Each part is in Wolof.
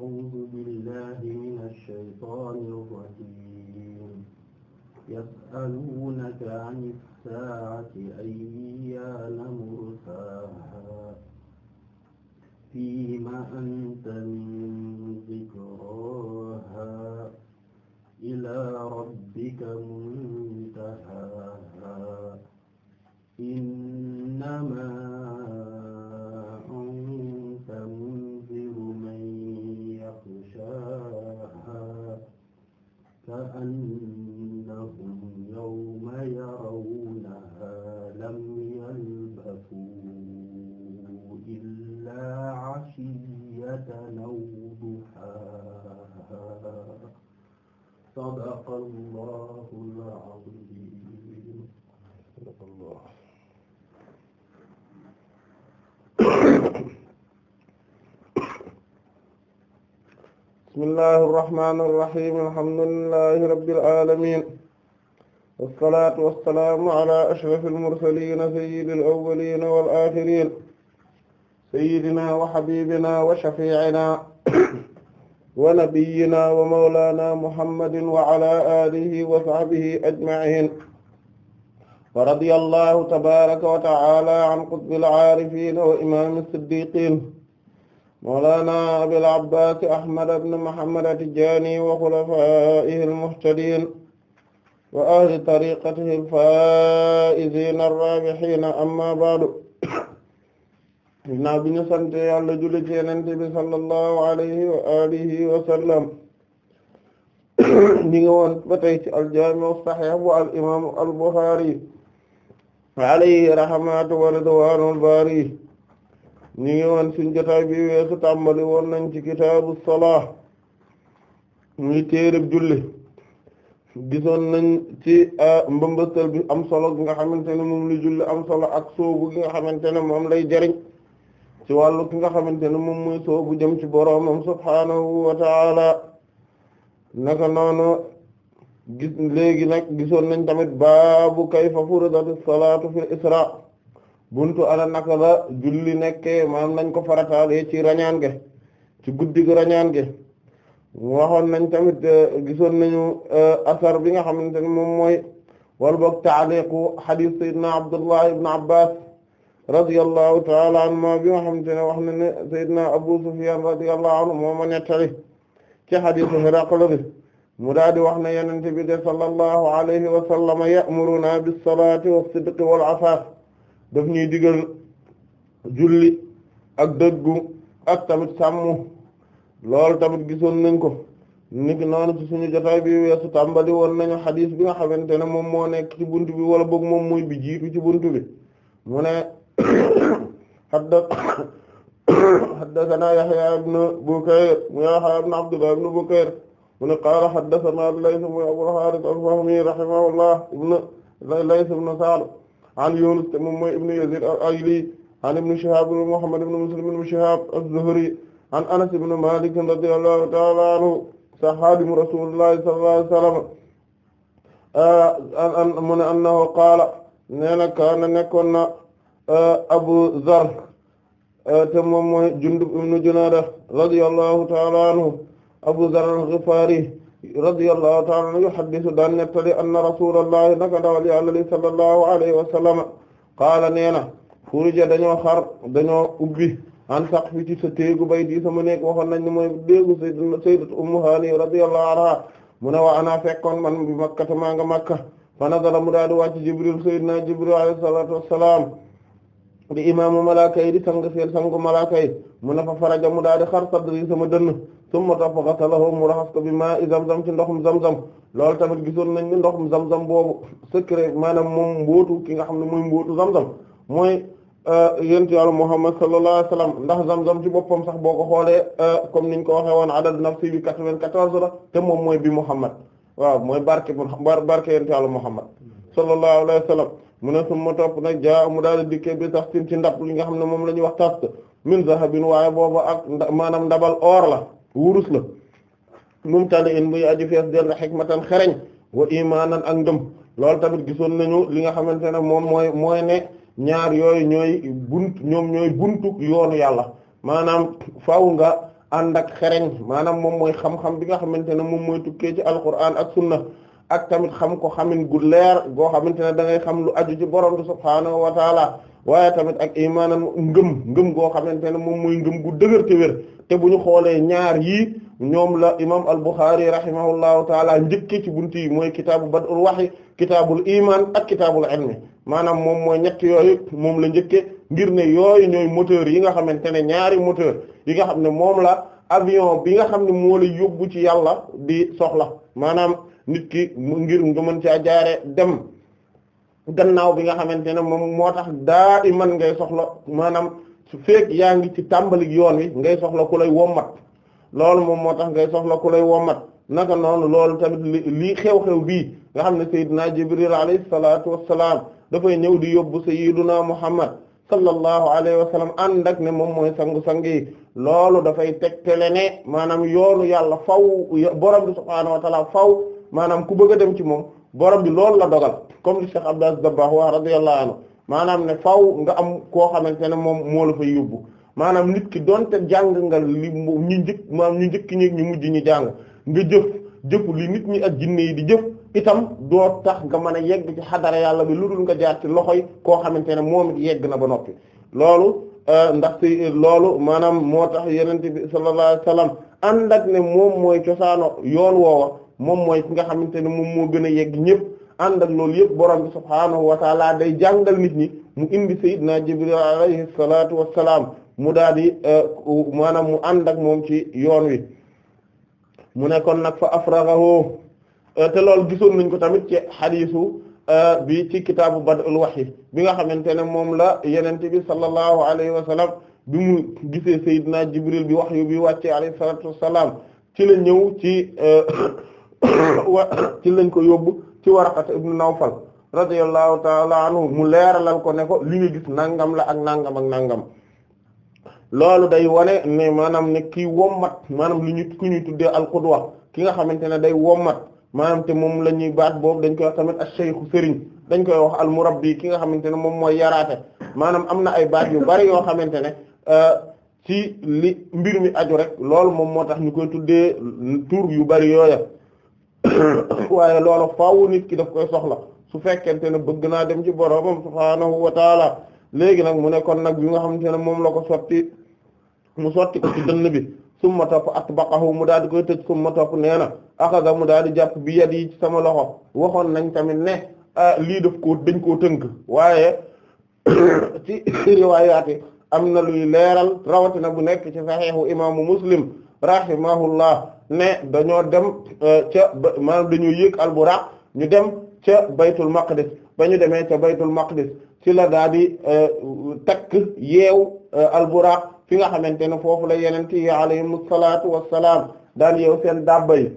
أعوذ بالله من الشيطان الرجيم يسألونك عن الساعة أيان مرساها فيما أنت من ذكراها إلى ربك منتهاها إنما Sadaqallahul aziim Sadaqallah bismillahir rahmaanir rahiim alhamdulillahi rabbil aalamiin wassalaatu wassalaamu alaa ashrafil mursaliin sayyidil awwaliin wal aaxiriin sayyidinaa wa habiibinaa wa shafii'inaa wa nabiyyina wa mawlaana muhammadin wa ala alihi wa sahbihi ajma'in wa radiyallahu tabaaraka wa ta'ala an qutbil aarifiin wa imaami siddiqiin mawlaana abil abbaas ahmad ibn muhammad at-tijaani wa xulafaa'ihi al-muhtadiin wa ahli tariiqatihi al-faa'iziina ar-raabihiin amma ba'du ginnaaw bi ñu sant yàlla julli ci yonent bi sallallahu alayhi wa alihi wa sallam ñi nga woon ba tey ci al-Jaami' as-Sahih bu al imam al-Bukhari alayhi rahmatu wa ridwanu al-Bari ñi ngi woon suñu jotaay bi weesu tàmbali woon nañ ci kitaabu salaa muy téereb julli gisoon nañ ci mbambastal bi am solo gi nga xamante ne moom la julli am solo ak soobu gi nga xamante ne moom lay jariñ ci wàllu ki nga xamante ne moom mooy soobu jëm ci boroomam subhaanahu wa taala naka noonu gis léegi nag gisoon nañ tamit baabu kayfa furidati salaatu fil isra buntu ana naka la julli nekke maam nañ ko farataalee ci rañaan ge ci guddi gi rañaan ge waxoon nañ tamit gisoon nañu asar bi nga xamante ne moom mooy wal boog taaliqu xadiis sayyidina Abdullah ibn radiyallahu taala anhuma bi nga xamante ne wax na ne Seydina Abu Sufyan radiyallahu anhu moo ma nettali ci hadiisu Hiraql bi mu daal di wax na yonent bi de sallallahu alayhi wa sallam ya'muruna bis-salaati was-sidqi wal-afaaf daf ñuy digal julli ak dëggu ak tamit sàmmu loolu tamit gisoon nañ ko niki noonu ci suñu jotaay bi weesu tàmbali woon nañu xadiis bi nga xamante ne moom moo nekk ci buntu bi wala boog moom muy bi jiitu ci buntu bi mu ne haddathana Yahya ibn Bukayr mu Yahya ibn Abdullah ibn Bukayr mu ne qaala haddathana al-Layth mu Abul Harith al-Fahmi rahimahullah ibn Layth ibn Sa'd an Yunus te moom mooy ibn Yazid al-Ayli an ibn Shihab ibn Muhammad ibn Muslim ibn Shihab az-Zuhri an Anas ibn Malik radiyallahu ta'ala anhu sahabiyu Rasulillahi sallallahu alayhi wa sallam ah, mu ne annahu qaala nee na kaana nekkoon na Euh, Abu Zar euh, te moom mooy Jundub ibn Junaada radiyallahu ta'ala anhu Abu Zar al-Ghifari radiyallahu ta'ala anhu yuhaddisu daan nettali anna rasulallahi naka dawal yàlla li sallallahu alayhi wa sallam qaala nee furija dañoo xar dañoo ubbi an saq fi ci sa téegu bay di sama nekk waxoon nañ ni mooy déegu sayyidat Ummu Haani radiyallahu anha mu ne wa ana fekkoon man bi Makka ta maa nga Makka fa nazala mu daal di wàcc Jibril sayyidina Jibril alayhi salaatu wassalaam di imaamu malaaka yi di sang seen sangu malaaka yi mu ne fa faraja mu daal di xar sadri sama dënn summa topp xasalahu mu raxas ko bi maa i zamzam ci ndoxum zamzam loolu tamit gisoon nañ ni ndoxum zamzam boobu secret maanaam moom mbóotu ki nga xam ne mooy mbóotu zamzam mooy euh, yent yàlla Muhammad sallallahu alayhi wasallam ndax zamzam ci boppam sax boo ko xoolee euh, comme niñ ko waxee woon adad nafsi bi quatre-vingt-quatorze la te moom mooy bi Muhammad waaw mooy barke barke yent yàlla Muhammad sallallahu alayhi wasallam mu ne summa topp nag jaa mu daal di dikkee bi sax ci ndab li nga xam ne moom la ñuy wax tast min zahabin waaye booba ak maanaam ndabal or la wurus la mum tali in muy aji fees del hikmatan xereñ wa imaanan ak ndëm loolu tamit gisoon nañu li nga xamante ne moom mooy mooy ne ñaar yooyu ñooy bunt ñoom ñooy buntu yoon yàlla maanaam faw nga ànd ak xereñ maanaam moom mooy xam-xam bi nga xamante ne moom mooy tukkee ci alquran ak sunna ak tamit xam ko xamin gu leer goo xamante ne da xam lu aju ci borom bi subhaanahu wa taala waaye tamit ak imaanan ngëm ngëm goo xamante ne moom mooy ngëm gu dëgër te wér te bu ñu xoolee ñaar yii ñoom la imaam al-Bukhari rahimahullahu taala njëkke ci buntu yi mooy kitaabu bad'ul wahyi kitaabul iman ak kitaabul ilmi maanaam moom mooy ñetti yooyu moom la njëkke ngir ne yooyu ñooy moteur yi nga xamante ne ñaari moteur yi nga xam ne moom la avion bi nga xam ne moo la yóbbu ci yàlla di soxla maanaam nit ki ngir nga mën caa jaare dem gannaaw bi nga xamante ne moom moo tax daa iman ngay soxla maanaam su yaa ngi ci tàmbalik yoon wi ngay soxla ku lay wommat loolu moom moo tax ngay soxla ku lay wommat naka noonu loolu tamit lii xew-xew bii nga xam ne sayyidina Jibril alayhi salaatu wassalaam dafay ñëw di yóbbu sayyiduna Muhammad sallallahu alayhi wa sallam ànd ak ne moom mooy sangu-sang yi loolu dafay tegtale ne maanaam yoonu yàlla faw borom bi maanaam ku bëgg a dem ci moom borom bi loolu la dogal comme li Cheikh Abdas Dabbah wax radiyallahu maanaam ne faw nga am koo xamante ne moom moo la maanaam nit ki donte jàng nga ñu njëkk maanaam ñu njëkk ñeeg ñu mujj ñu jàng nga jëf jëf li nit ñi ak jinne yi di jëf itam doo tax nga mën a yegg ci xadara yàlla bi lu nga jaar ci loxo yi koo xamante ne moom yegg na ba noppi loolu euh, ndax euh, loolu maanaam moo tax yenente bi sallallahu alayhi wasallam ak ne moom mooy cosaano yoon woowa moom mooy ki nga xamante ne moom moo gën a yegg ñëpp ànd ak loolu yëpp borom bi subhaanahu wa taala day jàngal nit ñi mu indi sayyidina Jibril alayhi salaatu wa salaam mu daal di euh, maanaam mu ànd moom ci yoon wi mu nekkoon kon nag fa afraghahu euh, te loolu gisoon nañ ko tamit ci xadiisu euh, bi ci kitaabu bad'ul wahyi bi nga xamante ne moom la yenente bi sallallahu alayhi wa sallam bi mu gisee sayyidina Jibril bi wahyu bi wàccee alayhi salaatu wa salaam ci la ñëw ci wa ci lañ ko yóbbu ci Waraqata ibnu Nawfal radiyallahu taala anhu mu lal ko ne ko li nga gis nangam la ak nangam ak nangam loolu day wane ne maanaam ne kii wommat maanaam lu ñu ku ñuy tuddee al-qudwa ki nga xamante ne day wommat maanaam te moom la ñuy baat boobu dañ koy tamit ash-shaykhu sëriñ dañ koy wax al-murabbi ki nga xamante ne moom mooy yaraate maanaam am na ay baat yu bari yoo xamante ne euh, ci li mbir mi aju rek loolu moom moo tax ñu koy tuddee tur yu bari yooya waaye loolu faaw nit ki daf koy soxla su fekkente ne bëgg naa dem ci boroomam subhaanahu wa taala léegi nag mu nekkoon nag bi nga xam xamante ne moom la ko sotti mu sotti ko ci bi summa topp atbaqahu mu daal di koy tëj summa topp nee na axada mu daal di jàpp bi yat yi sama loxo waxoon nañ tamit ne ah, lii daf koo dañ koo tënk waaye ci riwaayaat am na luy leeral rawatina bu nekk ci saxiixu imaamu muslim rahimahullah ne dañoo dem euh, ca maanaam dañoo yéeg alburaq ñu dem ca baytul maqdis ba ñu demee ca baytul maqdis ci la daa di euh, takk yeew euh, alburaq fi nga xamante ne foofu la yeneen yi alayhimu salaatu wassalaam daan yeew seen dabba yi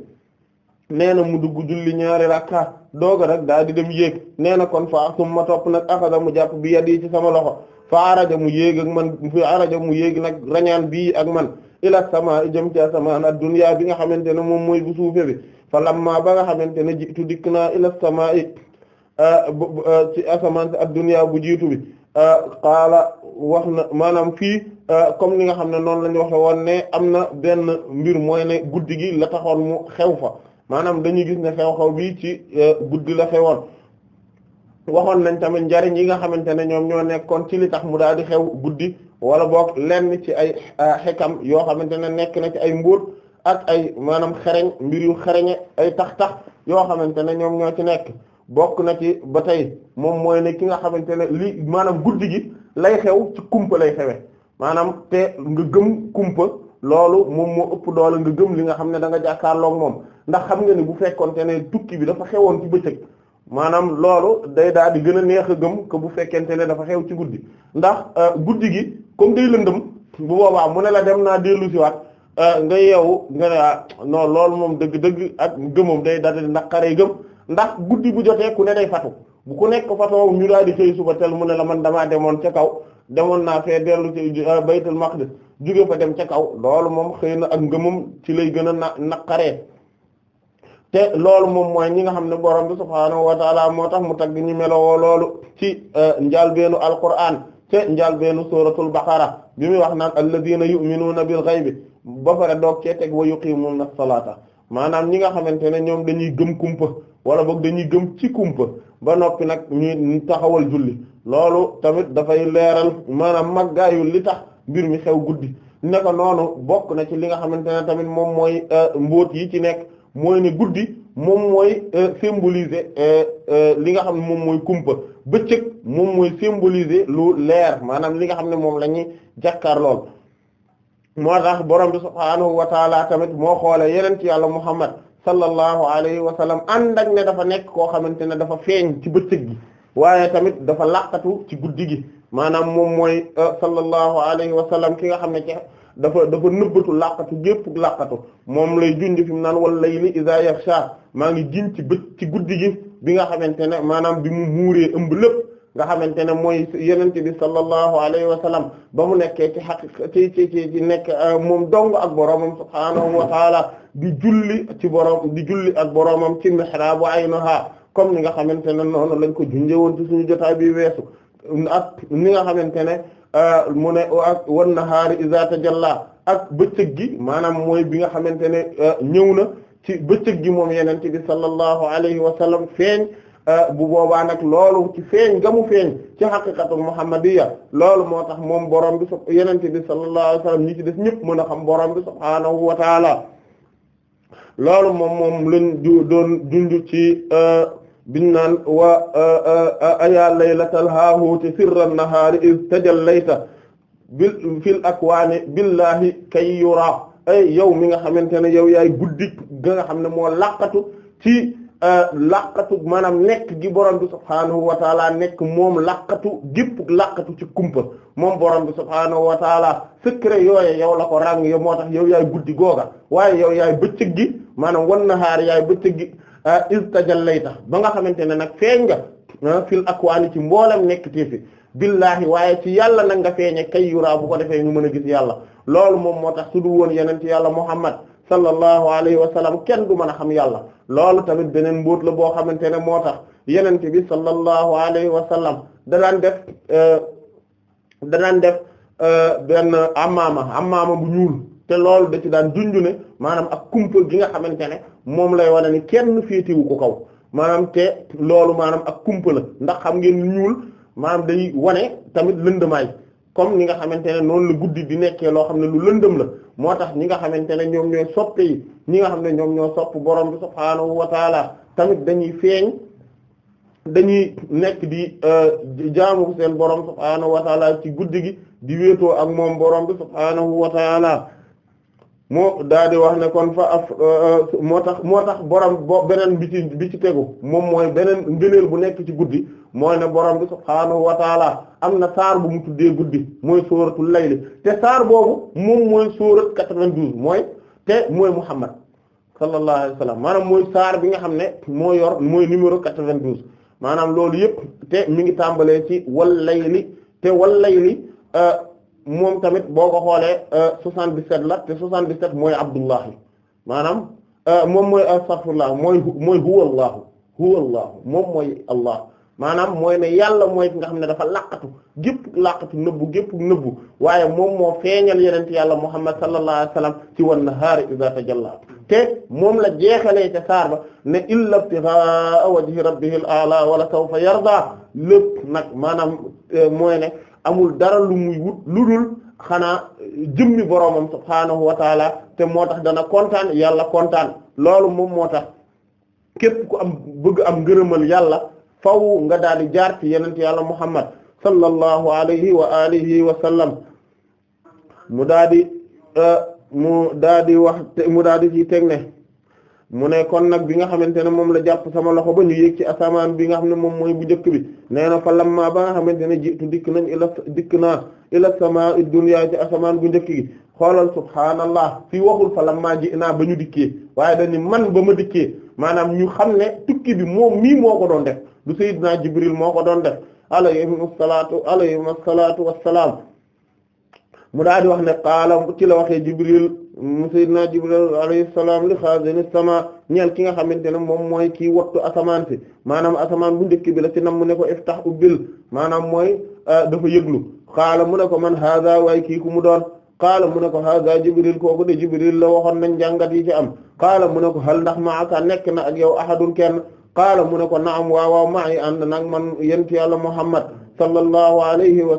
nee na mu dugg julli ñaari rakka dooga nag daal di dem yéeg nee na kon fa summa topp nag axada mu jàpp bi yadi ci sama loxo fa araja mu yéeg ak man fa araja mu yéeg nag rañaan bii ak man ila sama jëm ci asamaan ad-dunya bi nga xamante ne moom mooy bu suufe bi fa lamma ba nga xamante ne jiitu dikk naa ila sama ci asamaan si ad-dunya bu jiitu bi qaala wax na maanaam fii comme li nga xam ne noonu la ñu waxe woon ne am na benn mbir mooy ne guddi gi la taxoon mu xew fa maanaam dañuy gis ne xew-xew bi ci guddi la xewoon waxoon nañ tamit njariñ yi nga xamante ne ñoom ñoo nekkoon ci li tax mu daal di xew guddi wala boog lenn ci ay ah, xekam yoo xamante ne nekk na ci ay mbóot ak ay maanaam xereñ mbir xereñe ay tax-tax yoo xamante ne ñoom ñoo ci nekk bokk na ci ba tey moom mooy ne ki nga xamante ne li maanaam guddi gi lay xew ci kumpa lay xewe maanaam te nga gëm kumpa loolu moom moo ëpp doole nga gëm li nga xam ne da nga jàkkaarloog moom ndax xam nga ni bu fekkonte ne tukki bi dafa xewoon ci bëccëg maanaam loolu day daal di gën a neex a gëm que bu fekkente ne dafa xew ci guddi ndax euh, guddi gi comme day lëndëm bu boobaa mu ne la dem naa dellu siwaat euh, nga yeewu nga ne ah non loolu moom dëgg-dëgg ak gëmam day daal di naqaree gëm ndax guddi bu jotee ku ne day fatu bu ku nekk fatoo ñu daal di xëy suba tel mu ne la man damaa demoon ca kaw demoon naa fee dellu ci euh, baytul maqdis jóge fa dem ca kaw loolu moom xëy na ak ngëmam ci lay gën a na naqaree te loolu moom mooy ñi nga xam ne borom bi subhaanahu wa moo tax mu tagg ñu melowoo loolu ci euh, njaalbeenu alquraan te njaalbeenu suratul baqara bi muy wax yu alladina yu'minuuna bil ghaybi ba pare doog cee teg wa yuqimuuna salaata maanaam ñi nga xamante ne ñoom dañuy gëm kumpa wala boog dañuy gëm ci kumpa ba noppi nag ñuy taxawal julli loolu tamit dafay leeral maanaam yu li tax mbir mi xew guddi naka noonu bokk na ci li nga xamante ne tamit moom mooy euh, mbóot yi ci nekk mooy ne guddi moom mooy euh, symboliser euh, euh, li nga xam ne moom mooy kumpa bëccëg moom mooy symboliser lu leer maanaam li nga xam ne moom la ñuy jàkkaar lool moo tax borom bi subhaanahu wa taala tamit moo xoole yeneen ci yàlla muhammad sallallahu alayhi wa sallam ànd ak ne dafa nekk koo xamante ne dafa feeñ ci bëccëg gi waaye tamit dafa laqatu ci guddi gi maanaam moom mooy sallallahu alayhi wa sallam ki nga xam ne ci dafa dafa nëbbatu làqatu gépp làqatu moom lay junj fi mu naan wal layli iza yaghsha maa ngi jiñ ci bët ci guddi gi bi nga xamante ne maanaam bi mu muuree ëmb lépp nga xamante ne mooy yenente bi sallallahu alayhi wa sallam ba mu nekkee ci xaqiqa ci ci ci nekk euh, moom dong ak boroomam subhaanahu wa taala di julli ci boroom di julli ak boroomam ci mihraabu aynaha comme ni nga xamante ne noonu lañ ko junjee woon ci suñu jotaay bi weesu ak ni nga xamante ne Euh, mu ne ak wan nahaari iza tajalla ak bëccëg gi maanaam mooy bi nga xamante ne euh, ñëw na ci bëccëg gi moom yenente bi sallallahu alayhi wa sallam feeñ euh, bu boobaanak loolu ci feeñ nga mu feeñ ci xaqiqatu muhammadiyya loolu moo tax moom borom bi su yenente bi sallallahu alayhi wa sallam ñi ci def ñëpp mën a xam borom bi subhaanahu wa taala loolu moom moom lañ doon junj ci biñ naan wa ayaa laylatal haahuuti sirran nahaari iz tajallayta bil fil akwaani billahi kay ay yow mi nga xamante ne yow yaay guddi ga nga xam ne moo laqatu ci laqatu maanaam nekk gi borom bi subhaanahu wa nekk moom laqatu gépp laqatu ci kumpa moom borom bi subhaanahu wa taala yooye yow la ko ràng yow moo tax yow yaay guddi googa waaye yow yaay bëccëg gi maanaam wan nahaar yaay bëccëg gi Ah, iz tajallayta ba nga xamante ne nag feeñ nga ah, fil akwaani ci mboolem nekk tiifi billaahi waaye ci yàlla nag nga feeñe kay yuraa bu ko defee ñu mën a gis yàlla loolu moom moo tax su du woon yeneen ci yàlla Muhammad sallallahu alayhi wa sallam kenn du mën a xam yàlla loolu tamit beneen mbóot la boo xamante ne moo tax yeneen bi sallallahu alayhi wa sallam danaan def eh, danaan def eh, benn amaama amaama bu ñuul te loolu da ci daan junj ne maanaam ak kumpa gi nga xamante ne moom lay wane ni kenn féetiwu ko kaw maanaam loolu maanaam ak kumpa la ndax xam ngeen ñuul maanaam day wane tamit lëndamaay comme ni nga xamante ne noonu la guddi di nekkee loo xam ne lu lëndëm la moo tax ñi nga xamante ne ñoom ñooy soppe yi ñi nga xam ne ñoom ñoo sopp borom bi subhaanahu wa taala tamit dañuy feeñ dañuy nekk di euh, jaamu seen borom subhaanahu wa ci guddi gi di wéetoo ak moom borom bi subhaanahu wa taala moo daal di wax ne kon fa af euh, euh, moo tax moo tax borom bo beneen bi bi ci tegu moom mooy beneen ngëneel bu nekk ci guddi mooy ne borom bi subhaanahu wa taala am na saar bu mu tuddee guddi mooy sóoratul layli te saar boobu moom mooy sóorat quatre vingt mooy te mooy Muhammad sallallahu alayhi wa maanaam mooy saar bi nga xam ne moo yor mooy numéro quatre vingt maanaam loolu yëpp te mi ngi tàmbalee ci wal layli te wal layli euh, moom tamit boo ko xoolee 77 euh, la te 77 mooy Abdullahi maanaam euh, moom mooy euh, astaghfirullah mooy mooy huwallahu huwallahu moom mooy Allah maanaam mooy ne yàlla mooy ki nga xam ne dafa laqatu gépp laqatu nëbbu gépp nëbbu waaye moom moo feeñal yeneen ci yàlla Muhammad sallallahu alayhi wa sallam ci wan nahaari iza tajalla te moom la jeexalee ca saar ba ne illa ibtighaa wajhi rabbihil a'la wala sawfa yarda lépp nag maanaam mooy ne. amul dara lu muy wut lu dul xanaa jëmmi boroomam subhaanahu wa taala te moo tax dana kontaan yàlla kontaan loolu moom moo tax képp ku am bëgg am ngërëmal yàlla faw nga daal di jaar ci yenent yàlla muhammad sallallahu alayhi wa alihi wa sallam mu daal di euh, mu daal di wax mu daal di ci mu ne kon nag bi nga xamante ne moom la jàpp sama loxo ba ñu yéeg ci asamaan bi nga xam ne moom mooy bu jëkk bi nee na fa lamma ba nga xamante ne jiitu dikk nañ ila dikk naa ila sama dunya ci asamaan bu njëkk gi xoolal subhaanallah fii waxul fa lamma ji naa ba ñu dikkee waaye ni man ba ma dikkee maanaam ñu xam ne tukki bi moom mii moo ko doon def du sayyidina jibril moo ko doon def alayhi salaatu alayhi salaatu wassalaam mu daal di wax ne qaala ci la waxee Jibril sayyidina Jibril alayhi salaam li xaazini sama ñeel ki nga xamante ne moom mooy kii wattu asamaan si maanaam asamaan bu njëkk bi la ci nam mu ne ko iftax ubbil maanaam mooy euh, dafa yëglu qaala mu ne ko man haaza waaye kii ku mu dool kaala mu ne ko haaza Jibril kooku de Jibril la waxoon nañ jàngat yi ci am qaala mu ne ko hal ndax maaka nekk na ak yow ahadun kenn. qaala mu ne ko naam waaw waaw maa ngi ànd nag man yent yàlla muhammad sallallahu alayhi wa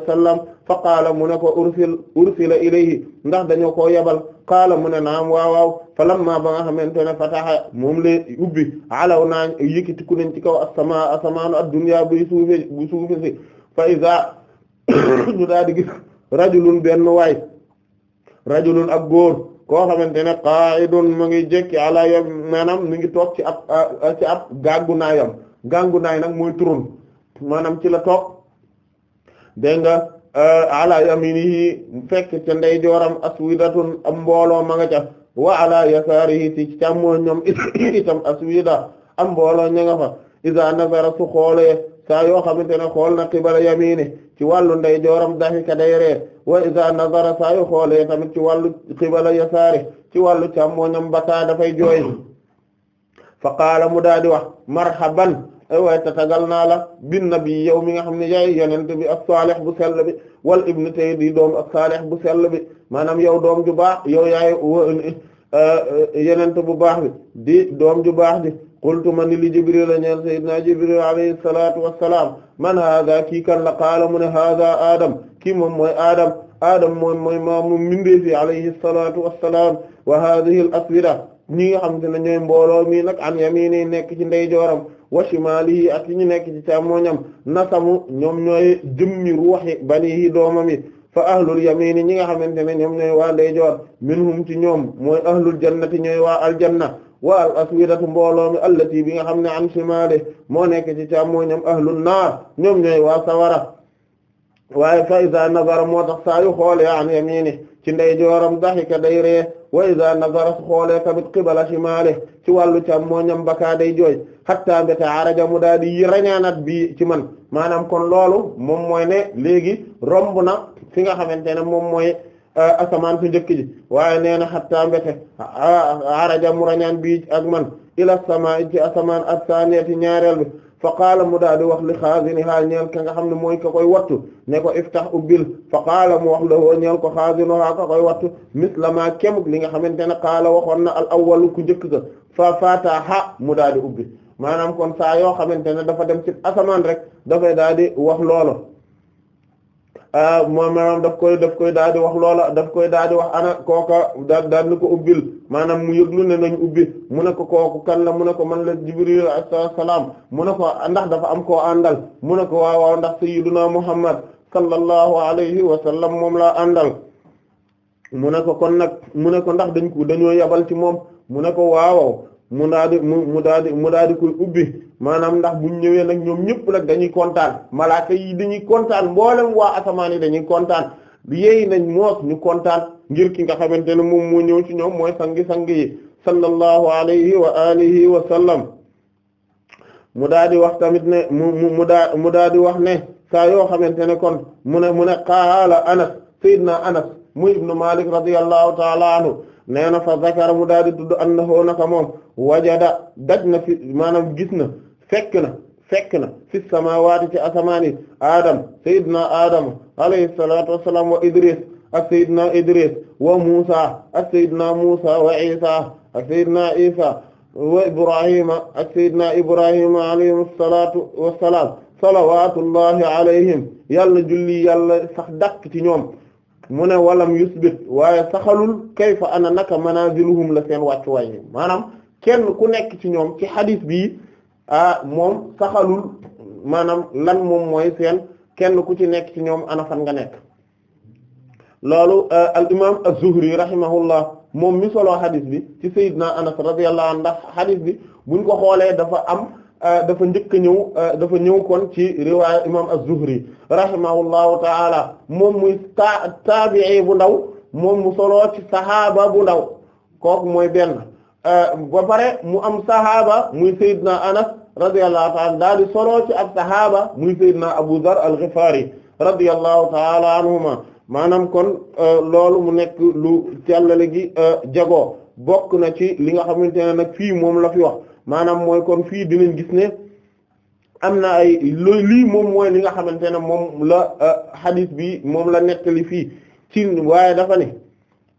fa qaala mu ne ko ursil ursila ilayhi ndax dañoo koo yabal qaala mu ne naam waaw waaw fa lamma ba nga xamante fataha moom le ubbi alaw naa yëkkatiku nañ ci kaw asama asamaanu ad-dunya buy suufe bu suufe si fa iza rajulun benn waay rajulun ak góor koo na ne qa'idun mu ngi jékki ala yam maanaam mu ngi toog ci ab ci ab gàngunaayam gàngunaay nag muy turun maanaam ci la toog dégg nga ala ni fekk ca ndeyjooram aswidatun am mbooloo ma nga ca wa ala yasaarihi ci càmmoñam itam aswida am mbooloo ña nga fa iza nazara su xoolee saa yoo xamante ne xool na qibala yamini ci wàllu ndey jooram dahika day reer wa iza nazara saa yu xoolee tamit ci wàllu qibala yasaari ci wàllu càmmooñam bataa dafay jooy fa qaala mu daadi wax marhaban ay waay tatagal naa la bin nabi yow mi nga xam ne yaay yonent bi a saalih bu sell bi wal ibnu tay di doom ak saalih bu sell bi maanaam yow doom ju baax yow yaay eh, eh, yonent bu baax bi di doom ju baax bi qultu man li Jibril la ñeel sayyidina Jibril alayhi salaatu wa salaam man haaza kii kan la qaala mu ne haaza Adam kii moom mooy Adam Adam moom mooy maamu mindeefi alayhi salaatu wa salaam wa haadihi al-aswida ñi nga xam te ne ñooy mbooloo mi nag an yamini nekk ci ndeyjooram wa shimaalihi ak ñi nekk ci càmmoñam nasamu ñoom ñooy jëmmi ruuxi banihi doomam yi fa ahlul yamini ñi nga xamante ne ñoom ñooy waa ndeyjoor minhum ci ñoom mooy ahlul jannati ñooy waa aljanna. waa wal aswidatu mbooloo mi allati bi nga xam ne an shimali moo nekke ci càmmooñam ahlun naar ñoom ñooy waa sawara waaye fa iza nazara moo tax saa yu an yamini ci ndeyjooram daxika day ree wa iza nazara su xoolee tamit qibala shimali ci wàllu càmmooñam bakaa day jooy hatta mbéta araja mu daal di rañaanat bi ci man maanaam kon loolu moom mooy ne léegi romb na fi nga xamante ne moom mooy Euh, asamaan su njëkk ji waaye nee na xattaa mbete araja mu rañaan bi ak man ila sama ci asamaan as-saaniyati ñaareel bi fa qaala mu daal di wax li xaazini haa ñeel ka nga xam ne mooy ka koy wattu ne ko iftax ubbil fa qaala mu wax la woo ñeel ko xaazinu haa ka koy wattu misla ma kemuk li nga xamante ne qaala waxoon na al awwalu ku njëkk ka fa faataha mu daal di ubbi maanaam kon saa yoo xamante ne dafa dem ci asamaan rek dafay daal di wax loolo Ah, moom maanaam daf koy daf koy daal di wax loola daf koy daal wax ana kooka da daal ko ubbil maanaam mu yëglu ne nañ ubbi mu ne ko kooku kan la mu ne ko man la Jibril alayhi mu ne ko ndax dafa am ko àndal mu ne ko waaw waaw ndax sayyiduna Muhammad sallallahu alayhi wa sallam moom laa àndal mu ne ko kon nag mu ne ko ndax dañ ko dañoo yabal ci moom mu ne ko waaw mu daa di mu mu daa di mu daa di koy ubbi maanaam ndax buñ ñëwee nag ñoom ñëpp nag dañuy kontaan malaaka yi dañuy kontaan mboolem waa asamaan yi dañuy kontaan yeey nañ moos ñu kontaan ngir ki nga xamante ne moom moo ñëw ci ñoom mooy sangi-sang yi sallallahu alayhi wa alihi wa sallam mu daa di wax tamit ne mu mu daa mu daa di wax ne saa yoo xamante ne kon mu ne mu ne qaala anas sayyidna anas mu ibnu malik radiyallahu ta'ala anhu nee na fa zakara mu daal di tudd annahu naka moom wajada daj fi maanaam gis na fekk na na fi samaawaati ci asamaani Adam Seydina Adam alayhi salaatu wa salaam wa Idris ak Seydina Idris wa Musa ak Seydina Musa wa Isa ak Seydina Isa wa Ibrahima ak Seydina Ibrahima alayhim salaatu wa salawaatullahi alayhim yàlla julli yàlla sax dàq ci ñoom. mu ne walam yusbit waaye saxalul kayfa ana naka manaziluhum la seen wàccuwaay yi maanaam kenn ku nekk ci ñoom ci xadis bi ah moom saxalul maanaam lan moom mooy seen kenn ku ci nekk ci ñoom ana fan nga nekk loolu al imam az-Zuhri rahimahullah moom mi solo xadis bi ci sayyidina Anas radiyallahu anhu ndax xadis bi buñ ko xoolee dafa am Euh, dafa njëkk a ñëw euh, dafa ñëw kon ci riwaaya imam az-Zuhri rahimahullahu taala moom muy ta taabii bu ndaw moom mu solo ci sahaaba bu ndaw kooku mooy benn euh, ba pare mu am sahaaba muy sayyidina Anas radiyallahu taala daal di solo ci ab sahaaba muy sayyidina Abu Dharr al-Ghifari radiyallahu taala anhuma maanaam kon loolu mu nekk lu jàllale gi jagoo bokk na ci li nga xamante ne nag fii moom la fi maanaam mooy kon fii dinañ gis ne am na ay lii moom mooy li nga xamante ne moom la euh, hadith bi moom la nettali fii ci waaye dafa ne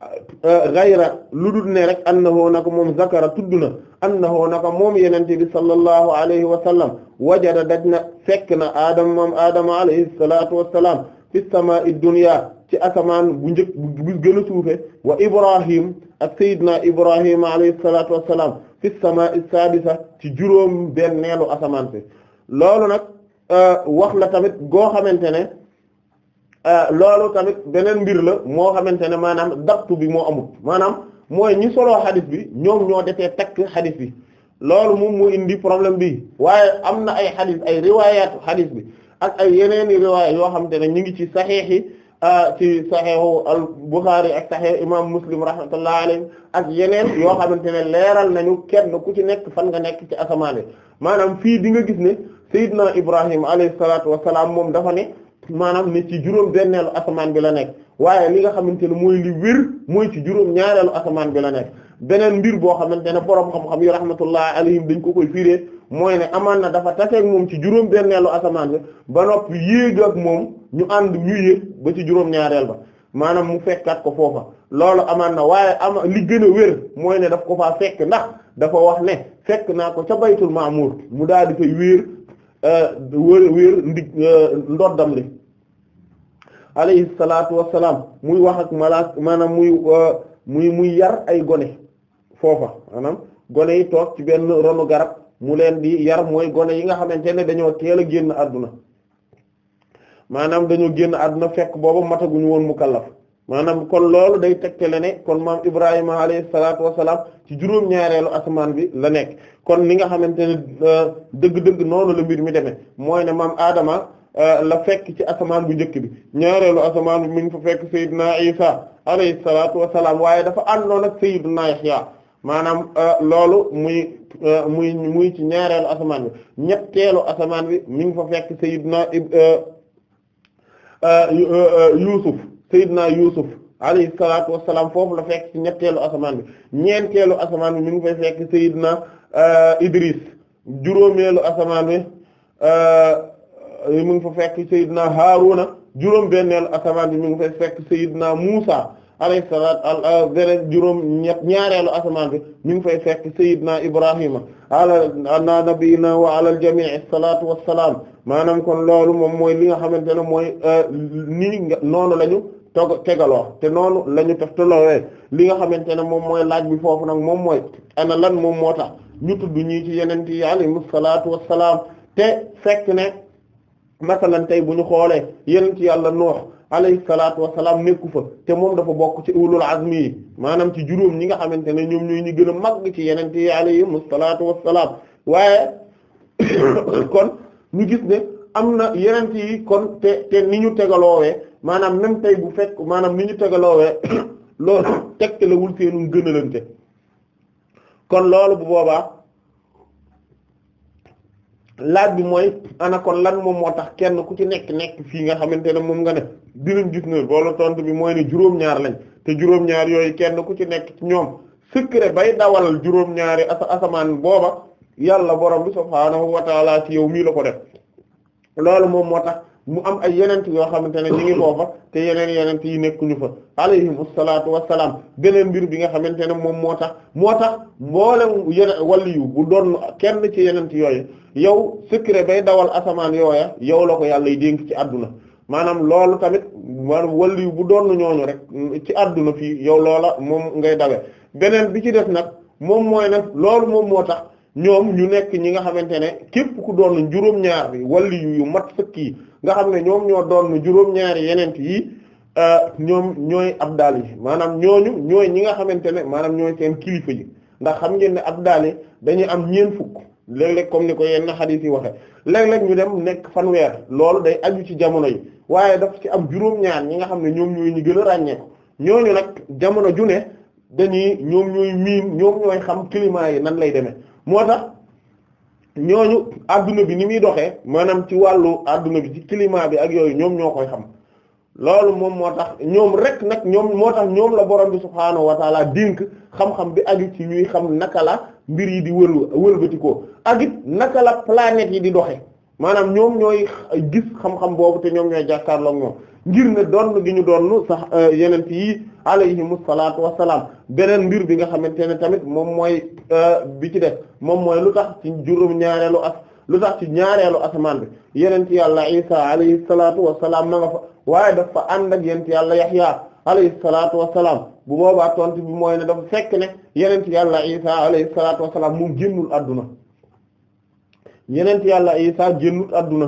euh, euh, gayra lu dul ne rek annahu naka moom zakara tudd na annahu naka moom yenente bi sallallahu alayhi wa sallam wajada daj na fekk na aadama moom aadama alayhi salatu wassalam fi samaa'i dunya ci asamaan bu njëkk bu suufe wa ibrahim ak sayyidina ibrahima alayhi salatu wassalam fi samaa'i saadisa ci juróom benn neelu asamaan si loolu nag euh, wax la tamit goo xamante ne euh, loolu tamit beneen mbir la moo xamante ne maanaam daptu bi moo amut maanaam mooy ñi soloo xadis bi ñoom ñoo defee takk xadis bi loolu mu mu indi problème bi waaye am na ay xadis ay riwaayaatu xadis bi ak ay yeneeni riwaaya yoo xamante ne ñu ngi ci saxiix yi ci saxiixu al Buxaari ak saxiix imam Muslim rahmatullahi alayhi ak yeneen yoo xamante ne leeral nañu kenn ku ci nekk fan nga nekk ci asamaan maanaam fii di nga gis ne Seydina Ibrahima alayhi salaatu wa salaam moom dafa ne maanaam ne ci juróom benneelu asamaan bi la nekk waaye li nga xamante ne mooy li wér mooy ci juróom ñaareelu asamaan bi la nekk beneen mbir boo xamante ne borom xam-xam yi rahmatullahi alayhim dañ ko koy firé. mooy ne amaan na dafa taseeg moom ci juróom benneelu asamaan bi ba nopp yéeg ak moom ñu ànd ñu ba ci juróom ñaareel ba maanaam mu fekkaat ko foofa loolu amaan na waaye am li gën a wér mooy ne daf ko faa fekk ndax dafa wax ne fekk naa ko ca baytul maamuur mu daal di fay wéer euh, wéer wéer ndig euh, ndoddam li alayhi salaatu wassalaam muy wax ak malaak maanaam muy euh, muy muy yar ay gone foofa maanaam gone yi toog ci benn ronu garab mu leen di yar mooy gone yi nga xamante ne dañoo teel a génn adduna maanaam dañoo génn àdduna fekk booba mataguñu woon mu mukallaf maanaam kon loolu day tegtale ne kon maam Ibrahima alayhi salaatu wa salaam asamaan bi la nekk kon li nga xamante ne euh, dëgg noonu la mbir mi demee mooy ne maam Adama euh, la fekk ci asamaan bu njëkk bi ñaareelu asamaan bi mi ngi fa fekk Seydina Isa alayhi salaatu wa salaam waaye dafa àndoon ak Seydina Yahya maanaam euh, loolu muy euh, muy muy ci ñaareelu asamaan bi ñetteelu asamaan bi mi ngi fa fekk Seydina euh, Yuusuf Seydina Yuusuf alayhi salaatu wassalaam foofu la fekk ci ñetteelu asamaan bi ñeenteelu asamaan bi mi ngi fay fekk Seydina Idris juróomeelu asamaan bi mi ngi fa fekk Seydina Haaruna juróom benneelu asamaan bi mi ngi fay fekk Seydina Muusa alayhi salaat al beneen juróom ñaareelu asamaan bi ñu ngi fay fekk Seydina Ibrahima ala nabiyina wa ala al jamii salaatu wa salaam maanaam kon loolu moom mooy li nga xamante ne mooy euh, nii nga noonu la ñu tog tegaloo te noonu la ñu teftaloowe li nga xamante ne moom mooy laaj bi foofu nag moom mooy ana lan moom moo tax ñu tudd ñii ci yeneen yi alayhimu salaatu wa salaam te fekk ne masalan tey bu ñu xoolee yeneen ci yàlla noox. alayhi salaatu wa salaam nekku fa te moom dafa bokk ci ulul azmi yi maanaam ci juróom ñi nga xamante ne ñoom ñooy ñu gën a màgg ci yeneen yi alayhimu salaatu wa salaam waaye kon ñu gis ne am na yeneen yi kon te te ni ñu tegaloowee maanaam même tey bu fekk maanaam ni ñu tegaloowee loolu tegtalewul seenu gënalante kon loolu bu boobaa. laaj bi mooy ana kon lan moom moo tax kenn ku ci nekk nekk fii nga xamante ne moom nga ne dinañ gis ne boolu tontu bi mooy ne juróom-ñaar lañ te juróom-ñaar yooyu kenn ku ci nekk ci ñoom secret bay dawal juróom-ñaari asa asamaan booba yàlla boroom bi subhaanahu wa taala ci yow mii la ko def loolu moom moo tax. mu am ay yenent yoo xamante ne ñu ngi foofa te yeneen yenent yi nekkuñu fa alayhim salaatu wassalaam beneen mbir bi nga xamante ne moom moo tax moo tax mboolem yene waliyu bu doon kenn ci yenent yooyu yow secret bay dawal asamaan yooya yow la ko yàlla dénk ci àdduna maanaam loolu tamit bu doon ñooñu rek ci àdduna fii yow loola moom ngay dawe beneen bi ci def nag moom mooy nag loolu moom moo tax ñoom ñu nekk ñi nga xamante ne képp ku doon juróom-ñaar bi waliyu yu mat sëkk nga xam ne ñoom ñoo doon juróom-ñaari yeneen yi euh, ñoom ñooy abdaal yi maanaam ñooñu ñooy ñi nga xamante ne maanaam ñooy seen kilifa yi ndax xam ngeen ne abdaal yi dañuy am ñeent fukk léeg lekk comme ni ko yenn xadiis yi waxe léeg-léeg ñu dem nekk fanweer loolu day aju ci jamono yi waaye daf ci am juróom-ñaar ñi nga xam ne ñoom ñooy ñi gën a ràññee ko ñooñu nag jamono ju ne dañuy ñoom ñooy miin ñoom ñooy xam climat yi nan lay demee moo tax ñooñu àdduna bi ni muy doxee maanaam ci wàllu àdduna bi ci climat bi ak yooyu ñoom ñoo koy xam loolu moom moo tax ñoom rek nag ñoom moo tax ñoom la borom bi subhaanahu wa taala dénk xam-xam bi aju ci ñuy xam naka la mbir yi di wël wëlbati ko ak naka la planète yi di doxee maanaam ñoom ñooy gis xam-xam boobu te ñoom ñooy jàkkaarloo ak ñoom ngir ne doon gi ñu doon sax euh, yenent yi alayhimu salaatu wassalaam beneen mbir bi nga xamante ne tamit moom mooy euh, bi ci def moom mooy lu tax ci juróom ñaareelu as lu tax ci ñaareelu asamaan bi yeneen yenent yàlla isa alayhi salaatu wassalaam ma nga fa waaye dafa ànd ak yenent yàlla yaxya alayhi salaatu wassalaam bu boobaa tontu bi mooy ne dafa fekk ne yenent yàlla isa alayhi salaatu wassalaam moom génnul adduna yeneen yenent yàlla ay saa génnut àdduna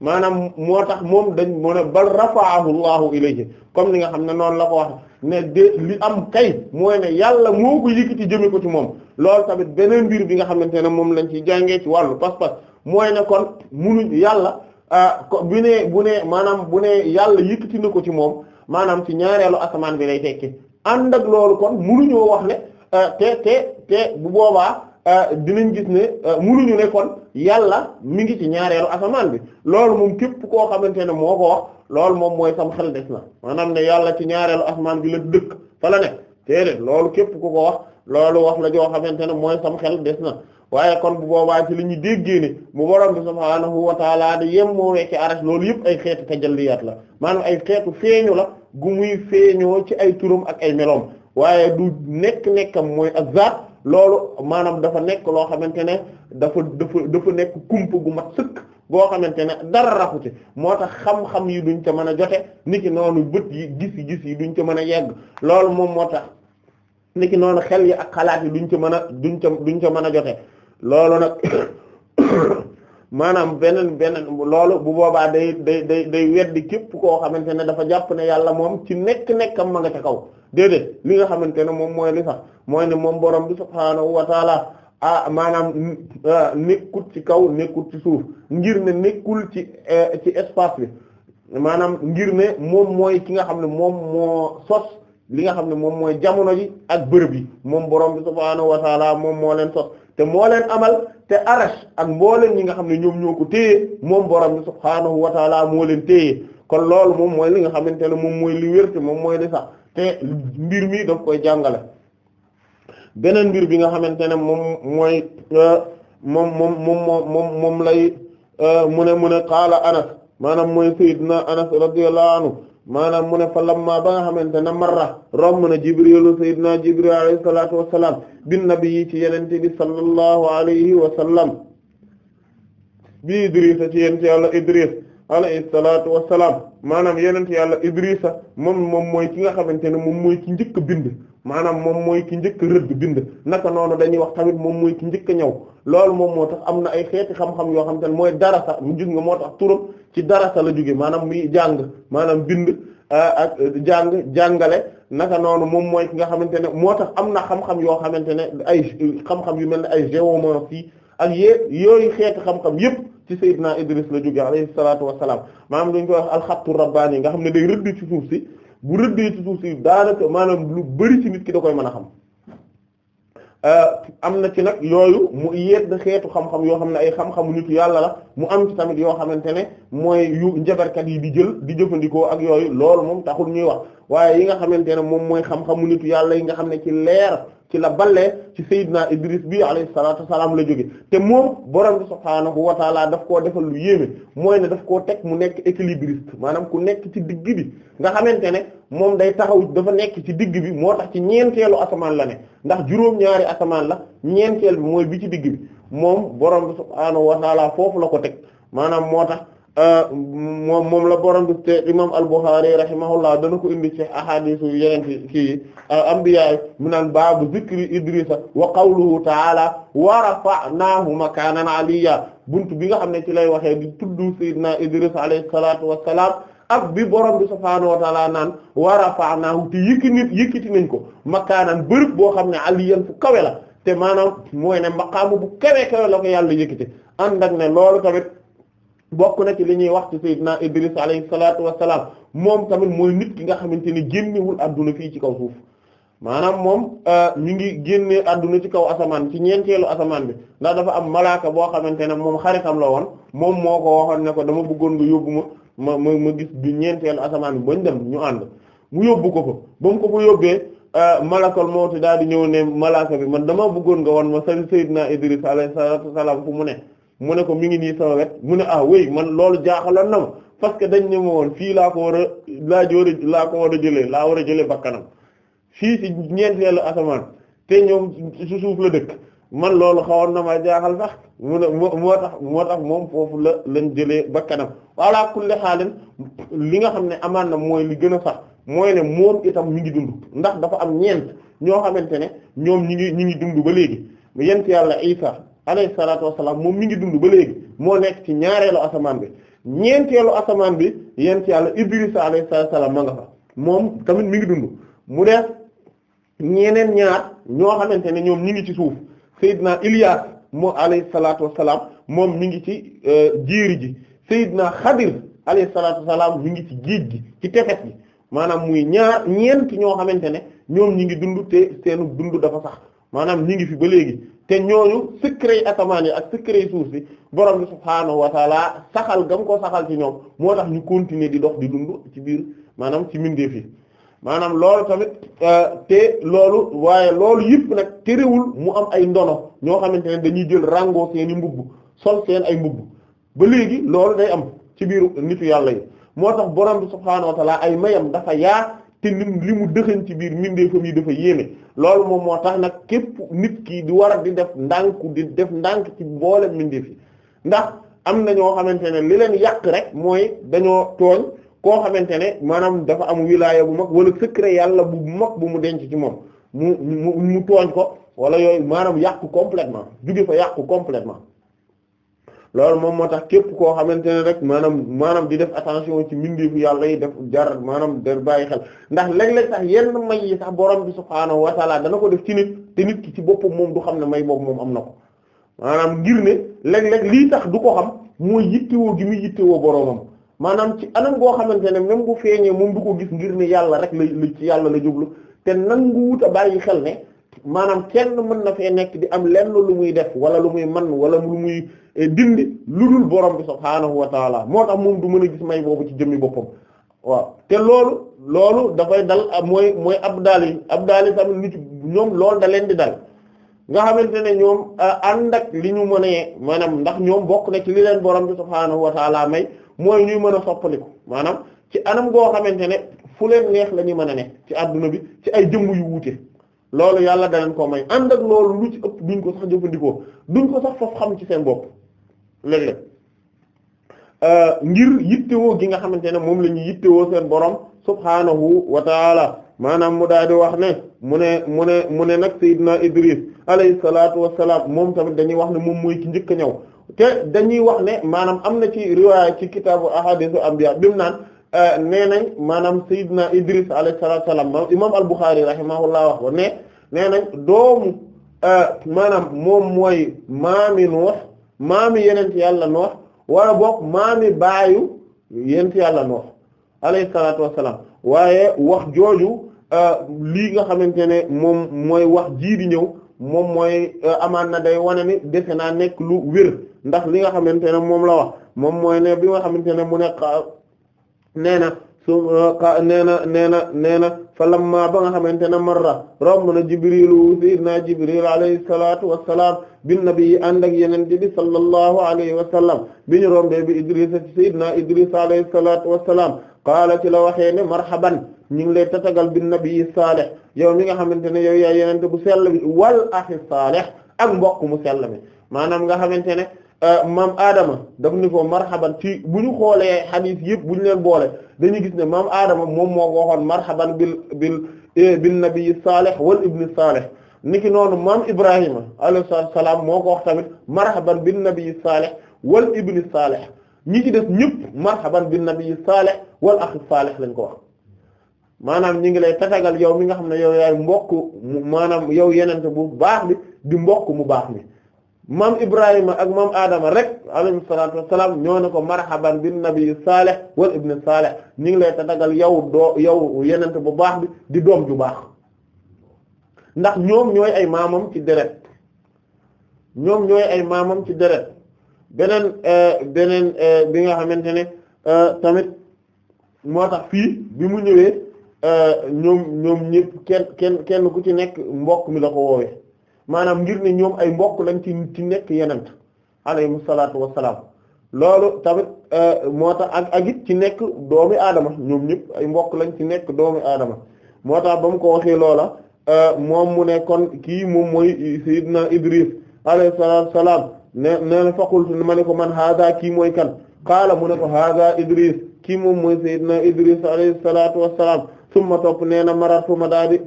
maanaam moo tax moom dañ moo ne bal rafa'ahu Allahu ilayhi comme ni nga xam ne noonu la ko wax ne de li am kay mooy ne yàlla moo ko yëkkati jëme ko ci moom loolu tamit beneen mbir bi nga xamante ne moom lañ ci jàngee ci wàllu pas-pas mooy ne kon mu yàlla ah, bu ne bu ne maanaam bu ne yàlla yëkkati na ko ci moom maanaam ci ñaareelu asamaan bi lay tekki ànd ak loolu kon munuñoo wax ne ah, te te te bu boobaa Euh, dinañ gis ne euh, munuñu ne kon yàlla mu ngi ci ñaareelu asamaan bi loolu moom képp koo xamante ne moo ko wax loolu moom mooy sam xel des na maanaam ne yàlla ci ñaareelu asamaan bi la dëkk fa la loolu képp ku ko wax loolu wax la joo xamante ne mooy sam xel des na waaye kon bu boobaa ci li ñu déggee ne mu borom bi subhaanahu wa taala di yem moo wecce arash loolu yëpp ay xeetu yaat la maanaam ay xeetu feeñu la gu muy feeñoo ci ay turam ak ay meloom waaye du nekk nekkam mooy ak zaat loolu maanaam dafa nekk loo xamante ne dafa dafa dafa nekk kump gu mat sëkk boo xamante ne dara raxu moo tax xam-xam yi duñ ca mën a jote nit niki noonu bët yi gis gis yi duñ ca mën a yegg loolu moom moo tax niki noonu xel yi ak xalaat yi duñ ca mën a duñ ca duñ ca mën a jote loolu nag maanaam beneen beneen loolu bu boobaa day day day day weddi képp koo xamante ne dafa jàpp ne yàlla moom ci nekk nekkam ma nga ca kaw déedéet li nga xamante ne moom mooy li sax mooy ne moom borom bi subhaanahu wa taala ah maanaam nekkul ci kaw nekkul ci suuf ngir ne nekkul ci e, ci espace maanaam ngir ne moom mooy ki nga xam ne moom moo sos li nga xam ne moom mooy jamono ji ak bërëb yi moom borom bi subhaanahu wa taala moom moo leen sos te moo leen te arash ak mbooleen ñi nga xam ne ñoom ñoo ko téye moom borom bi subhaanahu wa taala moo leen téye kon loolu moom mooy li nga xamante ne moom mooy li moom mooy li sax te mbir mi daf koy jàngale beneen mbir bi nga xamante ne moom mooy euh, moom moom moom moom moom lay euh, mu ne mu ne qaala anas maanaam mooy sayyidina anas radiyallahu anhu maanaam mu ne ba nga xamante ne marra romb na jibrilu sayyidina jibril alayhi salatu wassalam bin nabi ci yenente bi sallallahu alayhi wa sallam bi idrisa ci yent yàlla idris alayhi salaatu wa salaam maanaam yenent yàlla Idrisa moom moom mooy ki nga xamante ne moom mooy ki njëkk bind maanaam moom mooy ki njëkk rëdd bind naka noonu dañuy wax tamit moom mooy ki njëkk ñëw loolu moom moo tax am na ay xeeti xam-xam yoo xam te ne mooy darasa mu jug nga moo tax turam ci darasa la jóge maanaam muy jàng maanaam bind ah, ak jàng jàngale naka noonu moom mooy nga xamante ne moo tax am na xam yoo xamante ne ay xam-xam yu mel ni ay géomancie ak yée yooyu xeeti xam-xam yépp ci Seydina Idris la jóge alayhi salaatu wassalaam maanaam lu ñu koy wax alxattu rabbaani nga xam ne day rëdd ci suuf si bu rëddee ci suuf si daanaka maanaam lu bari ci nit ki da koy mën a xam euh, am na ci nag yooyu mu yedd xeetu xam-xam yoo xam ne ay xam-xamu nitu yàlla la mu am ci tamit yoo xamante ne mooy yu njabarkat yi di jël di jëfandikoo ak yooyu loolu moom taxul ñuy wax waaye yi nga xamante ne moom mooy xam-xamu nitu yàlla yi nga xam ne ci leer ci la balle ci Seydina Idris bi alayhi salaatu wasalaam la jóge te moom borom bi subhaanahu wa taala daf koo defal lu yéeme mooy ne daf koo teg mu nekk équilibriste maanaam ku nekk ci digg bi nga xamante ne moom day taxaw dafa nekk ci digg bi moo tax ci ñeenteelu asamaan la ne ndax juróom-ñaari asamaan la ñeenteel bi mooy bi ci digg bi moom borom bi subhaanahu wa taala foofu la ko teg maanaam moo tax Euh, moom moom la borom bi te imam al-Bukhari rahimahullah dana ko indi ci ahadisu yeneen ci anbiya mu naan baabu zikri Idrisa wa qawluhu ta'ala wa rafa'nahu makanan aliyya bunt bi nga xam ne ci lay waxe di tudd sayyidina Idris alayhi salatu wassalam ak borom bi subhaanahu wa ta'ala wa rafa'nahu te yëkki nit yëkkiti ko makaanan bërëb boo xam ne aliyan fu kawe la te maanaam mooy ne maqaamu bu kawe kawe la ko yàlla yëkkiti ne loolu tamit bokk na ci li ñuy wax ci sayyidina Idris alayhi salaatu wa salaam moom tamit mooy nit ki nga xamante ni génnewul adduna fii ci kaw suuf maanaam moom euh, ñu ngi génne àdduna ci kaw asamaan ci ñeenteelu asamaan bi ndax dafa am malaaka boo xamante ne moom xaritam la woon moom moo ko waxoon ne ko dama bëggoon nga yóbbu ma ma ma ma gis du ñeenteelu asamaan bi bañ dem ñu ànd mu yóbbu ko fa ba mu ko fa yóbbee euh, malakal moo daal di ñëw ne malaaka bi man dama bëggoon nga won ma sa sayyidina Idris alayhi salaatu wa salaam mu ne. mu ne ko mi ngi nii sama wet mu ne ah wéy man loolu jaaxaloon na ma parce que dañ ne woon fii laa ko war a laa laa ko war a jëlee laa war a jëlee bakkanam fii ci ñeenteelu asamaan te ñoom su suuf la dëkk man loolu xawoon na ma jaaxal sax mu ne moo tax moo moom foofu la lañ jëlee bakkanam walla kulli li nga xam ne amaan na mooy li gën a sax mooy ne itam mi ngi dund ndax dafa am ñeent ñoo xamante ne ñoom ñu ngi ñu ngi dund ba léegi yent yàlla Isa alayhi salaatu wassalaam moom mi ngi dund ba léegi moo nekk ci ñaareelu asamaan bi ñeenteelu asamaan bi yent yàlla Iblis alayhi salaatu wassalaam ma nga moom tamit mi dund mu def ñeneen ñaar ñoo xamante ne ñoom ñi ngi ci suuf Seydina Ilyas moo alayhi salaatu wassalaam moom mi ngi ci euh, jéeri ji Seydina Xadir alay salaatu wassalaam mi ngi ci géej gi ci tefes gi maanaam muy ñaar ñeent ñoo xamante ne ñoom ñu ngi dund te seenu dund dafa sax maanaam ñi ngi fi ba léegi te ñooñu secret yi yi ak secret yi suuf si borom bi subhaanahu wa taala saxal gam ko saxal ci ñoom moo tax ñu continuer di dox di dund ci biir maanaam ci mbindeef yi maanaam loolu tamit euh, te loolu waaye loolu yëpp nag terewul mu am ay ndono ñoo xamante ne dañuy jël rango seen mbubb sol seen ay mbubb ba léegi loolu day am ci biiru nit yàlla yi moo tax borom bi subhaanahu wa taala ay mayam dafa yaa te lim li mu dëxën ci biir mbindeefam yi dafa yéeme loolu moom moo tax nag képp nit ki di war a di def ndànku di def ndànk ci mboolem mbindeef yi ndax am na ñoo xamante ne li leen yàq rek mooy dañoo tooñ koo xamante ne maanaam dafa am wilaaya bu mag wala secret yàlla bu mag bu mu denc ci moom mu mu mu tooñ ko wala yooyu maanaam yàqu completement jóge fa yàqu completement loolu moom moo tax képp koo xamante ne rek maanaam maanaam di def attention ci mbindeefu yàlla yi def jar maanaam da bàyyi xel ndax léeg-léeg sax yenn may yi tax borom bi subhaanahu wa taala dana ko def ci nit te nit ki ci boppam moom du xam ne may boobu moom am na ko maanaam ngir ne léeg-léeg lii tax du ko xam mooy yittewoo gi muy yittewoo boromam maanaam ci anam goo xamante ne même bu feeñee moom du ko gis ngir ne yàlla rek la ci yàlla la jublu te nangu wut a bàyyi xel ne. maanaam kenn mën na fee nekk di am lenn lu muy def wala lu muy man wala lu muy eh, dindi lu dul borom bi subhaanahu wa taala moo tax moom du mën a gis may boobu ci jëmmi boppam waaw te loolu loolu dafay dal ah, mooy mooy abdal yi abdal yi tamit lu ci ñoom loolu da leen di dal nga xamante ne ñoom a ah, ànd ak li ñu mën a maanaam ndax ñoom bokk na ci li leen borom bi subhaanahu wa taala may mooy ñuy mën a soppaliku maanaam ci anam goo xamante ne fu leen neex la ñuy mën a nekk ci adduna bi ci ay jëmm yu wuute loolu yàlla danañ ko may ànd ak loolu lu ci ëpp duñ ko sax jëfandikoo duñ ko sax foofu xam ci seen bopp léeg-léeg euh, ngir yittewoo gi nga xamante ne moom lañuy ñuy yittewoo seen borom subhaanahu wa taala maanaam mu daal di wax ne mu ne mu ne mu ne nag Seydina Idris alayhi salaatu wa salaam moom tamit dañuy wax ne moom muy ki njëkk a ñëw te dañuy wax ne maanaam am na ci riwaaya ci kitaabu ahadisu anbiya bi mu naan. Euh, nee nañ maanaam Seydina Idris alayhi salaatu wa salaam maanaam imaam al-Bukhari rahimahullah wax ko ne nee nañ doomu euh, maanaam moom mooy maami Nuux maami yenent yàlla Nuux wala boog maami baayu yenent yàlla Nuux alayhi salaatu salaam waaye wax jooju euh, lii nga xamante ne moom mooy wax jii di ñëw moom mooy amaan na day wane ni defe naa nekk lu wér ndax li nga xamante ne moom la wax moom mooy ne bi nga xamante ne mu nekk nee na su uh, nee na nee na nee na fa lamma ba nga xamante ne marra romb na jibrilu sayyidina jibril alayhi salatu wassalam bin nabi ànd ak yenente bi sallallahu alayhi wa sallam bi ñu rombe bi idrisa ci sayyidina idris alayhi salatu wassalam qaala ci la waxee ne marhaban ñu ngi lay tatagal bin nabi saalih yow mi nga xamante ne yow yaay yenente bu sell bi wal axi saalih ak mbokk mu sell mi maanaam nga xamante ne Euh, maam Adama daf ni ko marhaban ci bu ñu xoolee xadiis yëpp bu ñu leen boole dañuy gis ne maam Adama moom moo waxoon marhaban bil bil e, bil nabi salih wal ibni salih niki noonu maam Ibrahima alayhi salaam moo ko wax tamit marhaban bin nabi salih wal ibni salih ñi ci def ñëpp marhaban bin nabi salih wal axi salih lañ ko wax maanaam ñi ngi lay tatagal yow mi nga xam ne yow yaay mbokk maanaam yow yenente bu baax bi di mbokk mu baax mi maam Ibrahima ak maam Adama rek alayhi salaatu wa salaam ñoo ne ko marhaban bin nabi salih wal ibn salih ñu ngi lay ta dagal yow doo yow yenent bu baax bi di doom ju baax ndax ñoom ñooy ay maamam ci deret ñoom ñooy ay maamam ci deret beneen euh, beneen euh, bi nga xamante ne euh, tamit moo tax fii bi mu ñëwee ñoom ñoom ñëpp kenn kenn kenn ku ci nekk mbokk mi la ko woowee maanaam ngir ne ñoom ay mbokk lañ ci ci nekk yenent alayhimu salaatu wassalaam loolu tamit euh, moo tax ak ak ci nekk doomi aadama ñoom ñëpp ay mbok lañ ci nekk doomi aadama moo tax ba mu ko waxee loola euh, moom mu ne kon kii moom mooy Seydina Idris alayhi salaatu wassalaam ne ne faqultu ma ne ko man hada kii mooy kan qaala mu ne ko hada Idris kii moom mooy na Idris alayhi salaatu wassalaam summa topp nee na maratu ma daal di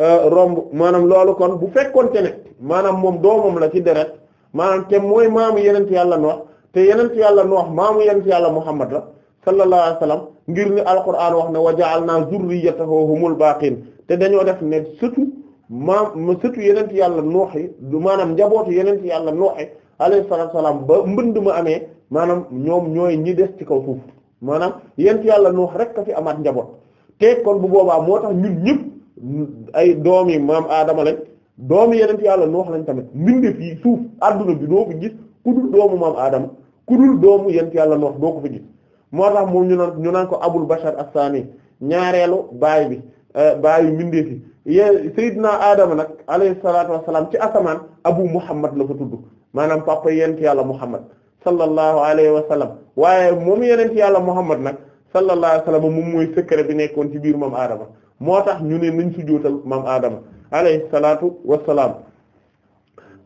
Euh, romb maanaam loolu kon bu te ne maanaam moom doomam la ci deret maanaam te mooy maamu yenent yàlla noox te yenent yàlla noox maamu yenent yàlla muhammad la sallallahu alayhi wasallam ngir ni alquran wax ne wa ja'alna zurriyyatahu humul baqin te dañoo def ne surtout maam surtout yenent yàlla noox yi maanaam njabootu yenent yàlla noox yi alayhi salaatu salaam ba mbënd ma amee maanaam ñoom ñooy ñii des ci kaw suuf maanaam yenent yàlla noox rek a fi amaat njaboot te kon bu boobaa moo tax ñun ñëpp ay doomi maam aadama lañ doomi yeneen yàlla nu wax lañ tamit mbindeef yi suuf adduna bi doo ko gis ku doomu maam aadama ku dul doomu yeneen yàlla nu wax doo ko fi gis moo tax moom ñu naan ñu naan ko abul bashar as-sani ñaareelu baay bi euh, baayu mbindeef yi yé Seydina Adama nag alayhi salaatu wa salaam ci asamaan abu muhammad la ko tudd maanaam papa yenent yàlla muhammad sallallahu alayhi wa sallam waaye moom yenent yàlla muhammad nag sallallahu alayhi wa sallam moom mooy secret bi nekkoon ci biir moom Adama. moo tax ñu ne nañ sujjóotal maam Adama alayhi salaatu wassalaam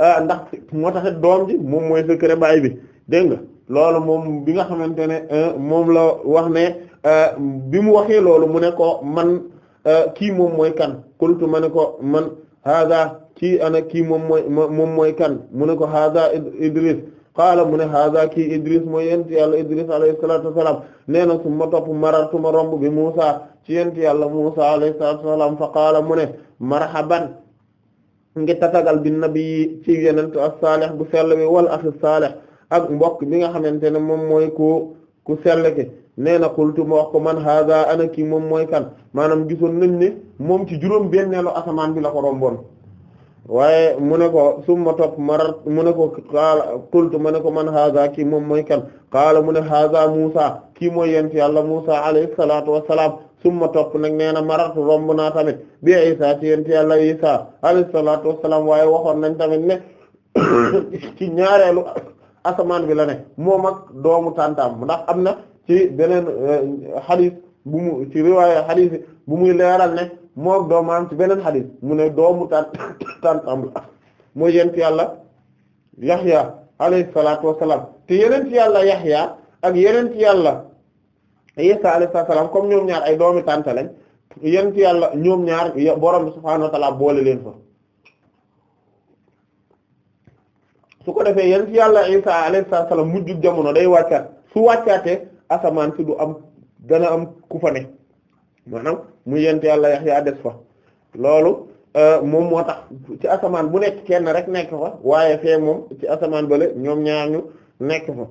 ah, ndax moo taxit doom ji moom mooy secret baay bi dégg nga loolu moom bi nga xamante ne ah, moom la wax ne ah, bi mu waxee loolu mu ne ko man kii moom mooy kan kultu ma ne ko man haada kii ana kii moom mooy moom mooy kan mu ne ko haada Idris qaala mu ne haada kii Idris mooy yenti yàlla Idris alayhi salaatu wassalaam nee na summa topp marartuma romb bi Muusa ci yenti yàlla Muusa alayhi salaatu wassalaam fa qaala mu ne marhaban ngi tatagal bi nabi ci yenentu as-saalih bu sell bi wal axi saalih ak mbokk mi nga xamante ne moom mooy ku ku sell ki nee na qultu wax ko man haada ana kii moom mooy kan maanaam gisoon nañ ne moom ci juróom benneelu asamaan bi la ko romboon waaye mu ne ko summa topp marar mu ne ko qaala qultu ma ne ko man haza kii moom mooy kan qaala mu ne haza Musa kii mooy yent yàlla Musa alayhi salaatu wassalaam summa topp nag nee na maratu romb naa tamit bi Isa ci yent yàlla Isa alayhi salaatu wassalaam waaye waxoon nañ tamit ne ci ñaareelu asamaan bi la ne moom ak doomu tàntaam ndax am na ci beneen euh, hadith bu mu ci riwaaya hadith bu muy leeral ne mook doomam ci beneen xadis mu ne doomu tan tantam la mooy yent yàlla yaxya alayhi salaatu wassalaam te yeneen yàlla yaxya ak yeneen ci yàlla isa alayhi comme ñoom ñaar ay doomi yàlla ñoom ñaar borom bi subhaanahu boole leen fa su ko defee yeneen ci yàlla isa alayhi salaam mujjug jamono day wàccaat su wàccaatee asamaan si du am dana am ku mu yent yàlla Yaxya des fa loolu euh, moom moo tax ci asamaan bu nekk kenn rek nekk fa waaye fee moom ci asamaan bale ñoom ñaar ñu nekk fa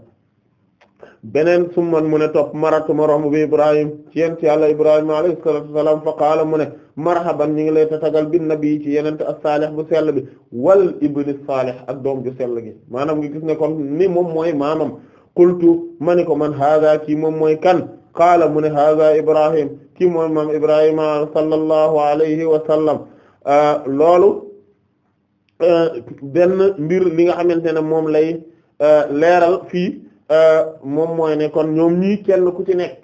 beneen summan mu ne topp maratu marom bi ibrahim ci yent yàlla ibrahima alayhi salatu wasalam fa qaala mu ne marhaban ñu ngi lay tatagal bin nabi ci yenente as-salih bu sell bi wal ibni salih ak doom ju sell gi maanaam nga gis ne kon ni moom mooy maamam qultu ma ni ko man hada kii moom mooy kan qaala mu ne haza ibrahim kii mooy moom ibrahima sallallahu alayhi wa sallam uh, loolu uh, benn mbir li nga xamante ne moom lay uh, leeral fii moom mooy ne kon ñoom ñii kenn ku ci nekk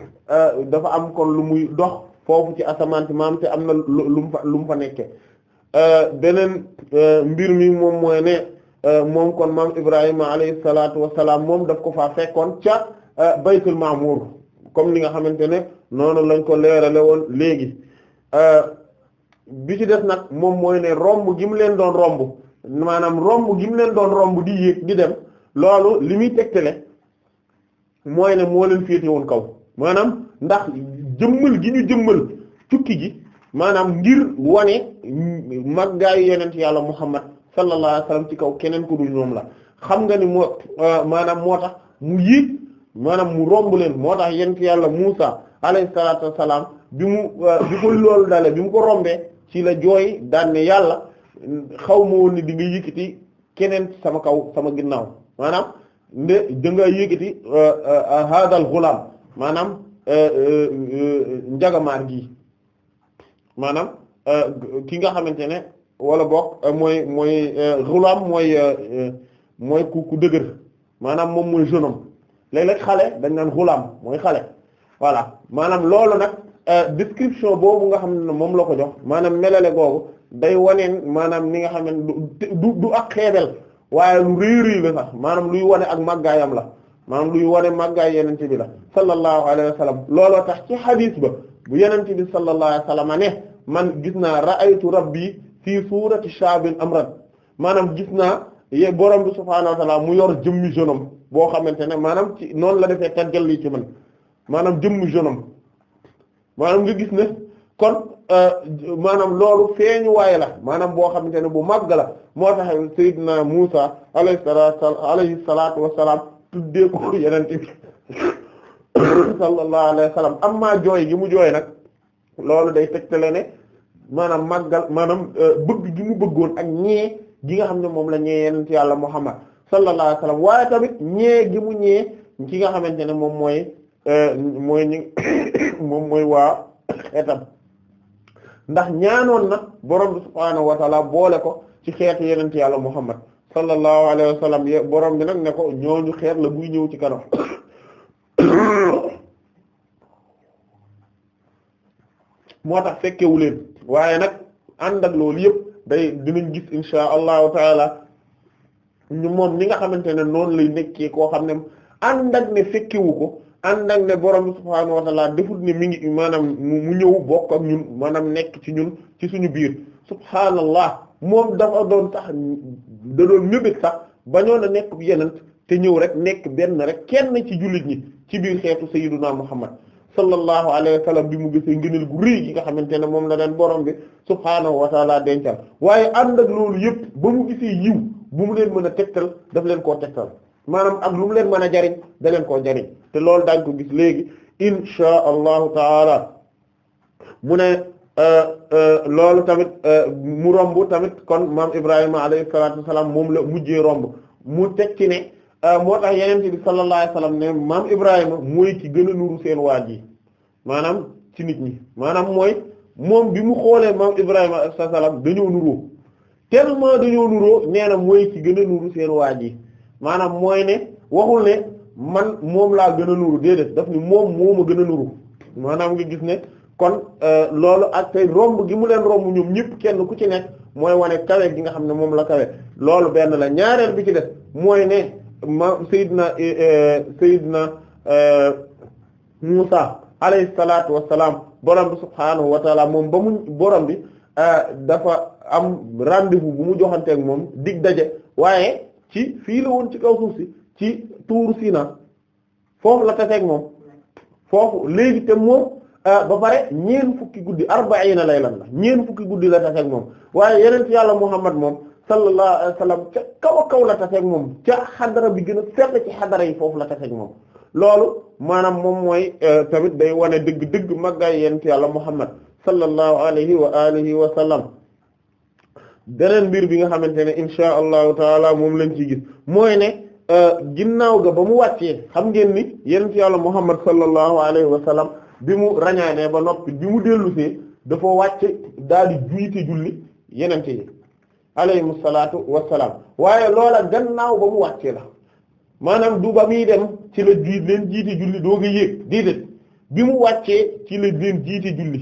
dafa am kon lu muy dox foofu ci asamaan si maam te am na lu lu fa nekke beneen mbir mi moom mooy ne moom kon maam ibrahima alayhi salaatu wasalaam moom daf ko fa fekkoon ca baytul ma'mur comme li nga xamante ne noonu lañ ko leerale woon léegi euh, bi ci def nag moom mooy ne romb gi mu leen doon romb maanaam romb gi mu leen doon romb di yéeg di dem loolu li muy tegtale mooy ne moo leen féete woon kaw maanaam ndax jëmmal gi ñu jëmmal tukki gi maanaam ngir wane màggaayu yeneen yàlla Muhammad sallallahu alayhi wasallam ci kaw keneen ku dul ñoom la xam nga ni moo euh, maanaam moo tax mu yéeg maanaam mu romb leen moo tax yent yàlla Muusa alayhi salaatu wassalaam bi mu euh, bi ko loolu dale bi mu ko rombee ci la jooy daan ne yàlla xaw ma woon ni di keneen sama kaw sama ginnaaw maanaam nde jënga nga yëkkati euh, euh, haadal gulaam maanaam njagamaar gi maanaam ki nga xamante ne wala bokk mooy mooy gulaam mooy mooy ku ku dëgër maanaam moom mooy jeune léeg-léeg xale dañ naan xulaam mooy xale voilà maanaam loolu nag euh, description boobu nga xam ne moom la ko jox maanaam melale googu day waneen maanaam ni nga xam ne du du ak xeebel waaye lu réeréy la sax maanaam luy wane ak màggaayam la maanaam luy wane màggaay yenente bi la sallallahu alayhi wa sallam looloo tax ci xadiis ba bu yenente bi sallallahu alayhi wa sallam ne man gis naa ra'aytu rabbi fii suurati shaabin amrad maanaam gis naa ye borom bi subhaanahu wa mu yor jëmmi jeunom boo xamante ne maanaam ci noonu la defee taggal li ci man maanaam jëmmi jeunom maanaam nga gis ne kon euh, maanaam loolu feeñu waay la maanaam boo xamante ne bu màgg la moo tax Seydina Muusa alayhi salaatu alayhi salaatu wassalaam tuddee ko yenente bi sallallahu alayhi wa sallam jooy gi mu jooy nag loolu day tegtale ne maanaam màggal maanaam euh, bëgg gi mu bëggoon ak ñee gi nga xam ne moom la ñee yenent yàlla Muhammad sallallahu alayhi wasallam waaye tamit ñee gi mu ñee ki nga xamante ne moom mooy euh, mooy moom mooy waa xeetam ndax ñaanoon na borom bi subhaanahu wa taala boole ko ci xeetu yenent yàlla Muhammad sallallahu alayhi wa sallam y bi nag ne ko ñooñu xeet la buy ñëw ci kanam moo tax fekkewu leen waaye nag ànd ak loolu yëpp day dinañ gis insha allahu taala ñu moom ni nga xamante ne noonu lay nekkee koo xam ne ànd ak ne fekkiwu ko ànd ak ne borom subhaanahu wa taala deful ne mi ngi maanaam mu ñëw bokk ak ñun maanaam nekk ci ñun ci suñu biir subhaanallah moom dafa doon sax da doon ñëbit sax bañoon a nekk yeneen te ñëw rek nekk benn rek kenn ci jullit ñi ci biir xeetu sayyiduna muhammad sallallahu alayhi wa sallam bi mu gisee ngëneel gu rëy gi nga xamante ne moom la leen borom bi subhaanahu wa taala dencal waaye ànd ak loolu yëpp ba mu gisee yiw bu mu leen mën a tegtal daf leen koo tegtal maanaam ak lu leen mën a jariñ da leen koo jariñ te loolu daañ ko gis léegi insha allahu taala mu euh, euh, loolu tamit euh, mu romb tamit kon maam Ibrahima alayhi salaatu wa salaam moom la mujjee romb mu teg ci Euh, moo tax yeneen bi sallallahu alayhi wasallam ne maam Ibrahima mooy ci gën a nuru seen waaj yi maanaam ci nit ñi maanaam mooy moom bi mu xoolee maam Ibrahima sallallahu alayhi wasallam dañoo nuroo tellement dañoo nuroo nee na mooy ci gën a nuru seen waaj yi maanaam mooy ne waxul ne man moom laa gën a nuru déedéet daf ni moom moo ma gën a nuru maanaam nga gis ne kon euh, loolu ak tey romb gi mu leen romb ñoom ñëpp kenn ku ci nekk mooy wane kawe gi nga xam ne moom la kawe loolu benn la ñaareel bi ci def ma Seydina eh, eh, Seydina eh, Musa alayhi salaatu wa salaam borom bi subhaanahu wa moom ba mu borom bi dafa am rendez bu mu joxanteeg moom dig daje waaye ci fii la woon ci kaw suuf si ci tuuru Sina foofu la taseeg moom foofu léegi te moom ba pare ñeen fukki guddi arba'iina laylan la ñeen fukki guddi la taseeg moom waaye yeneen ci yàlla Muhammad moom. sallallahu alayhi wa sallam ca kaw a kaw moom ca xadara bi gën a sell ci xadara yi foofu la tafeeg moom loolu maanaam moom mooy euh, tamit day wane dëgg dëgg màggaay yent yàlla Muhammad sallallahu alayhi wa alihi wa sallam beneen mbir bi nga xamante ne insha allahu moom lañ ci gis mooy ne euh, ginnaaw ga ba mu wàccee xam ngeen ni yent yàlla Muhammad sallallahu alayhi wa sallam bi mu rañaanee ba noppi bi mu dellusee dafa dafoo daal di juite julli yenente yi alayhim salaatu wassalaam waaye loola gannaaw ba mu wàccee la maanaam du ba muy dem ci la ji leen jiite julli doo a yéeg bi mu wàccee ci la leen jiite julli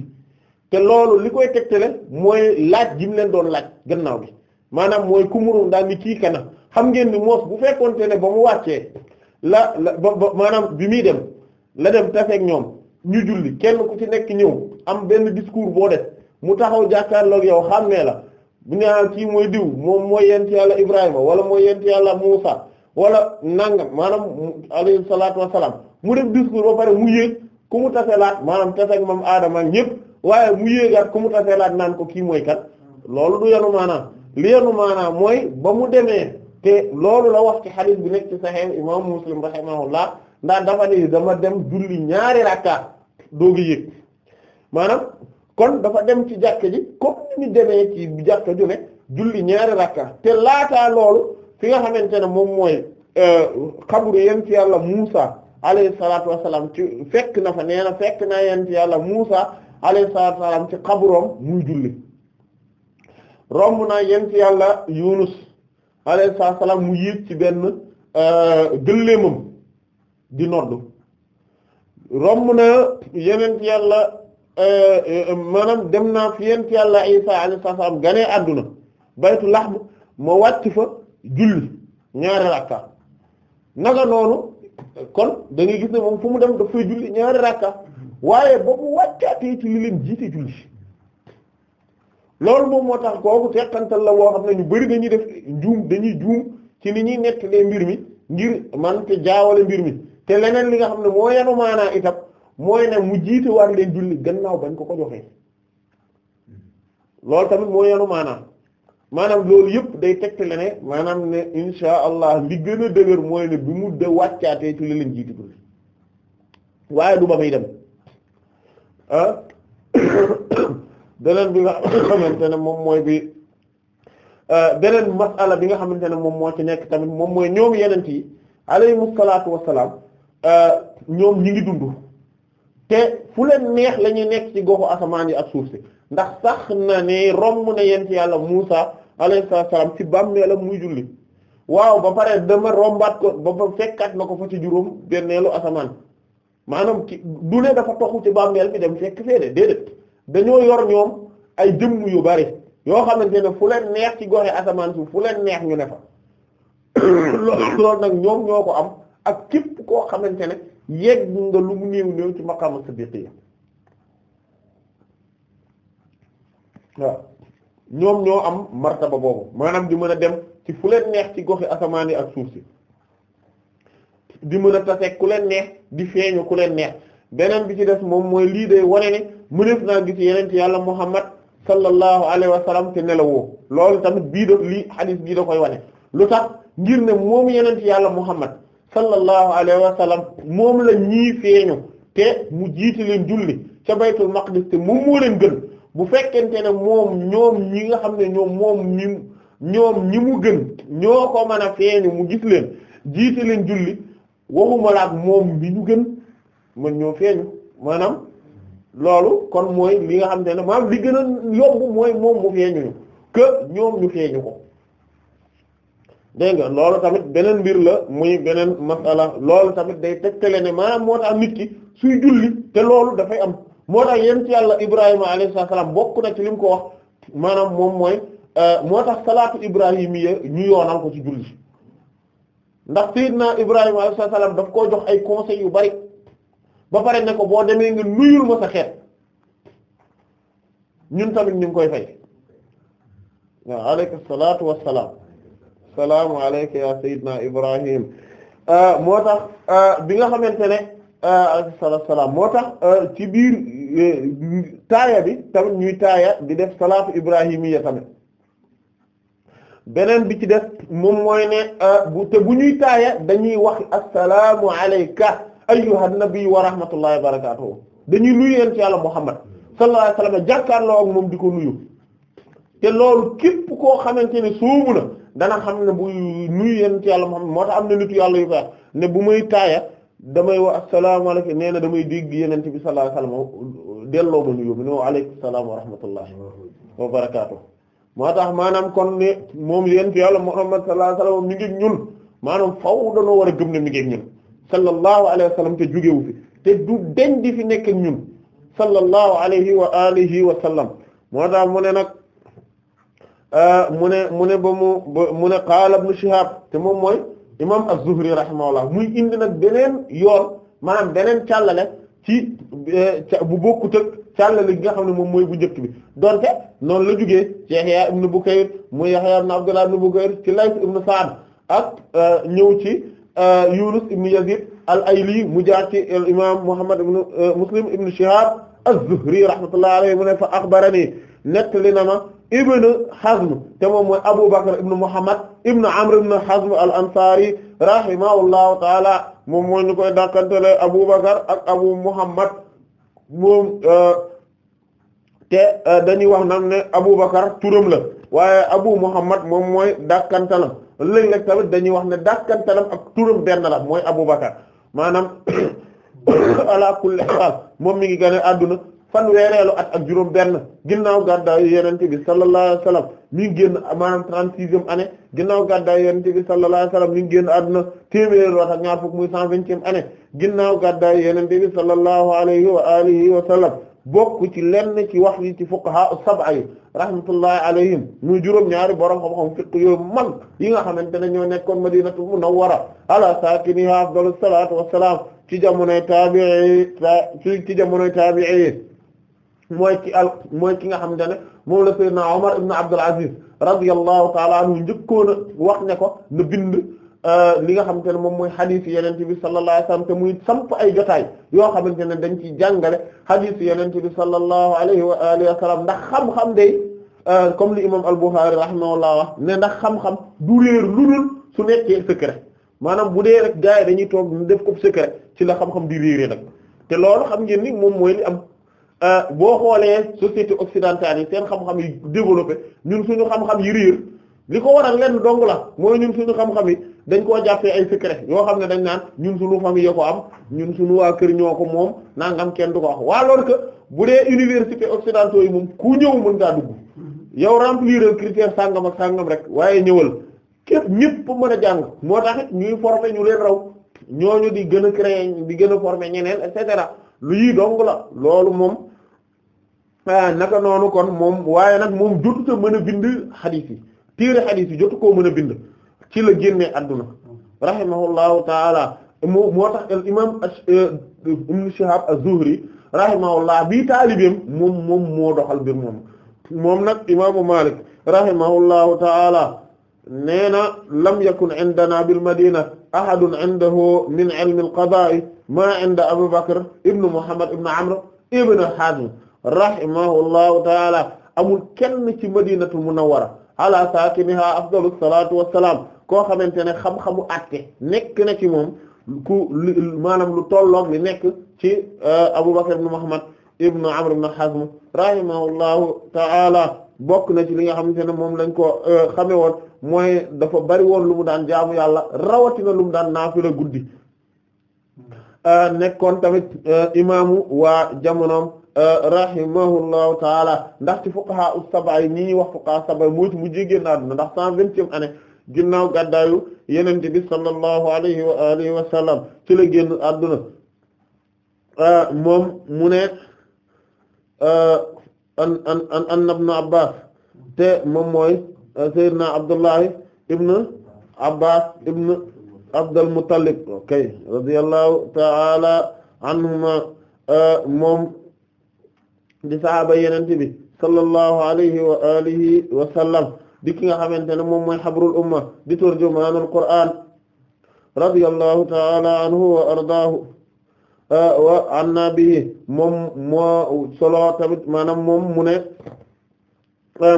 te loolu li koy tegte le mooy laaj gi mu leen doon laaj gannaaw gi maanaam mooy kumuru daal ni kii kana xam ngeen ni moos bu fekkonte ne ba mu wàccee la la maanaam bi muy dem la dem tafeeg ñoom ñu julli kenn ku ci nekk ñëw am benn discours boo def mu taxaw jàkkaarloog yow ne la bu ne kii mooy diw moom mooy yent yàlla Ibrahima wala mooy yent yàlla Muusa wala nangam maanaam alayhi salaatu wa salaam mu def discours ba pare mu yéeg ku mu taselaat maanaam taseeg moom aadama ak ñëpp waaye mu yéegaat ku mu taselaat naan ko kii mooy kat loolu du yanu maanaam li yanu maanaam mooy ba mu demee te loolu la wax ci xadiis bi nekk ci Sahih imam Muslim rahimahullah ndax dafa ne dama dem julli ñaari rakka doogi yéeg maanaam kon dafa dem ci jàkka ji comme ni ñu demee ci jàkka ju ne julli ñaari rakka te laataa loolu fi nga xamante ne moom mooy euh, xabru yent yàlla Muusa alayhi salaatu wassalaam ci na fa nee na fekk naa yent yàlla Muusa alayhi salaatu wassalaam ci xabroom muy julli romb naa yent yàlla Yunus alayhi salaatu wassalaam mu yéeg ci benn euh, gëléemam di noddu romb na yeneen yàlla Euh, euh, maanaam dem naa fi yent yàlla Isa alayhi salaam ganee àdduna baytu laxm ma wàcc fa julli ñaari rakka naka noonu kon dangay ngay gis ne moom fu mu dem daf fay julli ñaari rakka waaye ba mu wàccaatee ci li leen jiite julli loolu moom moo tax kooku teqantal la woo xam ne ñu bari dañuy def juum dañuy juum ci ni ñuy nettalee mbir mi ngir man te jaawale mbir mi te leneen li nga xam ne moo yanu maanaa itam mooy ne mu jiite war leen julli gannaaw bañ ko ko joxee loolu tamit moo yenu maanaam maanaam loolu yëpp day tegtale ne maanaam ne insha allah li gën a dëgër mooy ne bi mu de wàccaatee ci li leen jiite julli waaye du ba muy dem ah beneen bi nga xamante ne moom mooy bi ah, beneen masala bi nga xamante ne moom moo ci nekk tamit moom mooy ñoom yeneen yi alayhimu salaatu wassalaam ah, ñoom ñi ngi dund te fu leen neex lañuy ñuy nekk ci goxu asamaan yi ak suuf si ndax sax na ne romb na ci yàlla Muusa alayhi salaam ci bàmmeelam muy julli waaw ba pare dama rombaat ko ba fekkaat na ko fa ci juróom benneelu asamaan maanaam ki du ne dafa toxu ci bàmmeel bi dem fekk fee de déedéet dañoo yor ñoom ay jëmm yu bari yoo xamante ne fu leen neex ci goxe asamaan suuf fu leen neex ñu ne fa loolu nag ñoom ñoo ko am ak képp koo xamante ne yegg nga lu mu néew néew ci maqaama siddiqiyya waaw ñoom ñoo am martaba boobu maanaam di mën a dem ci fu leen neex ci goxi asamaan yi ak suuf si di mën a tase ku leen neex di feeñu ku leen neex beneen bi ci des moom mooy lii de wane ne mëneef naa gis yeneen yàlla Muhammad sallallahu alayhi wa sallam te nelawoo loolu tamit bii da lii hadith bii da koy wane lu tax ngir ne moom yeneen yàlla Muhammad sallallahu alayhi wa sallam moom la ñii feeñu te mu jiiti leen julli ca baytul maqdis te moom moo leen gën bu fekkente ne moom ñoom ñi nga xam ne ñoom moom ñi mu gën ñoo ko mën feeñu mu gis leen jiiti leen julli waxuma la moom bi ñu gën man ñoo feeñu maanaam loolu kon mooy li nga xam ne maanaam li gën a yomb mooy moom mu feeñu ñu ñoom ñu feeñu ko dégg nga loolu tamit beneen mbir la muy beneen masala loolu tamit day tegtale ne maanaam moo tax nit ki suy julli te loolu dafay am moo tax yent yàlla Ibrahima alayhi salaam bokk na ci li mu ko wax maanaam moom mooy euh, moo tax salaatu ibrahimiya ñu yoonal ko ci julli ndax sayyidna Ibrahima alayhi salaam koo jox ay conseils yu bari ba pare ne ko boo demee nga nuyul ma sa xeet ñun tamit ñu ngi koy fay waaw alayka salaatu wassalaam salaamu alayka ya sayyidina Ibrahim euh, moo tax euh, bi nga xamante ne euh, alayhi salaam moo tax ci biir taaya bi tamit ñuy taaya di def salaatu ibrahimiya tamit beneen bi ci def moom mooy ne bu te bu ñuy taaya dañuy wax assalaamu alayka ayyuhan nabi wa rahmatullahi wa barakatuhu dañuy nuyu yéen ci yàlla Muhammad sallallahu alayhi wa sallam jàkkaarloo ak moom di ko nuyu te loolu képp koo xamante ne soobu na dana xam ne bu nuyu yonent yàlla Muhammad moo am na nitu yàlla yu ko ne bu may taaya damay wax asalaamaaleykum nee na damay dégg yonent bi sallallahu alayhi wasallam delloo ma nuyoo bi ne wa aleykum salaam wa rahmatullahi moo tax maanaam kon ne moom yonent yàlla Muhammad sallallahu alayhi wasallam mi ngi ñun maanaam faw danoo war a gëm ne mi ngi ñun sallallahu alayhi wasallam te jugewu fi te du deñ di fi nekk ak ñun sallallahu alayhi wa alihi wa moo tax mu Euh, mu ne mu ne ba mu mu ne qaala ibn Shihab te moom mooy imam az-Zuhri rahimahullah muy indi nag beneen yoon maanaam beneen càllale ci euh, bu bokkut ak càllale gi nga xam ne moom mooy bu njëkk bi donte noonu la jugee ci Yahya ibn Bukayr muy Yahya ibn Abdullah ibn Bukayr ci Layth ibn Sa'd ak euh, ñëw ci Yunus ibn Yazid al-Ayli mu jaar ci imam Muhammad ibn Muslim ibn Shihab az-Zuhri rahmatullahi alayhi mu ne fa akhbarani nettali na ma ibn Hazm te moom mooy Abu Bakr ibn Muhammad ibn Amr ibn Hazm al-Ansari rahimahullahu taala moom moo ñu koy dàkkantele Abu ak Abu Muhammad moom euh, te euh, dañuy wax nag ne Abu Bakr turam la waaye Abu Muhammad moom mooy dàkkantalam léeg-léeg tamit dañuy wax ne dàkkantalam ak turam benn la mooy Abu Bakr maanaam ala kulli haal moom mi ngi gën a fanweereelu at ak juróom benn ginnaaw gàddaayu yonent bi sallallahu alayhi wa sallam mi ngi génn maanaam trente-sixième année ginnaaw gàddaayu yonent bi sallallahu alayhi wa génn àdduna téeméeréelu at ak ñaar fukk muy cent vingtième année ginnaaw gàddaayu yonent bi sallallahu alayhi wa alihi wa sallam bokk ci lenn ci wax yi ci fuqaha as-sab'a yi rahmatullahi alayhim muy juróom ñaari borom xam-xam yooyu mag yi nga xamante ne ñoo nekkoon madinatul munawwara ala saakinihaa afdalu salaatu wassalaam ci jamonoy taabi'i ci jamonoy taabi'i mooy ki al mooy ki nga xamante ne moom la Seydina Omar ibn Abdul Aziz radiyallahu taala anhu njëkkoon a wax ne ko na bind euh, li nga xam ne moom mooy xadiis yenente bi sallallahu alayhi wa sallam muy samp ay jotaay yoo xamante ne dañ jàngale xadiis yenente bi sallallahu alayhi wa alihi wa ndax xam-xam day euh, comme li imam al-Bukhari rahimahullah wax ne ndax xam-xam du réer lu dul su nekkee secret maanaam bu dee rek gars dañuy toog def ko secret ci la xam-xam di réeré nag te lool xam ngeen moom mooy li am Euh, boo xoolee société occidentale yi seen xam-xam yi développé ñun suñu ñu xam yi riir li ko waral lenn dong la mooy ñun suñu xam yi dañ koo jàppee ay secret yoo xam ne dañ naan ñun suñu famille yoo ko am ñun suñu waa kër ñoo ko moom nangam kenn du ko wax waa alors que bu dee université occidentaux yi moom ku ñëw mën ngaa dugg yow remplir critère sangam ak sangam rek waaye ñëwal képp ñëpp mën a jàng moo tax ñuy former ñu leen raw ñu di gën a créer di gën a former ñeneen et cetera. lu yii dong la loolu moom ah, naka noonu kon moom waaye nag moom jotuta mën a bind xadiis yi téere xadiis yi jotu koo mën a bind ci la génnee adduna rahimahullahu taala moo moo tax al imam euh, ibn Shihab az-Zuhri rahimahullah bii taalibeem moom moom moo doxal mbir moom moom nag imaamu Malik rahimahullahu taala nee na lam yakun indana bil madina ahadun indahu min ilmi alqadaa'i maa inda Abu Bakr ibn Muhammad ibn Amr ibn Hazm rahimahullahu taala amul kenn ci madinatul munawwara ala saakiniha afdalu salaatu wa salaam koo xamante ne xam-xamu àtte nekk na ci moom ku maanaam lu tolloog li nekk ci uh, Abu Bakr ibn Muhammad ibn Amr ibn Hazm rahimahullahu taala bokk na ci li nga xamante ne moom lañ ko euh, xame woon mooy dafa bari woon lu mu daan jaamu yàlla rawatina lu mu daan naafila guddi euh, nekkoon tamit euh, imaamu waa jamonoom rahimahullahu taala ndax ci fuqaha as-sab'a yi ñi ñuy wax fuqaha as-sab'a moo ci mujjee génn àdduna ndax cent vingtième année ginnaaw gàddaayu yenente bi sallallahu alayhi wa alihi wa ci la génn àdduna moom mu ne an an an an ibn Abbas te moom mooy eh, Seydina Abdullahi ibn Abbas ibn Abdul Muttalib kay radiyallahu ta'ala anhuma eh, moom di sahaaba yenente bi sallallahu alayhi wa alihi wa sallam di ki nga xamante ne moom mooy habrul umma di turjumaanul Qur'an radiyallahu ta'ala anhu wa ardaahu wa anna bihi moom moo solo tamit maanaam moom mu ne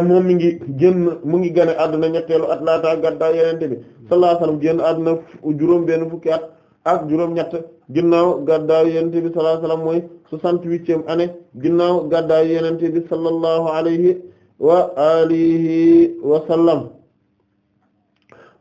moom mi ngi génn mu ngi gane àdduna ñetteelu at laata gaddaa yenente bi sallallahu alayhi wasallam génn àdduna juróom benn fukki at ak juróom ñett ginnaaw gaddaayu yenente bi sallallahu alayhi wasallam mooy soixante-huitième année ginnaaw gaddaayu yenente bi sallallahu alayhi wa alihi wa sallam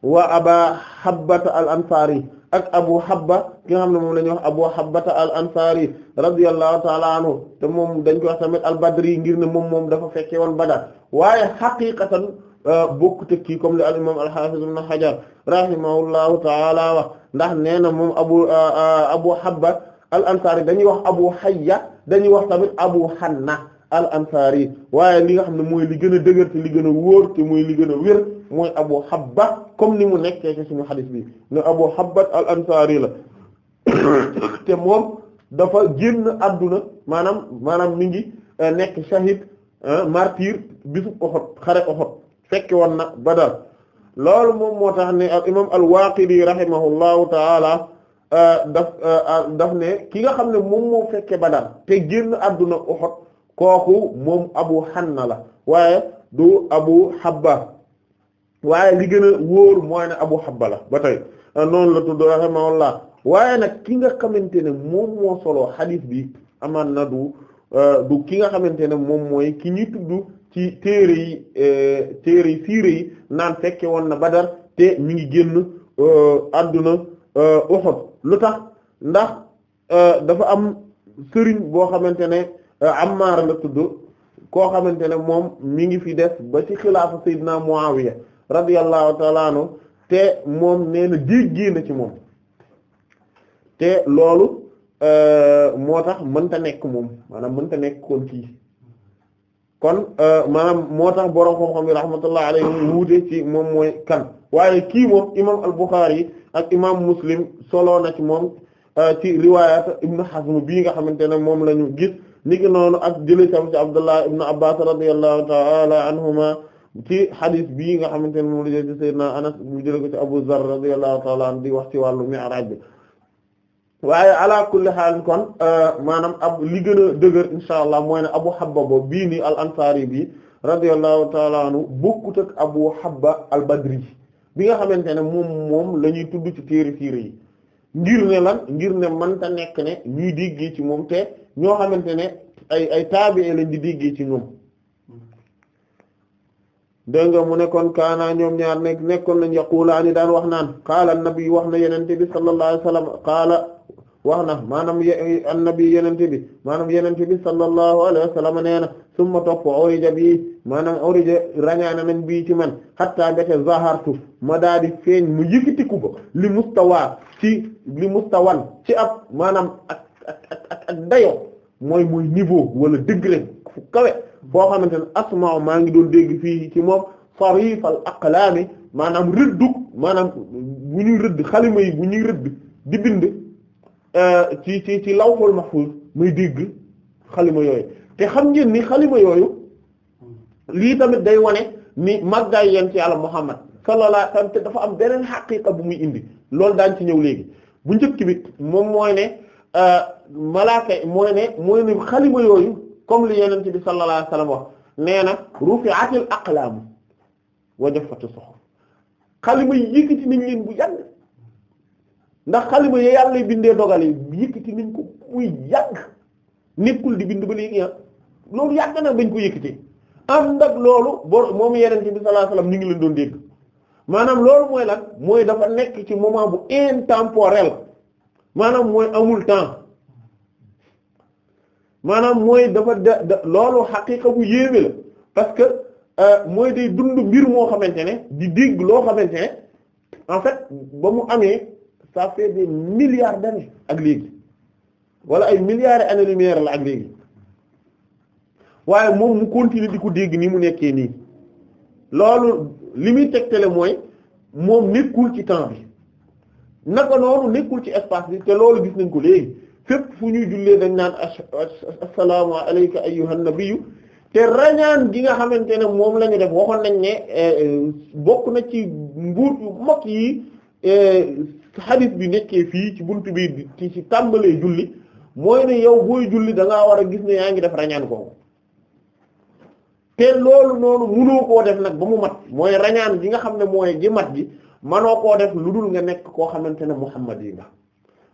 wa aba habbata al ansari ak abu habba ki nga xam ne moom la ñuy wax abu habbata al ansari radiyallahu taala anhu te moom dañu ko wax tamit al badri ngir ne moom moom dafa fekke woon badar waaye xaqiqatan euh, bokku te kii comme le al imam al hafiz ibn hajar rahimahullahu taala wax ndax nee na moom abu euh, euh, abu habba al ansari dañuy wax abu hayya dañuy wax tamit abu hanna al ansari waaye li nga xam ne mooy li gën a dëgër li gën a wóor te mooy li gën a wér mooy abu habba comme ni mu nekkee ci suñu xadis bi nu abu habba al ansari la te moom dafa génn adduna maanaam maanaam mi ngi eh, nekk shahid eh, martyr bisu Uhud xare Uhud fekke woon na Badar loolu moom moo tax ne al imam al Waaqidi rahimahullahu taala eh, daf ne ki nga xam ne moom moo fekkee Badar te génn adduna Uhud kooku moom abu xanna la waaye du abu habba waaye li gën a wóor mooy ne abu habba la ba tey noonu la tudd rahimahullah waaye nag ki nga xamante ne moom moo bi amaan na du euh, du ki nga xamante ne moom mooy ki ñuy tudd ci téere yi euh, téere yi siire yi naan fekke woon na Badar te mi ngi génn euh, àdduna Uhud lu tax ndax dafa am sëriñ boo xamante ne Euh, Ammaar la tudd koo xamante ne moom mi ngi fi des ba ci xilaafa Seydina Muawiya radiyallahu ta'ala anhu te moom nee na jéggee na ci moom te loolu euh, moo tax mënta nekk moom maanaam mënta nekk kon kii kon euh, maanaam moo tax borom xam-xam yi rahmatullahi moom mooy waaye kii moom yi ak imaam Muslim solo na ci moom ci riwaayat Ibn Hazm bii nga xamante ne moom lañu ñu gis. ni ki noonu ak jëlee tam ci Abdullah ibn Abbas radiyallahu ta'ala anhuma ci xadis bii nga xamante ne moom la jël ci Seydina Anas mu jëlee ko ci Abu Zarr radiyallahu ta'ala an di wax ci wàllu mi'raj bi waaye ala kulli xaal kon euh, maanaam ab li gën a dëgër insha allah mooy bii nii al ansari bi radiyallahu ta'ala anhu bokkut ak Abu Habba al Badri bi nga xamante ne moom moom la ñuy tudd ci téere siire yi ngir ne lan ngir ne manta nekk ne ñuy déggee ci moom te ñoo xamante ne ay ay taabie lañ di déggee ci ñoom dégg nga mu nekkoon kaana ñoom ñaar nekk nekkoon nañ yaqulaani daan wax naan qaala nabi wax na yenente bi sallallahu alayhi wa sallam qaala wax na maanaam annabi yenente bi maanaam yenente bi sallallahu alayhi wa sallam nee na summa topp orija bi maanaam orija rañaana nañ bii ci man hatta mbete zahartu ma daa di feeñ mu yëkkatiku ko li mustawa ci li mustawan ci ab maanaam ak ak dayo mooy mooy niveau wala degré fu kawe foo xamante ne asma maa ngi doon dégg fii ci moom sarif al aqlaami maanaam rëddug maanaam bu ñuy rëdd xalima bu ñuy rëdd di bind Euh, ci ci ci lawhul mahfuz muy dégg xalima yooyu te xam ngeen ni xalima yooyu lii tamit day wane ni màggaay yéen ci yàlla Muhammad sallallahu alayhi wasallam te dafa am beneen xaqiqa bu muy indi loolu daañ ci ñëw léegi bu njëkk bi moom mooy ne euh, malaaka mooy ne mooy ne xalima yooyu comme li yeneen bi sallallahu alayhi wasallam wax nee na rufi'atil aqlaam wa jaffati suhuf xalima yi yëkkati nañ leen bu yàgg ndax xalima yi yàlla bindee dogal yi ci nañ ko muy yàgg nekkul di bind ba léegi ah loolu yàgg na bañ ko yëkkatee am nag loolu boo moom yeneen bi sallallahu ni wasallam ñu ngi leen doon dégg maanaam loolu mooy lan mooy dafa nekk ci moment bu intemporel maanaam mooy amul temps maanaam mooy dafa da da loolu xaqiqa bu yéeme la parce que euh, mooy de dund mbir moo xamante ne di dégg loo xamante ne en fait ba mu amee. ça fait de milliards d'années ak léegi wala ay milliards et années la ak léegi waaye moom mu continuer di ko dégg ni mu nekkee nii loolu li muy tegtale mooy moom nekkul ci temps bi naka noonu ci espace bi te loolu gis nañ ko léegi fépp fu ñuy jullee dañ naan assalaamu alayka ayyuhan nabiyyu te rañaan gi nga xamante ne moom lañu def waxoon nañ ne eh, eh, bokk na ci mbuur yu mag yi eh, xadis bi nekkee fii ci buntu bi ci ci tàmbalee julli mooy ne yow booy julli da war a gis ne yaa ngi def rañaan kooku te loolu noonu mënoo koo def nag ba mu mat mooy rañaan gi nga xam ne mooy gi mat gi manoo koo def lu dul nga nekk koo xamante ne Muhammad yi nga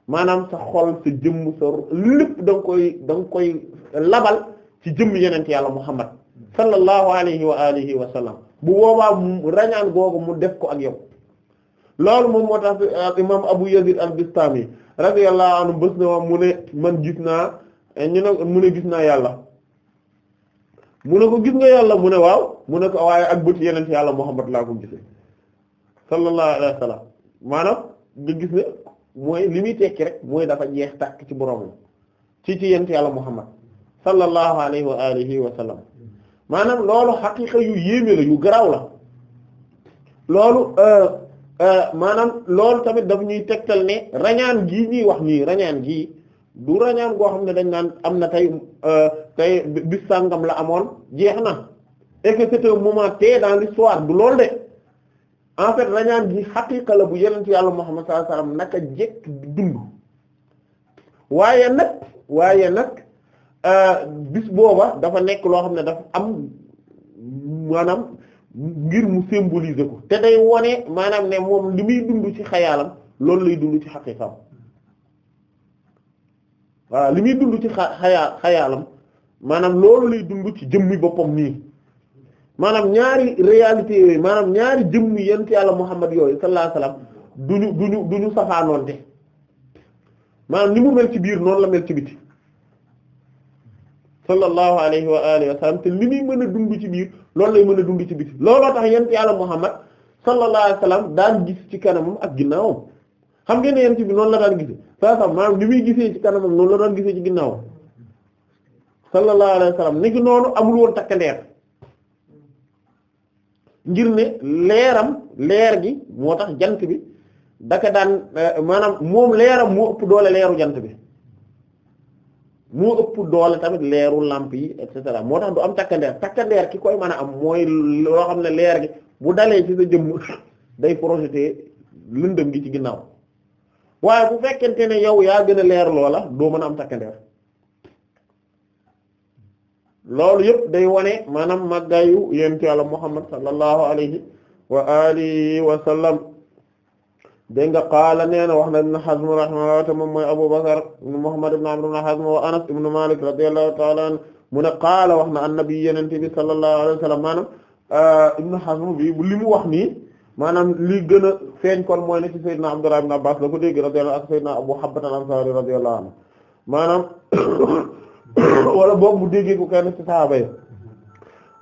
maanaam sa xol sa jëmm sa lépp da nga koy da nga koy labal ci jëmm yeneen yàlla Muhammad sallallahu alayhi wa alihi wa sallam bu boobaa rañaan googu mu def ko ak yow loolu moom moo tax imam Abu Yazid al-Bistami radiyallahu anhu bës na waa mu ne man gis naa ñu ne mu ne gis naa yàlla mu ne ko gis nga yàlla mu ne waaw mu ne ko waaye ak bët yeneen ci yàlla Muhammad laa ko gisee sallallahu alayhi wa sallam maanaam gis mooy li muy tekki rek mooy dafa jeex tàkk ci boromam ci ci yent yàlla Muhammad sallallahu alayhi wa alihi maanaam loolu xaqiiqa yu yéeme la yu garaaw la loolu euh, Euh, maanaam loolu tamit dafa ñuy tegtal ne rañaan gii ñuy wax nii rañaan gii du rañaan goo xam ne dañ naan am na tey euh, tey bis sàngam la amoon jeex na et que moment T dans l'histoire du loolu de en fait rañaan gi xaqiqa la bu yenent yàlla Muhammad sallallahu alayhi wasallam naka jekk dund waaye nag waaye nag euh, bis booba dafa nekk loo xam ne daf am maanaam ngir mu symboliser ko te tey wone maanaam ne moom li muy dund ci xayaalam loolu lay dund ci xaqiiqam waaw li muy dund ci xayaa xayaalam maanaam loolu lay dund ci jëmmi boppam nii maanaam ñaari réalité yooyu maanaam ñaari jëmmi yent yàlla Muhammad yooyu sallallahu alayhi wasallam duñu duñu duñu te maanaam li mu mel ci biir noonu la mel ci biti sallallahu alayhi wa alihi wa sallam te li muy mën a dund ci biir loolu lay mën a dund ci biti looloo tax yent yàlla Muhammad sallallahu alayhi wa sallam daan gis ci kanamam ak ginnaawam xam ngeen ne yent bi noonu la daan gisee saa saa maanaam li muy gisee ci kanamam noonu la daan gisee ci ginnaawam sallallahu alayhi wa sallam ni ki noonu amul woon takk leer ngir ne leeram leer gi moo tax jant bi daka daan eh, maanaam moom leeram moo ëpp doole leeru jant bi moo ëpp doole tamit leeru làmp yi et moo tax du am takkandeer takkandeer ki koy man a am mooy loo xam ne leer gi bu dalee ci sa jëmm day projeté lëndëm gi ci ginnaaw waaye bu fekkente ne yow yaa gën a leer loola doo mën a am takkandeer loolu yëpp day wane maanaam màggaayu yénti Yàlla Muhammad sallallahu alayhi wa alihi wa sallam dégg nga qaala nee wax na ibn Hazm rahimahullah te moom mooy Abu Bakr ibn Muhammad ibn Amr Anas ibn Malik radiyallahu ta'ala anhu qaala wax na annabi yenente bi sallallahu alayhi wa sallam euh, ibn Hazm bi li mu wax nii maanaam li gën a feeñ kol mooy ne ci Seydina ibn Abbas la ko dégg radiyallahu ak Seydina Abu Habbat al-Ansari radiyallahu anhu maanaam wala boobu mu déggee ko kenn ci yi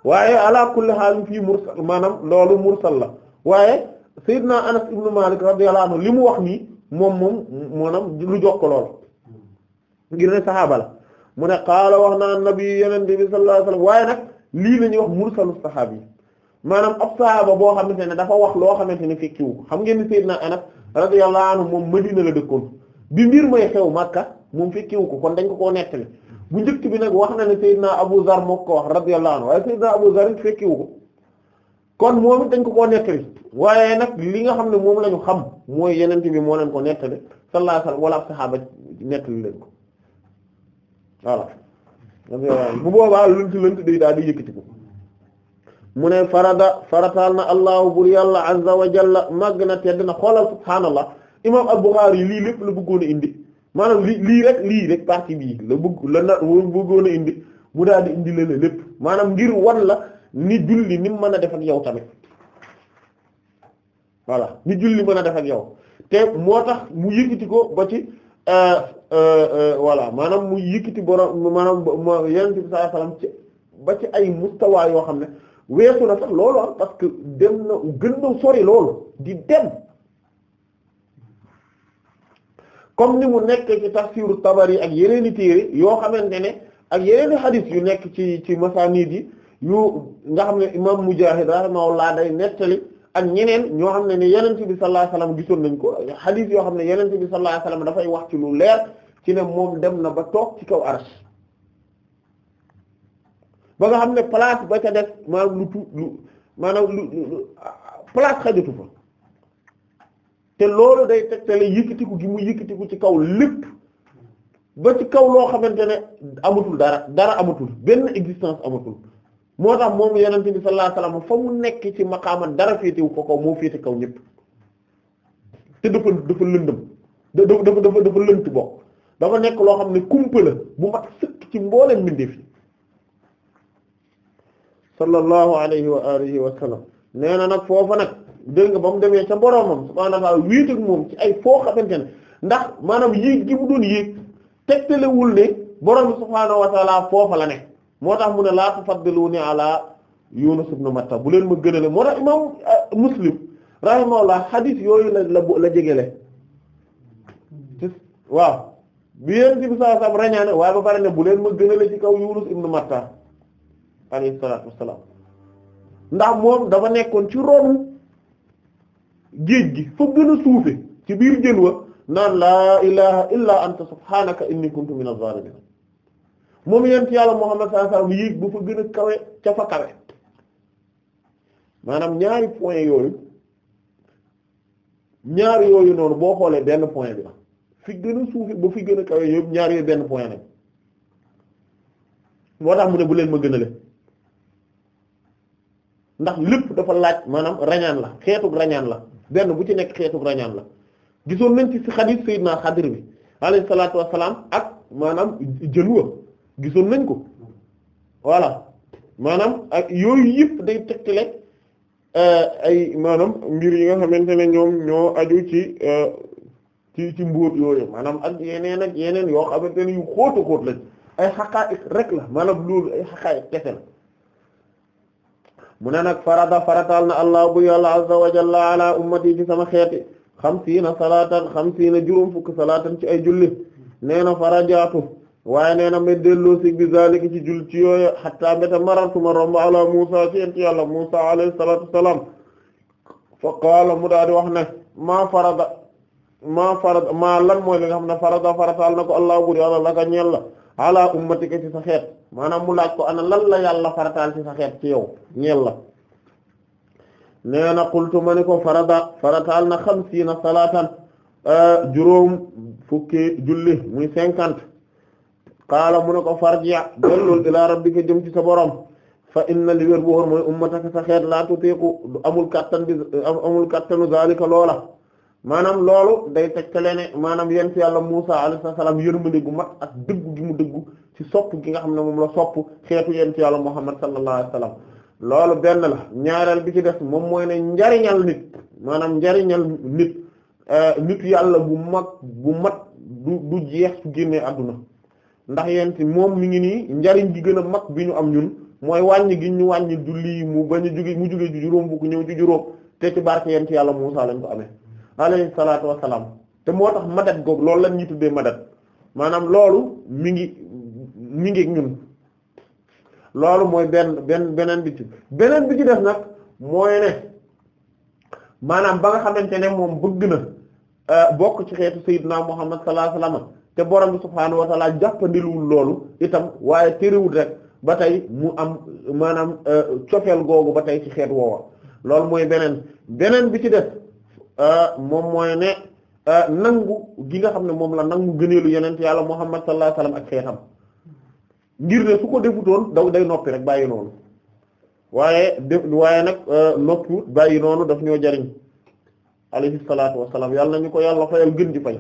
waaye ala kulli haal fii mursal maanaam loolu mursal la waaye Seydina Anas ibnu Malik radiyallahu anhu li mu wax nii moom moom maanaam lu jox ko lool ngir ne saxaaba la mu ne qaala wax na nabi yeneen bi sallallahu alayhi waaye nag lii la ñuy wax mursalu saxaabi yi maanaam ab saxaaba boo xamante ne dafa wax loo xamante ne fekkiwu ko xam ngeen ni Seydina Anas radiyallahu anhu moom Madina la dëkkoon bi mbir may xew Makka moom fekkiwu ko kon dañ ko koo nettali bu njëkk bi nag wax na ne Seydina Abu Zar moo ko wax radiyallahu anhu waaye Seydina Abu Zar fekkiwu kon moom dañ ko koo nettali waaye nag lii nga xam ne moom lañu xam mooy yenen bi moo leen ko nettali sallallahu alayhi wasallam wala ab saxaaba nettali leen ko euh, di yëkkati ko mu ne farada farataal na allahu bur yàlla azza wa jalla màgg na tedd na xoolal subhaanallah imam al-Bukhari yi lii lépp la bëggoon a indi maanaam lii lii rek lii rek partie bii la bëgg la na bëggoon a indi mu daal di indi leen lépp maanaam ngir wan la ni julli ni mu mën a def ak yow tamit voilà ni julli mën a def ak yow te moo tax mu yëkkati ko ba ci euh, euh, euh, voilà maanaam mu yëkkati borom maanaam yonent bi sallallahu alayhi wasallam ci ba ci ay mustawa yoo xam ne weesu na sax loolu am ah, parce dem na gën na sori loolu di dem comme ni mu nekk ci tafsiru yi ak yeneen i téere yoo xamante ne ak yeneeni i yu nekk ci ci masaanid yi yu nga xam ne imam Mujaahid rahimahullah day nettali ak ñeneen ñoo xam ne ne yenente bi sallallahu alayhi wasallam gisoon nañ ko hadith yoo xam ne yenente bi sallallahu alayhi wasallam dafay wax ci lu leer ci ne moom dem na ba toog ci kaw arsh ba nga xam ne place ba ca def maanaam lu tu lu maanaam lu place xajatu fa te loolu day tegtale yëkkatiku gi mu yëkkatiku ci kaw lépp ba ci kaw loo xamante ne amatul dara dara amatul benn existence amatul moo tax moom yonent bi sallallahu alayhi wasallam fa mu nekk ci maqaama dara féetewu ko kaw fii féete kaw ñëpp te dafa dafa lëndëm dafa dafa dafa dafa lënt bokk dafa nekk loo xam ne kumpa la bu mat sëkk ci mbooleem mbindeef yi sallallahu alayhi wa alihi wa nee na nag foofa nag dégg nga ba mu demee ca boroomam subhaanahu wa ta'ala wéet moom ci ay foo xamante ne ndax maanaam yéeg gi mu doon yéeg tegtalewul ne boroom subhaanahu wa foofa la nekk moo tax mu ne laa tufaddiluni ala Yunus ibn Matta bu leen ma gënale moo tax imam euh, Muslim rahimahullah hadith yooyu la la la jegele waaw bi yéen ci bi saa sam rañaane waaye ba pare ne bu leen ma gënale ci kaw Yunus ibn Matta alayhi salaatu wassalaam ndax moom dafa nekkoon ci ronu géej gi fa gën suufe ci biir jën wa naan laa ilaha illa anta subhanaka inni kuntu minaz zalimin moom yent yàlla Muhammad sallallahu alayhi wasallam yéeg ba fa gën a kawe ca fa kawe maanaam ñaari point yooyu ñaar yooyu noonu boo xoolee benn point bi la fi gën a suufi ba fi gën a kawe yëpp ñaar yooyu benn point lañ moo tax mu ne bu leen ma gën a le ndax lépp dafa laaj maanaam rañaan la xeetu rañaan la benn bu ci nekk xeetu rañaan la gisoon nañ ci si xadiis Seydina Xadir bi alayhi salaatu wassalaam ak maanaam jëluwa gisoon nañ ko voilà maanaam ak yooyu yëpp day tegtale euh, ay maanaam mbir yi nga xamante ne ñoom ñoo aju ci euh, ci ci yooyu maanaam ak yeneen ak yeneen yoo xamante ne yu lañ ay xaqaa'iq rek la maanaam loolu ay xaqaa'iq kese la mu ne nag farada farataal na allah bu yàlla azza wa jalla ala ummati ci sama xeeti xamsiina salaatan xamsiina juróom fukk salaatan ci ay julli nee na farajaatu waaye nee na dello delloo si bi zalika ci jul ci yooya xatta mbéta romba ala Musa ci ent yàlla Musa alayhi salatu wassalam fa qaala mu daa di wax ne maa farada maa farada maa lan li nga xam ne farada farataal na ko allah buri àla laka ñeel la ala ummatika ci sa xeet maanaam mu laaj ko ana lan la yàlla farataal ci sa xeet ci yow ñeel la nee na qultu ma ni ko farada farataal na eh, juróom fukki julli muy cinquante qaala mu ne ko farjia dellul ilaa rabbika jëm ci sa borom fa inna li wér bu wóor mooy ummataka sa xeet laa tutiiqu amul kattan bi amul kattanu zalika loola maanaam loolu day tegtale ne maanaam yéen fi yàlla Musa alayhi salaam yërmande gu mat ak dëggu gi mu dëggu ci sopp gi nga xam ne moom la sopp xeetu yéen fi yàlla Muhammad sallallahu alayhi wasallam loolu benn la ñaareel bi ci des moom mooy ne njariñal nit maanaam njariñal nit euh, nit yàlla bu mag bu mat du du jeex su génnee àdduna ndax yent moom mi ngi nii njariñ gi gën a mag bi ñu am ñun mooy wàññi gi ñu wàññi julli mu bañ a juge mu juge ci juróom bu ko ñëw ci juróom te ci barke ci yàlla Muusaa lañ ko amee alayhi salaatu wassalaam te moo tax madat googu loolu lañ ñuy tuddee madat maanaam loolu mi ngi mi ngi ñun loolu mooy benn benn beneen bi ci beneen bi ci def nag mooy ne maanaam ba nga xamante ne moom bëgg na euh, bokk ci xeetu Seydina Muhammad sallallahu alayhi wasallam te borom bi subhaanahu wa taala jàppandiluwul loolu itam waaye terewul rek ba tey mu am maanaam euh, cofeel googu ba tey ci xeet woowa loolu mooy beneen beneen bi ci def euh, moom mooy ne euh, nangu gi nga xam ne moom la nangu gëneelu yeneen yàlla Muhammad sallallahu alayhi wasallam ak xeetam ngir ne ko defutoon daw day noppi rek bàyyi noonu waaye def waaye nag noppiwut bàyyi noonu daf ñoo jariñ alayhi salaatu wassalaam yàlla na ñu ko yàlla gën di fay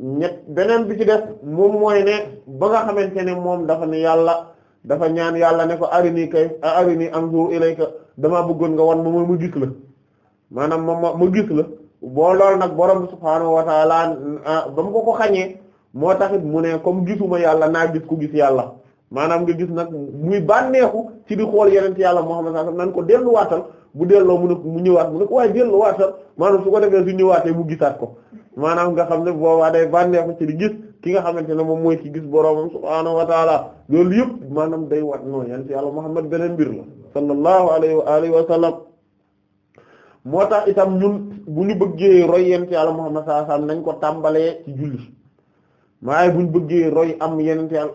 ñett beneen bi ci def moom mooy ne ba nga xamante ne moom dafa ne yàlla dafa ñaan yàlla ne ko arini kay arini anzur ilayka damaa bëggoon nga wan ma mooy ma gis la maanaam ma ma ma gis la boo nag borom subhaanahu wa taala ah, ba mu ko ko xañee moo taxit mu ne comme gisuma yàlla naa gis ku gis yàlla maanaam nga gis nag muy bànneexu ci di xool yeneen ci yàlla moo sallallahu alayhi wasallam nan ko delluwaatal bu delloo mu ne mu ñëwaat mu ne ko waaye delluwaatal maanaam su ko defee su ñëwaatee mu gisaat ko maanaam nga xam ne boobaa day bànneexu ci li gis ki nga xamante ne moom mooy ki gis boroomam subhaanahu wa loolu yëpp maanaam day wat noonu yan ci yàlla Muhammad beneen mbir la sallallahu alayhi wa alihi wa sallam moo tax itam ñun bu ñu bëggee roy yent yàlla Muhammad sallallahu alayhi wa nañ ko tàmbalee ci julli maaye bu ñu bëggee am yent yàlla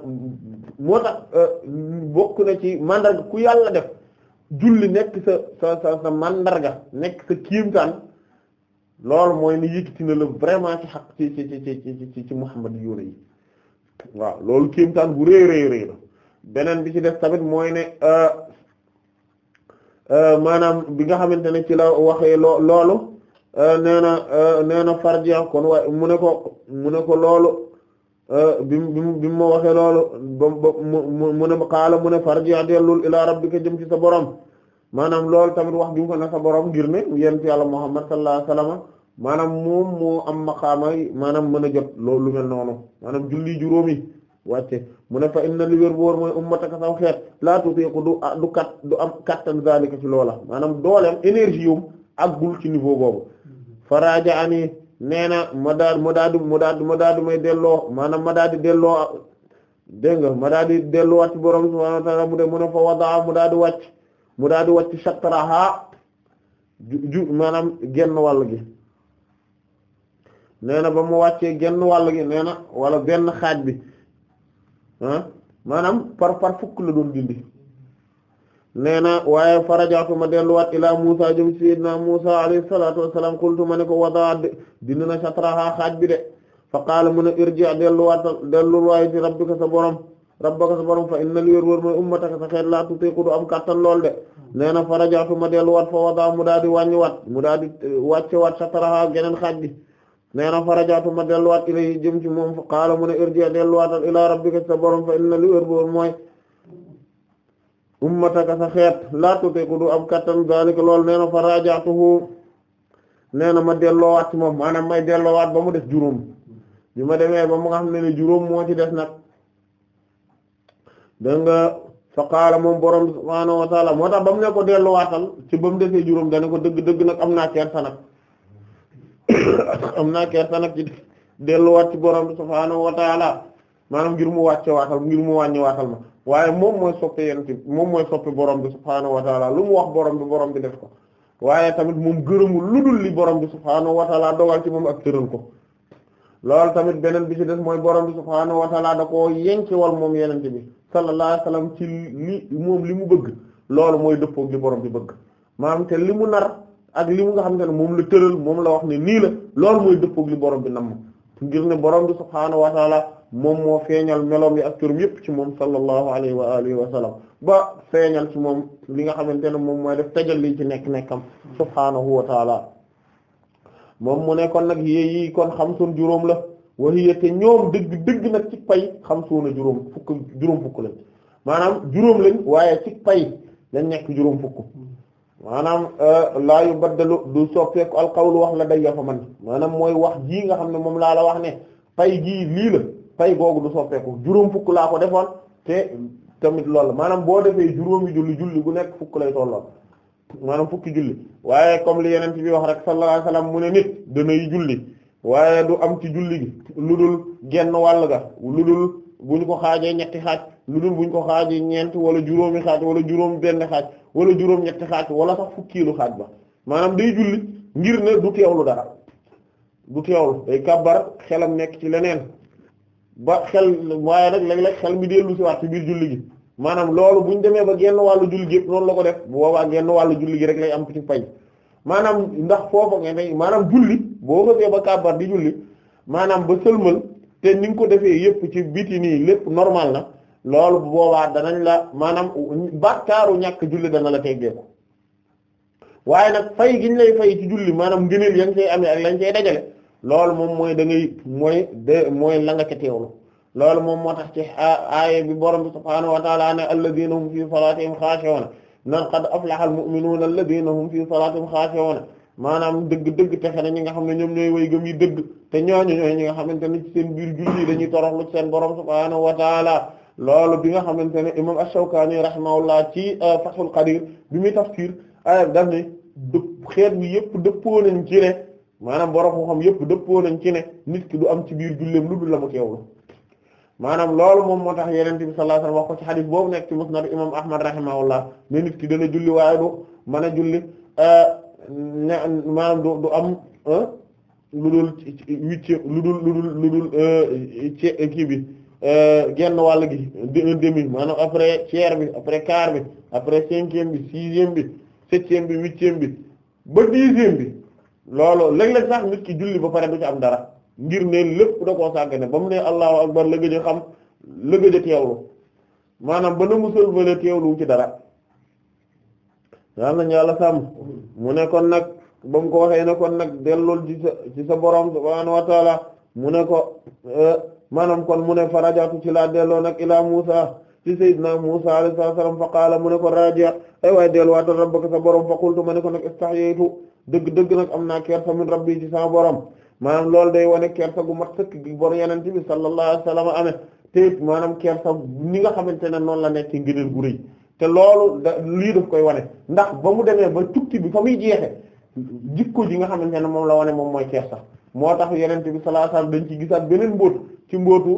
moo tax euh, bokk na ci mandarga ku yàlla def julli nekk sa sa sa sa mandarga nekk sa kiimtaan loolu mooy ni yëkkati na la vraiment ci xaq ci ci ci ci ci ci Muhammad yi waaw loolu kéemtaan bu rëy rëy rëy beneen bi ci def tamit mooy ne euh, euh, maanaam bi nga xamante ne ci la waxee loo loolu euh, nee na nee na farja kon waaye mu ne ko mu ne ko loolu bi mu bi mu bi mu ma waxee loolu ba mu mu mu ne xaala mu ne farja dellul ilaa rabbika jëm ci sa boroom maanaam loolu tamit wax ju ko na sa borom ngir ne yent yàlla Muhammad sallallahu alayhi wasallam maanaam moom mu am maqaama maanaam mën a jot loolu lu mel noonu maanaam julli juróomi wàcce mu ne fa inna li wér bu wóor mooy ummataka saw xeet laa tutiiqu du du kat du am kattan zalika ci loola maanaam dooleem énergie yum aggul ci niveau boobu faraaja ani nee na ma daal ma daal di ma daal di ma daal di may delloo maanaam ma daal di delloo dégg nga ma daal di delloo borom subhaanahu wa mu de mu ne fa wadaa mu daal di wàcc mu daal di wàcc shatraha ju maanaam genn wàll gi nee na ba mu wàccee genn wàll gi nee na wala benn xaaj bi ah maanaam par par fukk la doon dindi nee na waaye farajaatu ma delluwaat ilaa Muusaa jëm sayyidina Muusaa alayhi salaatu wassalaam qultu ma ne ko wada dindi na shatraha xaaj bi de fa qaala mun a irji delluwaat delluwaay ci rabbika sa borom rabbaka sa borom fa inna li wér wér mooy ummataka sa xeet laa tutiiqu du am kattan lool de nee na farajaatu ma delluwaat fa wadaa mu daa di wàññi waat mu daa di eh, wàcce waat sa taraxaa geneen xaaj bi nee na farajaatu ma delluwaat ilay jëm ci moom fa qaala mu ne irji delluwaatal ilaa rabbika sa borom fa inna li wér wér mooy ummataka sa xeet laa tutiiqu du am kattan daalika lool nee na farajaatuhu nee na ma delloowaat moom maanaam may delloowaat ba mu des juróom bi ma demee ba mu nga xam ne ne juróom moo ci des nag dégg nga fa qaala moom borom subhaanahu wa taala moo tax ba mu ne ko delluwaatal ci ba mu defee juróom dana ko dëgg dëgg nag am naa kersa nag am naa kersa nag ci delluwaat ci borom subhaanahu wa taala maanaam ngir mu wàcce waatal ngir mu wàññi waatal ma waaye moom mooy soppe yent moom mooy soppe borom bi subhaanahu wa lu mu wax borom bi borom bi def ko waaye tamit moom gërëmul lu dul borom bi subhaanahu wa taala dogal ci moom ak tëral ko loolu tamit beneen bi ci des mooy borom bi subhaanahu wa taala da koo yenkewal moom yenente bi sallallahu alayhi wa sallam ci moom li mu bëgg loolu mooy dëppoog li borom bi bëgg maanaam te li mu nar ak li mu nga xam te ne moom la tëral moom la wax ne nii loolu mooy dëppoog li borom bi nam ngir ne borom bi subhaanahu wa taala moom moo feeñal meloom yi ak yépp ci moom sallallahu alayhi wa alihi wa sallam ba feeñal moom li nga xamante ne moom mooy def tajal li ci nekk nekkam subhaanahu wa taala moom mu ne kon nag yi kon xam sun juróom la waxiye te ñoom dëgg dëgg nag ci pay xam juróom fukk juróom fukk lañ maanaam juróom lañ waaye ci pay lañ nekk juróom fukk maanaam euh, laa yu baddalu du soppeeku alqawlu wax la day yafa man maanaam mooy wax jii nga xam ne moom laa la wax ne pay gii lii pay googu du soppeeku juróom fukk laa ko defoon te tamit loolu maanaam boo defee juróomi julli julli gu nekk fukk lay tolloon maanaam fukki julli waaye comme li yeneen bi wax rek sallallahu salaam mu ne nit danay julli waaye du am ci julli gi lu dul genn wàll ga lu dul bu ko xaajee ñetti xaaj lu dul bu ko xaajee ñeent wala juróomi xaaj wala juróom xaaj wala juróom ñetti xaaj wala sax fukkiilu xaaj ma maanaam day julli ngir ne du teewlu dara du teewlu day kàbbar xelam nekk ci leneen ba xel waaye nag léeg-léeg xel mi lu ci waat ci biir julli gi maanaam loolu bu ñu demee ba genn wàllu julli gi yëpp noonu la ko def bu boobaa genn wàllu julli gi rek lay am ci pay maanaam ndax foofa nga ne maanaam julli boo xësee ba kàbbar di julli maanaam ba sëlmal te ni ko defee yëpp ci biti nii lépp normal na loolu bu danañ la maanaam ñàkk julli dana la teggeeku waaye nag fay gi ñu lay fay ci maanaam ngëneel ya nga see amee ak lañ see dajale loolu moom mooy da ngay mooy de mooy la nga loolu moom moo tax ci aaya bi borom bi subhaanahu wa ta'ala ne alladhina hum fi salatihim khashi'un nan qad aflaha al-mu'minuna alladhina hum fi salatihim khashi'un maanaam dëgg-dëgg texe na ñi nga xam ne ñoom ñooy way gëm yi dëgg te ñooñu ñooy ñi nga xamante ne ci seen biir julli dañuy toroxlu ci seen borom subhaanahu wa ta'ala loolu bi nga xamante ne imam ash-Shawkani rahimahullah ci euh, Fathul Qadir bi muy tafsir aaya euh, bi daf ne dëpp xeet bi yëpp dëppoo nañ ci maanaam borom moo xam yëpp dëppoo nañ ci ne nit ki du am ci biir julleem lu dul la mu teewlu maanaam loolu moom moo tax yonent bi sallallahu alayhi wasallam wax ko ci xadis boobu nekk ci musnad imam ahmad rahimahullah ne nit ki dana julli waaye du mën a julli euh, ne maanaam du am euh, lu dul huitième lu dul lu dul euh, ci kii bi genn wàll gi un demi maanaam après tiers bi après quart bi après cinquième bi sixième bi septième bi huitième bi ba dixième bi loolu léeg-léeg sax nit ki julli ba pare du ci am dara ngir ne lépp da koo ne ba mu ne allahu akbar la gëj xam la gëj teewlu maanaam ba na mu sëlfale teewlu ci dara yal nañu yàlla sàmm mu ne kon nag ba mu ko waxee ne kon nag dellool ci sa ci sa borom subhaanahu wa taala mu ne ko e, maanaam kon mu ne fa rajaatu ci laa delloo nag illaa musa ci sayyidina Muusa alayhi salaam fa qaala mu ne ko raja ay waay delluwaatal rabbaka sa borom fa qultu ma ne ko nag istahyaytu dëgg dëgg nag am naa kersa min rabbi ci sa borom maanaam loolu day wane kersa gu mat sëkk gi bon yenente bi sallallahu alayhi wa sallam amee te maanaam kersa ni nga xamante ne noonu la nekk ci ngëneel gu rëy te loolu da lii daf koy wane ndax ba mu demee ba tukki bi fa muy jeexe jikko ji nga xamante ne moom la wane moom mooy kersa moo tax yenente bi sallallahu alayhi wa sallam dañ beneen mbóot ci mbóotu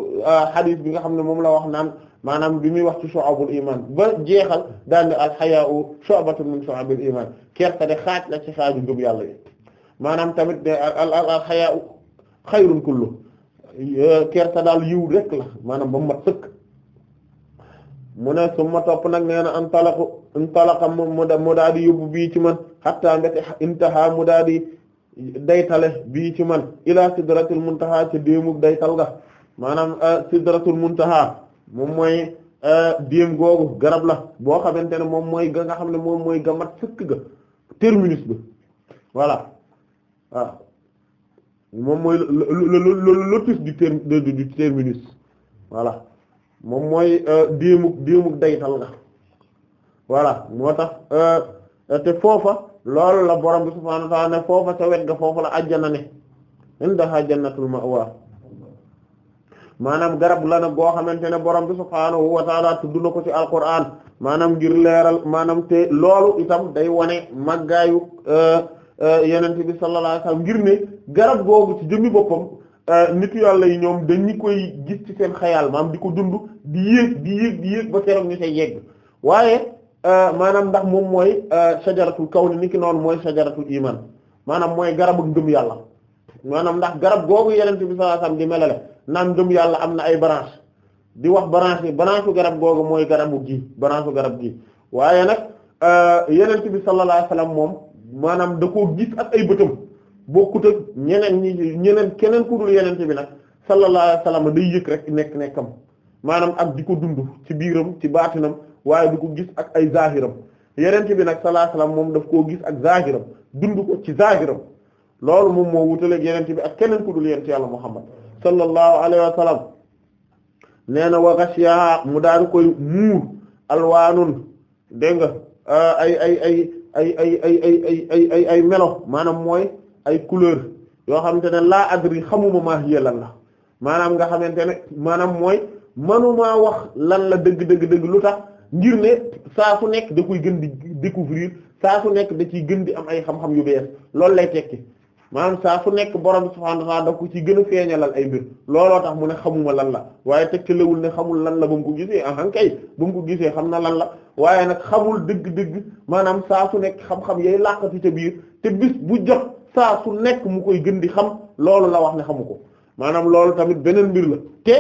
hadith euh, bi nga xam ne moom la wax naan maanaam bi muy wax ci shu'abul iman ba jeexal daal di al haya'u shu'batun min shu'abil iman kersa de xaaj la ci xaaju ngëm yàlla yi maanaam tamit de al al al xayaa xayrun kullu daal yiw rek la maanaam ba mat sëkk mu ne su ma topp nag nee na an talaku an talaka mu da mu daa di yóbbu bii ci man xatta mbéte intaha mu daa di daytale bii ci man ila sidratul muntaha ca déemug daytal ga maanaam euh, sidratul muntaha moom mooy euh, déem googu garab la boo xamante ne moom mooy ga xam ne moom mooy ga mat sëkk ga terminus ba voilà waaw ah. moom mooy lotus du ter du terminus voilà moom mooy déemuk déemuk daytal nga voilà moo tax euh, te foofa loolu la borom bi subhaanahu wa ta'aala ne foofa ca wet ga foofa la ajjana ne indaha jannatul ma'wa maanaam garab la nag goo xamante ne borom bi subhaanahu wa ta'aala tudd na ko ci alquran maanaam ngir leeral maanaam te loolu itam day wane màggaayu euh, Euh, yenente bi sallallahu alayhi ngir ne garab googu ci jëmmi boppam euh, nit yàlla yi ñoom dañu koy gis ci seen xayaal maam di ko dund di yéeg di yéeg yéeg ba keroog ñu say yegg waaye euh, maanaam ndax moom mooy sajaratul kaw ni ni ki noonu mooy sajaratul iman maanaam mooy garab ak yàlla maanaam ndax garab googu yenente bi sallallahu alayhi wasallam di melale naan ngëm yàlla am na ay branche di wax branche yi branche garab googu mooy garabu gi branche garab gi waaye nag yenente bi sallallahu alayhi moom maanaam da koo gis ak ay bëtam bokkut ak ñeneen ñeneen keneen ku dul yenente bi nag sallallahu alayhi wa sallam day yëg rek nekk nekkam maanaam ak di ko dund ci biiram ci baatinam waaye du ko gis ak ay yeneen yenente bi nag sallallahu alayhi moom daf koo gis ak zahiram dund ko ci zahiram loolu moom moo wutaleeg yenente bi ak keneen ku dul yenente yàlla Muhammad sallallahu alayhi wa sallam nee na wa mu daal koy muur alwaanun dégg nga ay ay ay ay ay ay ay ay ay ay melo maanaam mooy ay couleurs yoo xamante ne laa adri xamuma maa hiya lan la maanaam nga xamante ne maanaam mooy manumaa wax lan la dëgg dëgg dëgg lu tax ngir ne saa su nekk da koy gën di découvrir saa su nekk da ciy gën di am ay xam-xam yu bees loolu lay tekki maanaam saa su nekk borom subhaanahu wa ta'ala da ko ci gën a feeñalal ay mbir looloo tax mu ne xamuma lan la waaye tegtalewul ne xamul lan la ba mu ko gisee ahan ah, kay ba mu ko gisee xam na lan la waaye nag xamul dëgg-dëgg maanaam saa su nekk xam-xam yay làqati ca biir te bis bu jot saa su nekk mu koy gën di xam loolu la wax ne xamu ko maanaam loolu tamit beneen mbir la te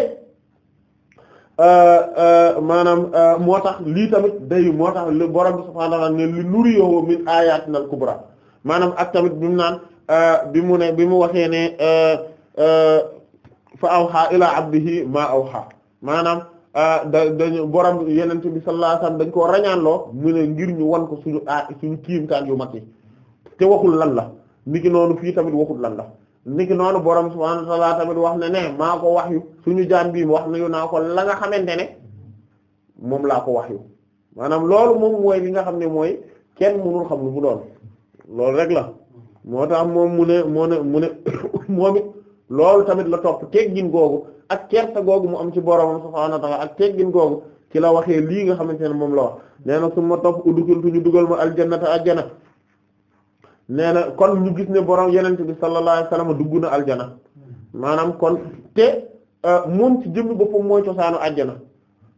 euh, euh, maanaam euh, moo tax lii tamit day moo tax borom subhaanahu wa ta'ala ne li nuriyahu min ayatina al-kubra maanaam ak tamit naan Euh, bi mu ne bi mu waxee ne euh, euh, fa awxa ila abdihi maa awxa maanaam da dañu borom yeneen bi sallallahu alayhi dañ koo rañaanloo mu ne ngir ñu wan ko suñu a ah, suñu kiimtaan yu mag yi te waxul lan la niki noonu fii tamit waxul lan la niki noonu borom subhaanahu wa tamit wax ne ne maa ko wax yu suñu jaan bii wax nañu naa ko la nga xamante ne moom laa ko wax yu maanaam loolu moom mooy li nga xam ne mooy kenn mënul xam lu mu doon loolu rek la moo tax moom mu ne moo ne mu ne moom it loolu tamit la topp teggin googu ak kersa googu mu am ci boromam subhaanahu wa ta'ala ak googu ci la waxee lii nga xamante ne moom la wax nee na su ma topp udukiltu ñu dugal ma aljannata aljana nee na kon ñu gis ne borom yenente bi sallallahu alayhi wasallam dugg na aljana maanaam kon te euh, moom ci jëmmi mooy cosaanu aljana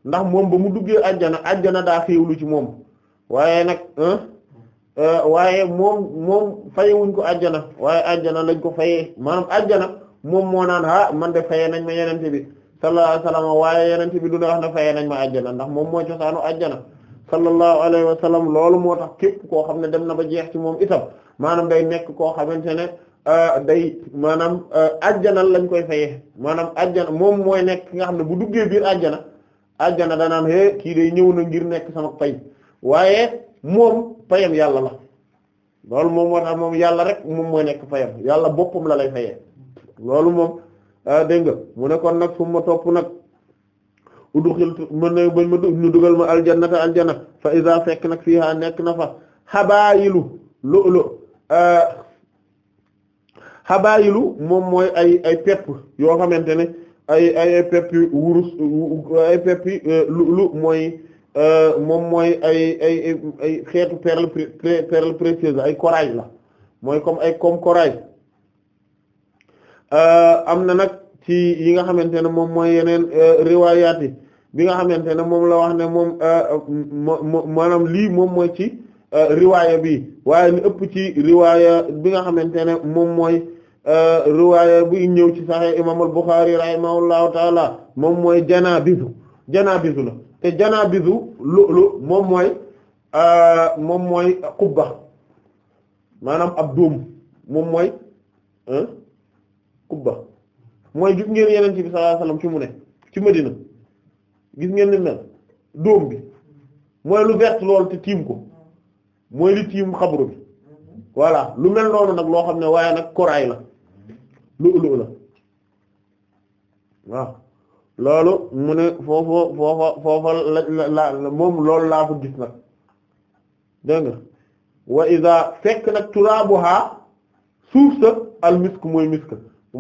ndax moom ba mu duggee aljana ajjana daa xéewlu ci moom waaye nag Euh, waaye moom moom fayewuñ ko ajjana waaye ajjana lañ ko fayee maanaam ajjana moom moo naan ah man de fayee nañ ma yenente bi sallallahu alayhi wa sallam waaye yenente bi du ne wax na fayee nañ ma ajjana ndax moom mooy cosaanu ajjana sallallahu alayhi wa sallam loolu moo tax képp koo xam ne dem na ba jeex ci moom itam maanaam day nekk koo xamante ne euh, day maanaam ajjana euh, lañ koy fayee maanaam ajjana moom mooy nekk nga xam ne bu duggee biir ajjana ajjana danaan é kii day ñëw na ngir nekk sama pay waaye moom payam yàlla la loolu moom moo moom yàlla rek moom mooy nekk payam yàlla boppam la lay fayee loolu moom ah, dégg nga mu ne nag fu ma topp nag udxiltu mën na bañ ma dugal ma aljannata aljanna fa iza fekk nag fiha nekk na fa xabaayilu lu'lu xabaayilu ah, moom mooy ay ay pepp yoo xamante ne ay ay peppi wurus ay peppi eh, mooy Euh, moom mooy ay ay ay xeetu perle perle précieuse ay corail la mooy comme ay comme corail euh, am na nag ci yi nga xamante ne moom mooy yeneen euh, riwaayaat bi nga xamante ne moom la wax ne moom maanaam lii moom mooy ci riwaaya bi waaye ni ëpp ci riwaaya bi nga xamante ne moom mooy riwaaya bu ñëw ci Sahih imam taala moom mooy janaabizu janaabizu la te janabizu lu'lu moom mooy euh, moom mooy xubba maanaam ab dóom moom mooy xubba mooy gis ngeen yeneen ci bi sallallahu alayhi wasallam ci mu ne ci Medina gis ngeen ni mel dóom bi mooy lu vert loolu te tiim ko mooy li tiim xabru bi voilà lu mel noonu nag loo xam ne waaye nag koraay la lu'lu la waaw loolu mu ne foofu foofa foofa la moom loolu laa ko gis nag dégg nga wa iza fekk nag turaabuha suuf sa al misk mooy misk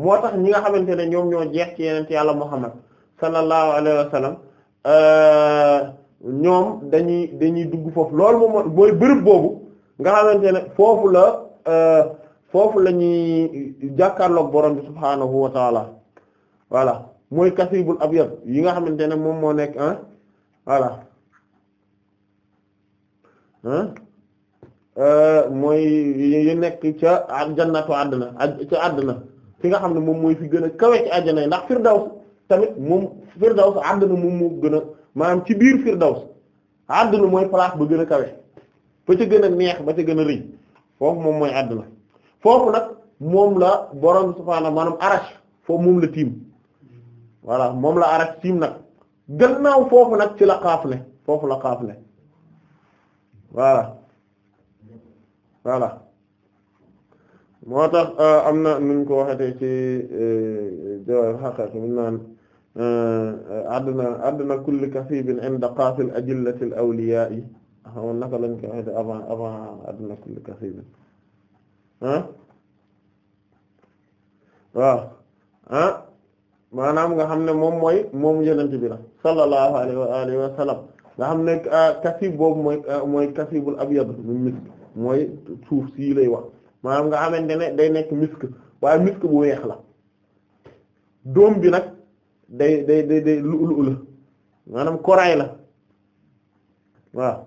moo tax ñi nga xamante ne ñoom ñoo jeex ci yeneen yàlla muhammad sallallahu alayhi wa sallam euh, ñoom dañuy dañuy dugg foofu lool moom mooy bërëb boobu nga xamante ne foofu la euh, foofu la ñuy jàkkaarloog borom bi subhaanahu wa taala mooy kasibul abyad yi nga xamante ne moom moo nekk ah voilà ah mooy yi nekk ca jannatu àddina ca àddina fi nga xam ne moom mooy fi gën a kawe ci àjjana yi ndax firdaws tamit moom firdaws àddina moom moo gën a maanaam ci biir firdaws àddina mooy place ba gën a kawe ba ca gën a neex ba ca gën a rëy foofu moom mooy àddina foofu nag moom la borom subhaanahu maanaam arash foofu moom la tiim. voilà moom la arak siim nag gannaaw foofu nag ci la xaaf ne foofu la xaaf ne voilà voilà moo tax euh, am na nuñ ko waxete ci euh, jawal xaqaq mun naan adduna euh, adduna kulli kasibin inda qaafil ajillati al awliya naka lañ ko waxete avant avant adduna kulli kasibin ah waaw ah maanaam nga xam ne moom mooy moom yenent bi la sallallahu alayhi wa alihi nga xam ne ah, kasib boobu mooy ah, mooy kasibul abyad min misk mooy suuf sii lay wax maanaam nga xamante ne day nekk misk waaye misk bu weex la doom bi nag day day day day lu'lu' la maanaam koraay la waaw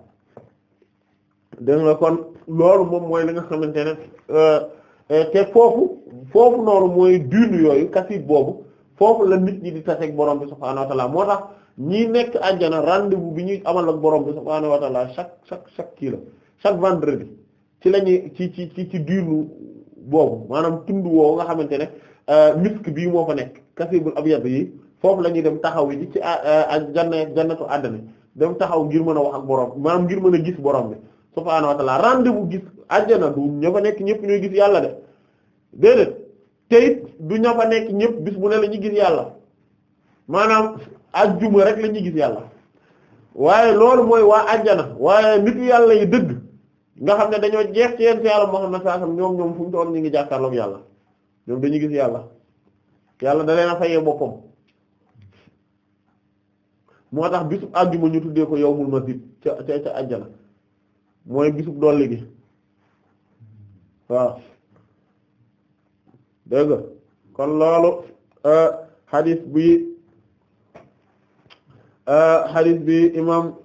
dégg kon loolu moom mooy li nga xamante ne ah, eh, te foofu foofu noonu mooy dune yooyu kasib boobu foofu la nit ñi di taseeg borom bi subhaanahu wa ta'ala moo tax ñi nekk àjjana rendez-vous bi ñuy amal ak borom bi subhaanahu wa ta'ala chaque chaque chaque kii la chaque vendredi ci lañuy ci ci ci ci diiru boobu maanaam tund nga xamante ne euh, misk bii moo fa nekk kasibul abyad yi foofu la ñuy dem taxaw yi ci euh, euh, janna jannatu àddina dem taxaw ngir mën a wax ak borom maanaam ngir mën a gis borom bi subhaanahu wa ta'ala rendez-vous gis du ña fa nekk ñëpp ñooy gis yàlla de déedéet te it du ña fa nekk ñëpp bis bu ne la ñuy gis yàlla maanaam ajjuma rek la ñuy gis yàlla waaye loolu mooy waa àjjana waaye nitu yàlla yi dëgg nga xam ne dañoo jeex ci yenn yàlla Muhammad sallallahu alayhi wasallam ñoom ñoom fu mu toll ñu ngi jàkkaarloog yàlla ñoom dañuy gis yàlla yàlla da leen a fayee boppam moo tax bisub àjjuma ñu tuddee ko yawmul masjid ca ca ca àjjana mooy bisub dolli gi waaw. dégg nga kon loolu euh, hadith bi euh, hadith bi imam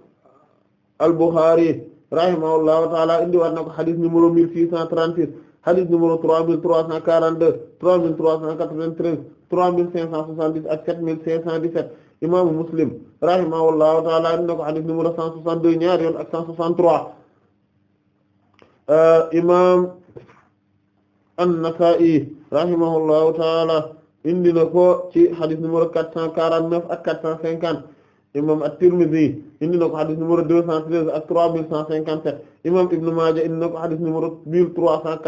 al-Bukhari rahimahullahu taala indi waat na ko hadith numéro 1636 hadith numéro 3342 3393 3570 ak 7517 imaamu Muslim rahimahullahu taala indi na ko hadith numéro 162 ñaar yoon ak 163 euh, imam an-Nasa'i rahimahullahu taala indi na ko ci hadith numéro 449 ak 450 imam at-Tirmidhi indi na ko hadith numéro 213 ak 3157 imam Ibn Maaja indi na ko hadith a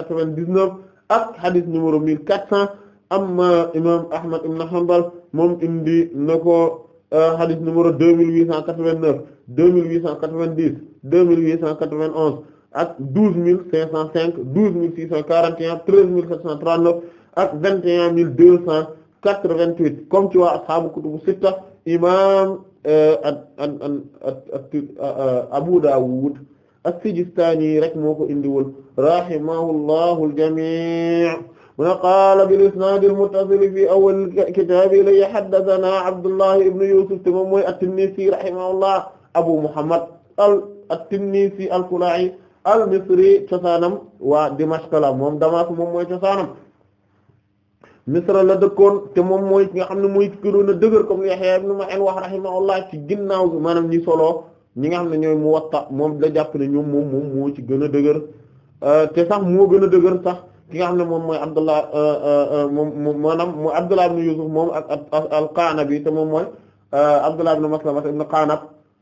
1399 ak hadith numéro 1400 amma imam Ahmad ibn Hanbal moom indi na ko hadith euh, numéro 2889 2890 2891 ak douze mille cinq cent cinq douze mille six cent quarante et un treize mille sept cent trente neuf ak vingt et un mille deux cent quatre vingt huit comme ci waa ashaabu kutubu sitta imaam euh, euh, Abu Dawud as-Sijistani rek moo ko indiwoon rahimahullahu al-jamii' mu ne qaala bil-isnaad al-muttasil fi awwal kitaab ilayhi haddathanaa Abdullah ibn Yusuf te moom mooy at-Tinnisi rahimahullah Abu Muhammad al at-Tinnisi al-Kala'i al-Misri cosaanam waa Dimashq la moom Damas moom mooy cosaanam Misra la dëkkoon te moom mooy nga xam ne mooy gënoon a dëgër comme Yahya ibn Ma'in ci ginnaaw maanaam ñi solo ñi nga xam ne mu Muwatta moom la jàpp ne ñoom moom moom ci gën a dëgër euh, te sax moo gën a dëgër sax ki nga xam ne moom mooy Abdullah euh, euh, moom maanaam mooy Abdullah ibn Yusuf moom ak al-Qanabi te moom mooy Abdullah ibn Maslama ibn Qanab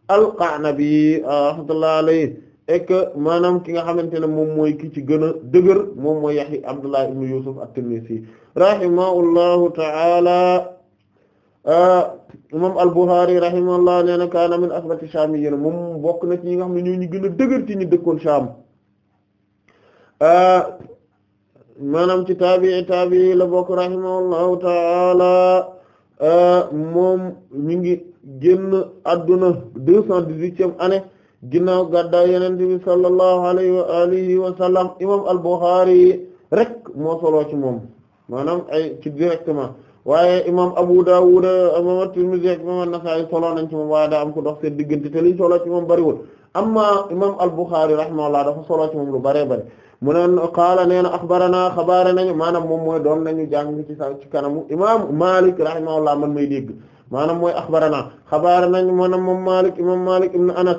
al-Qanabi rahmatullahi alayhi et que maanaam ki nga xamante ne moom mooy ki ci gën a dëgër moom mooy Yahya Abdullah ibn Yusuf at-Tinnisi rahimahullahu ta'ala euh, imam al-Bukhari rahimahullah nee na kaana min asbati Sham yi moom bokk na ci ñi nga xam ne ñoo ñu gën a dëgër ci ñi dëkkoon Sham euh, maanaam ci taabii taabii la bokk rahimahullahu ta'ala euh, moom ñu ngi génn adduna deux cent dix-huitième année ginnaaw gàddaay yonent bi sallallahu alayhi wa alihi wa sallam imam al-Bukhari rek moo solo ci moom maanaam ay ci directement waaye imam Abu Dawud imam at-Tirmidhi ak imam an-Nasa'i solo nañ ci moom waaye daa am ku dox seen diggante te liñ solo ci moom bëriwul amma imam al-Bukhari rahimahullah dafa solo ci moom lu bëree bëri mu neen qaala nee na axbarana xabaara nañu maanaam moom mooy doon nañu jàng ci sa ci kanamu imam Malik rahimahullah man may dégg maanaam mooy axbarana xabaara nañu maanaam moom Malik imam Malik ibn Anas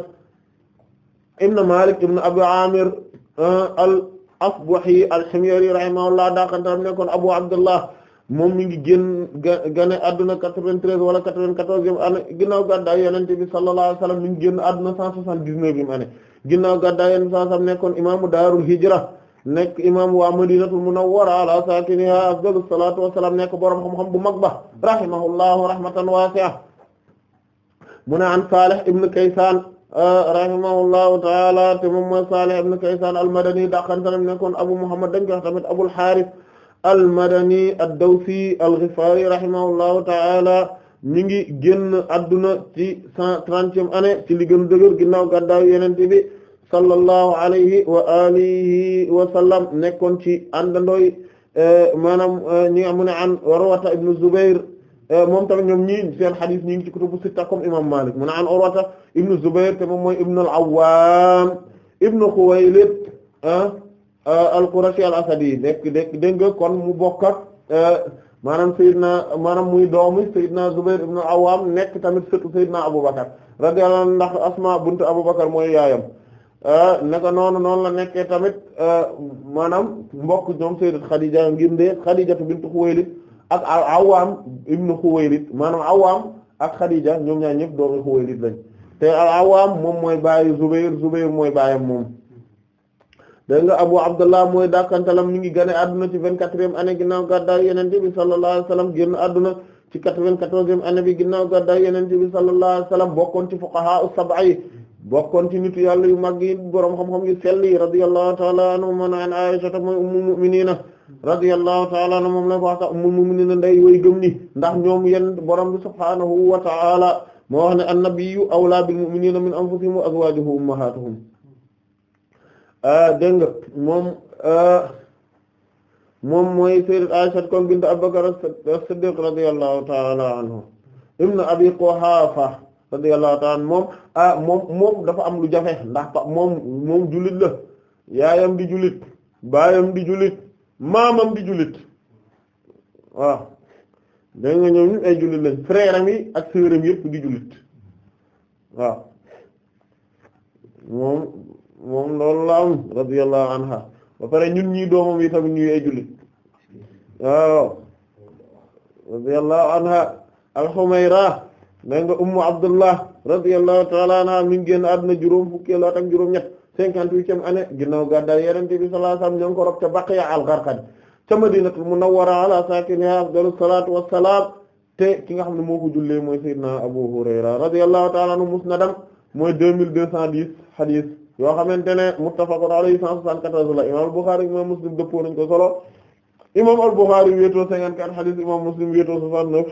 ibn Malik ibn Abu Amir ah, al-Asbahi al-Himyari rahimahullah daakantaam nekkoon Abu Abdullah mu mi ngi génn gane adduna 93 wala 94e année ginnaaw gàddaay Yonent bi sallallahu alayhi wa sallam mi ngi adduna 179e année ginnaaw gàddaay Yonent sallallahu alayhi wa sallam nekkoon imaamu daarul hijra nekk imaam waa Madinatul Munawwara ala saakinihaa afdalu salaatu wa nekk borom xam-xam bu mag ba rahimahullahu rahmatan waasi'a mu ne an Salih Ah, rahimahullahu taala te moom mooy Salih ibn Kaysan al-Madani daqantanam nekkoon Abu Muhammad dañ koy tamit Abul Harith al-Madani ad rahimahullahu taala mi ngi génn adduna ci cent trentième année ci li gën dëgër ginnaaw gàddaaw Yonent bi sallallahu alayhi wa alihi wa sallam nekkoon ci àndandooy eh, maanaam eh, ñi nga xam ne an Urwata ibn Zubair Euh, moom tamit ñoom ñii seen xadis ñi ngi ci kutubu sitta comme imam Malik mu ne an Urwata ibnu Zubair te moom mooy ibnu al ibnu Khuwaylid ah, ah, al-Qurashi al-Asadi nekk dégg nga kon mu bokk ak euh, maanaam Seydina maanaam muy doomi Seydina Zubair ibnu al nekk tamit sëtu Seydina Abubakar radiyallahu anhu ndax Asma buntu Abubakar mooy yaayam euh, naka noonu noonu la nekkee tamit maanaam mbokk ñoom Sayyidat Khadija ngir de Khadija bintu Khuwaylid ak Awaam ibnu Xuwaylid maanaam Awaam ak Xadija ñoom ñaar ñëpp doomu Xuwaylid lañ te Awaam moom mooy baayu Zubayr Zubayr mooy baayam moom dégg nga Abu Abdullah mooy dàkkantalam ñu ngi gane àdduna ci vingt-quatrième année ginnaaw gàddaay Yonent bi sallallahu alayhi wa sallam génn àdduna ci quatre vingt bi ginnaaw gàddaay Yonent bi sallallahu alayhi wa bokkoon ci saba yi bokkoon ci nitu yàlla yu mag yi boroom xam-xam yu sell yi radiyallahu ta'ala anhum an Aisha mooy ummu mu'minina radiyallahu taala moom la wax mu mu ne nday gëm ni ndax ñoom yenn borom bi subhaanahu wa moo wax ne annabiyyu awlaa bil mu'miniina min anfusihim wa azwaajuhu ummahatuhum ah, dégg nga moom ah, moom mooy ah, moom moom dafa am lu jafe ndax moom moom jullit la yaayam di jullit baayam di jullit maamam di jullit waaw da nga ñëw ñu ay jullit lañ yi ak sœur yëpp di jullit waaw moom moom loolu la am radiyallahu anha ba ñun ñii doomam yi tamit ñuy ay jullit waaw radiyallahu anha al-Humayra da Abdullah radiyallahu ta'ala anha mi ngi génn àdduna juróom fukki at ak juróom ñett cinquante-huitième année ginnaaw gàddaay Yonent bi sallallahu alayhi wasallam ñoo ngi ko rob ca Baqiya al-Gharqad ca Madinatul Munawwara ala saakinihaa afdalu salaatu wassalaam te ki nga xam ne moo ko jullee mooy Seydina Abu Hurayra radiyallahu ta'ala anhu musnadam mooy deux mille deux cent dix hadith yoo xamante ne muttafaqun alayhi cent soixante-quatorze la imam al-Bukhari imam Muslim dëppoo nañ ko solo imam al-Bukhari wéetoo cinquante-quatre hadith imam Muslim wéetoo soixante-neuf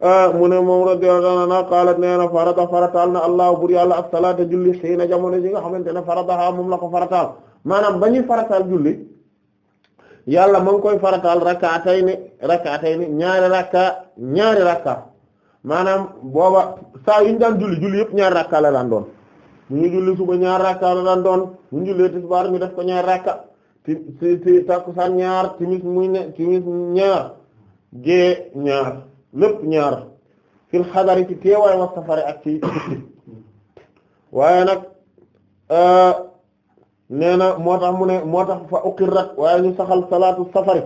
Ah, mu ne moom radiyallahu a qaalat nee na farata farataal na allah bur yàlla as-salaata julli xiina jamono ji nga xamante ne farataha moom la ko farataal maanaam ba ñuy farataal julli yàlla ma ngi koy farataal rakkaatayni rakkaatayni ñaari rakka ñaari rakka maanaam booba saa yu ñu daan julli julli yëpp ñaari rakka la daan doon bu ñu julli suba ñaari rakka la daan doon bu ñu jullee tisbaar ñu def ko ñaari rakka ti ti ñaar timis muy ne timis ñaar gée ñaar lépp ñaar fil xadari ci teewaay wa safari ak ci waaye nag euh, nee na moo tax mu ne moo tax fa uqirrat waaye ñu saxal salaatu safari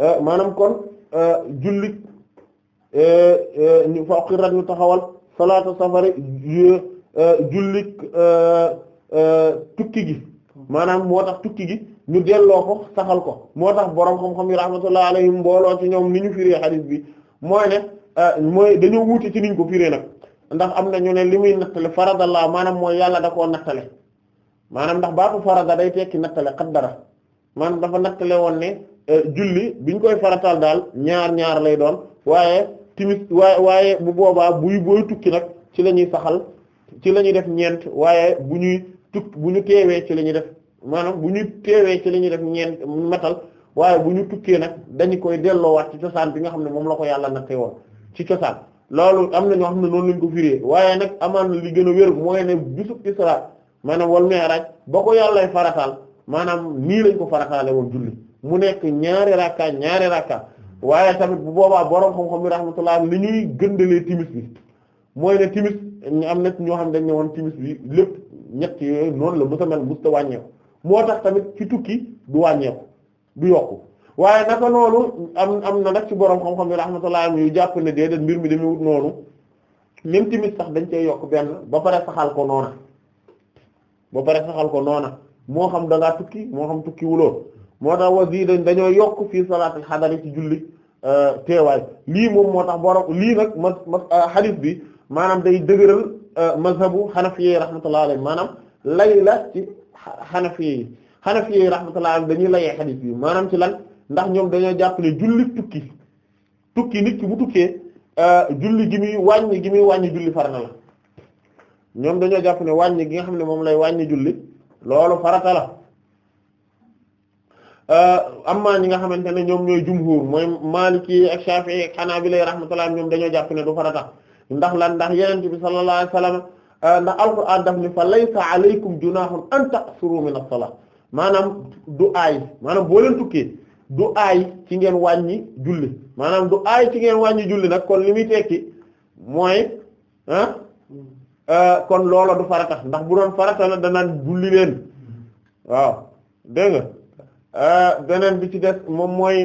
euh, maanaam kon euh, jullit fa uqirrat ñu taxawal salaatu safari jullit tukki gi maanaam moo tax tukki gi ñu delloo ko saxal ko moo tax borom xam-xam yi rahmatullahi alayhim mbooloo ci ñoom ni ñu firi hadith bi mooy ne euh, mooy dañoo wuute ci niñ ko firee nag ndax am na ñu ne li muy nattale laa maanaam mooy yàlla da koo nattale maanaam ndax baatu farada day tekki nattale dara maanaam dafa nattale woon ne euh, julli biñ koy faratal daal ñaar ñaar lay doon waaye timis waaye waaye bu boobaa buy booy tukki nag ci la ñuy saxal ci la ñuy def ñeent waaye bu ñuy tukk bu ñu teewee ci lañuy def maanaam bu ñu teewee ci la ñuy def ñeent matal waaye bu ñu tukkee nag dañu koy delloowaat ci cosaan bi nga xam ne moom la ko yàlla nattee woon ci cosaan loolu am na ñoo xam ne noonu lañ ko waaye nag amaan li gën a wér mooy ne bisub isra maanaam wal mi'raj ba ko yàllay farataal maanaam nii lañ ko farataale woon julli mu nekk ñaari rakka ñaari rakka waaye tamit bu boobaa borom ko xam bi rahmatullah li ñuy gëndalee timis bi mooy ne timis ñu am na ñoo xam ne dañ ne woon bi lépp ñett yooyu noonu la mësa mel mësta wàññeeku moo tax tamit ci tukki du wàññeeku du yokk waaye naka noonu am am na nag ci borom xam-xam yi rahmatullahi am yu jàpp ne déedéet mbir mi demewut noonu même tamit sax dañ cey yokk benn ba pare saxal ko ba pare saxal ko noona moo xam da ngaa moo xam tukki moo tax wasi dañ dañoo yokk fii salaatul xadari ci julli euh, teewaay lii moo tax borom lii nag ma ma hadith euh, bi maanaam day dëgëral euh, mazhabu xanafiye rahmatullahi alayhi maanaam lay la ci xanafiye yi xanafi yi rahmatullah dañuy layee xadiis bi maanaam ci lan ndax ñoom dañoo jàppale julli tukki tukki nit bu tukkee euh, julli gi muy wàññi gi muy wàññi julli farata la ñoom dañoo jàpp ne wàññi gi nga xam ne moom lay wàññi julli loolu farata la euh, amma ñi nga xamante ne ñoom ñooy jumhur mooy Maliki ak Shafi'i ak Hanabila rahmatullah ñoom dañoo jàpp ne du farata ndax lan ndax yonent bi sallallahu alayhi wasallam euh, ndax alquran daf ni fa laysa alaykum junahun an taqsuru min as-salat maanaam du aay maanaam boo leen du aay ci ngeen wàññi julli maanaam du aay ci ngeen wàññi julli nag kon li muy tekki mooy ah euh, kon loola du farata ndax bu doon farata la danaan julli leen waaw dégg nga euh, beneen bi ci def moom mooy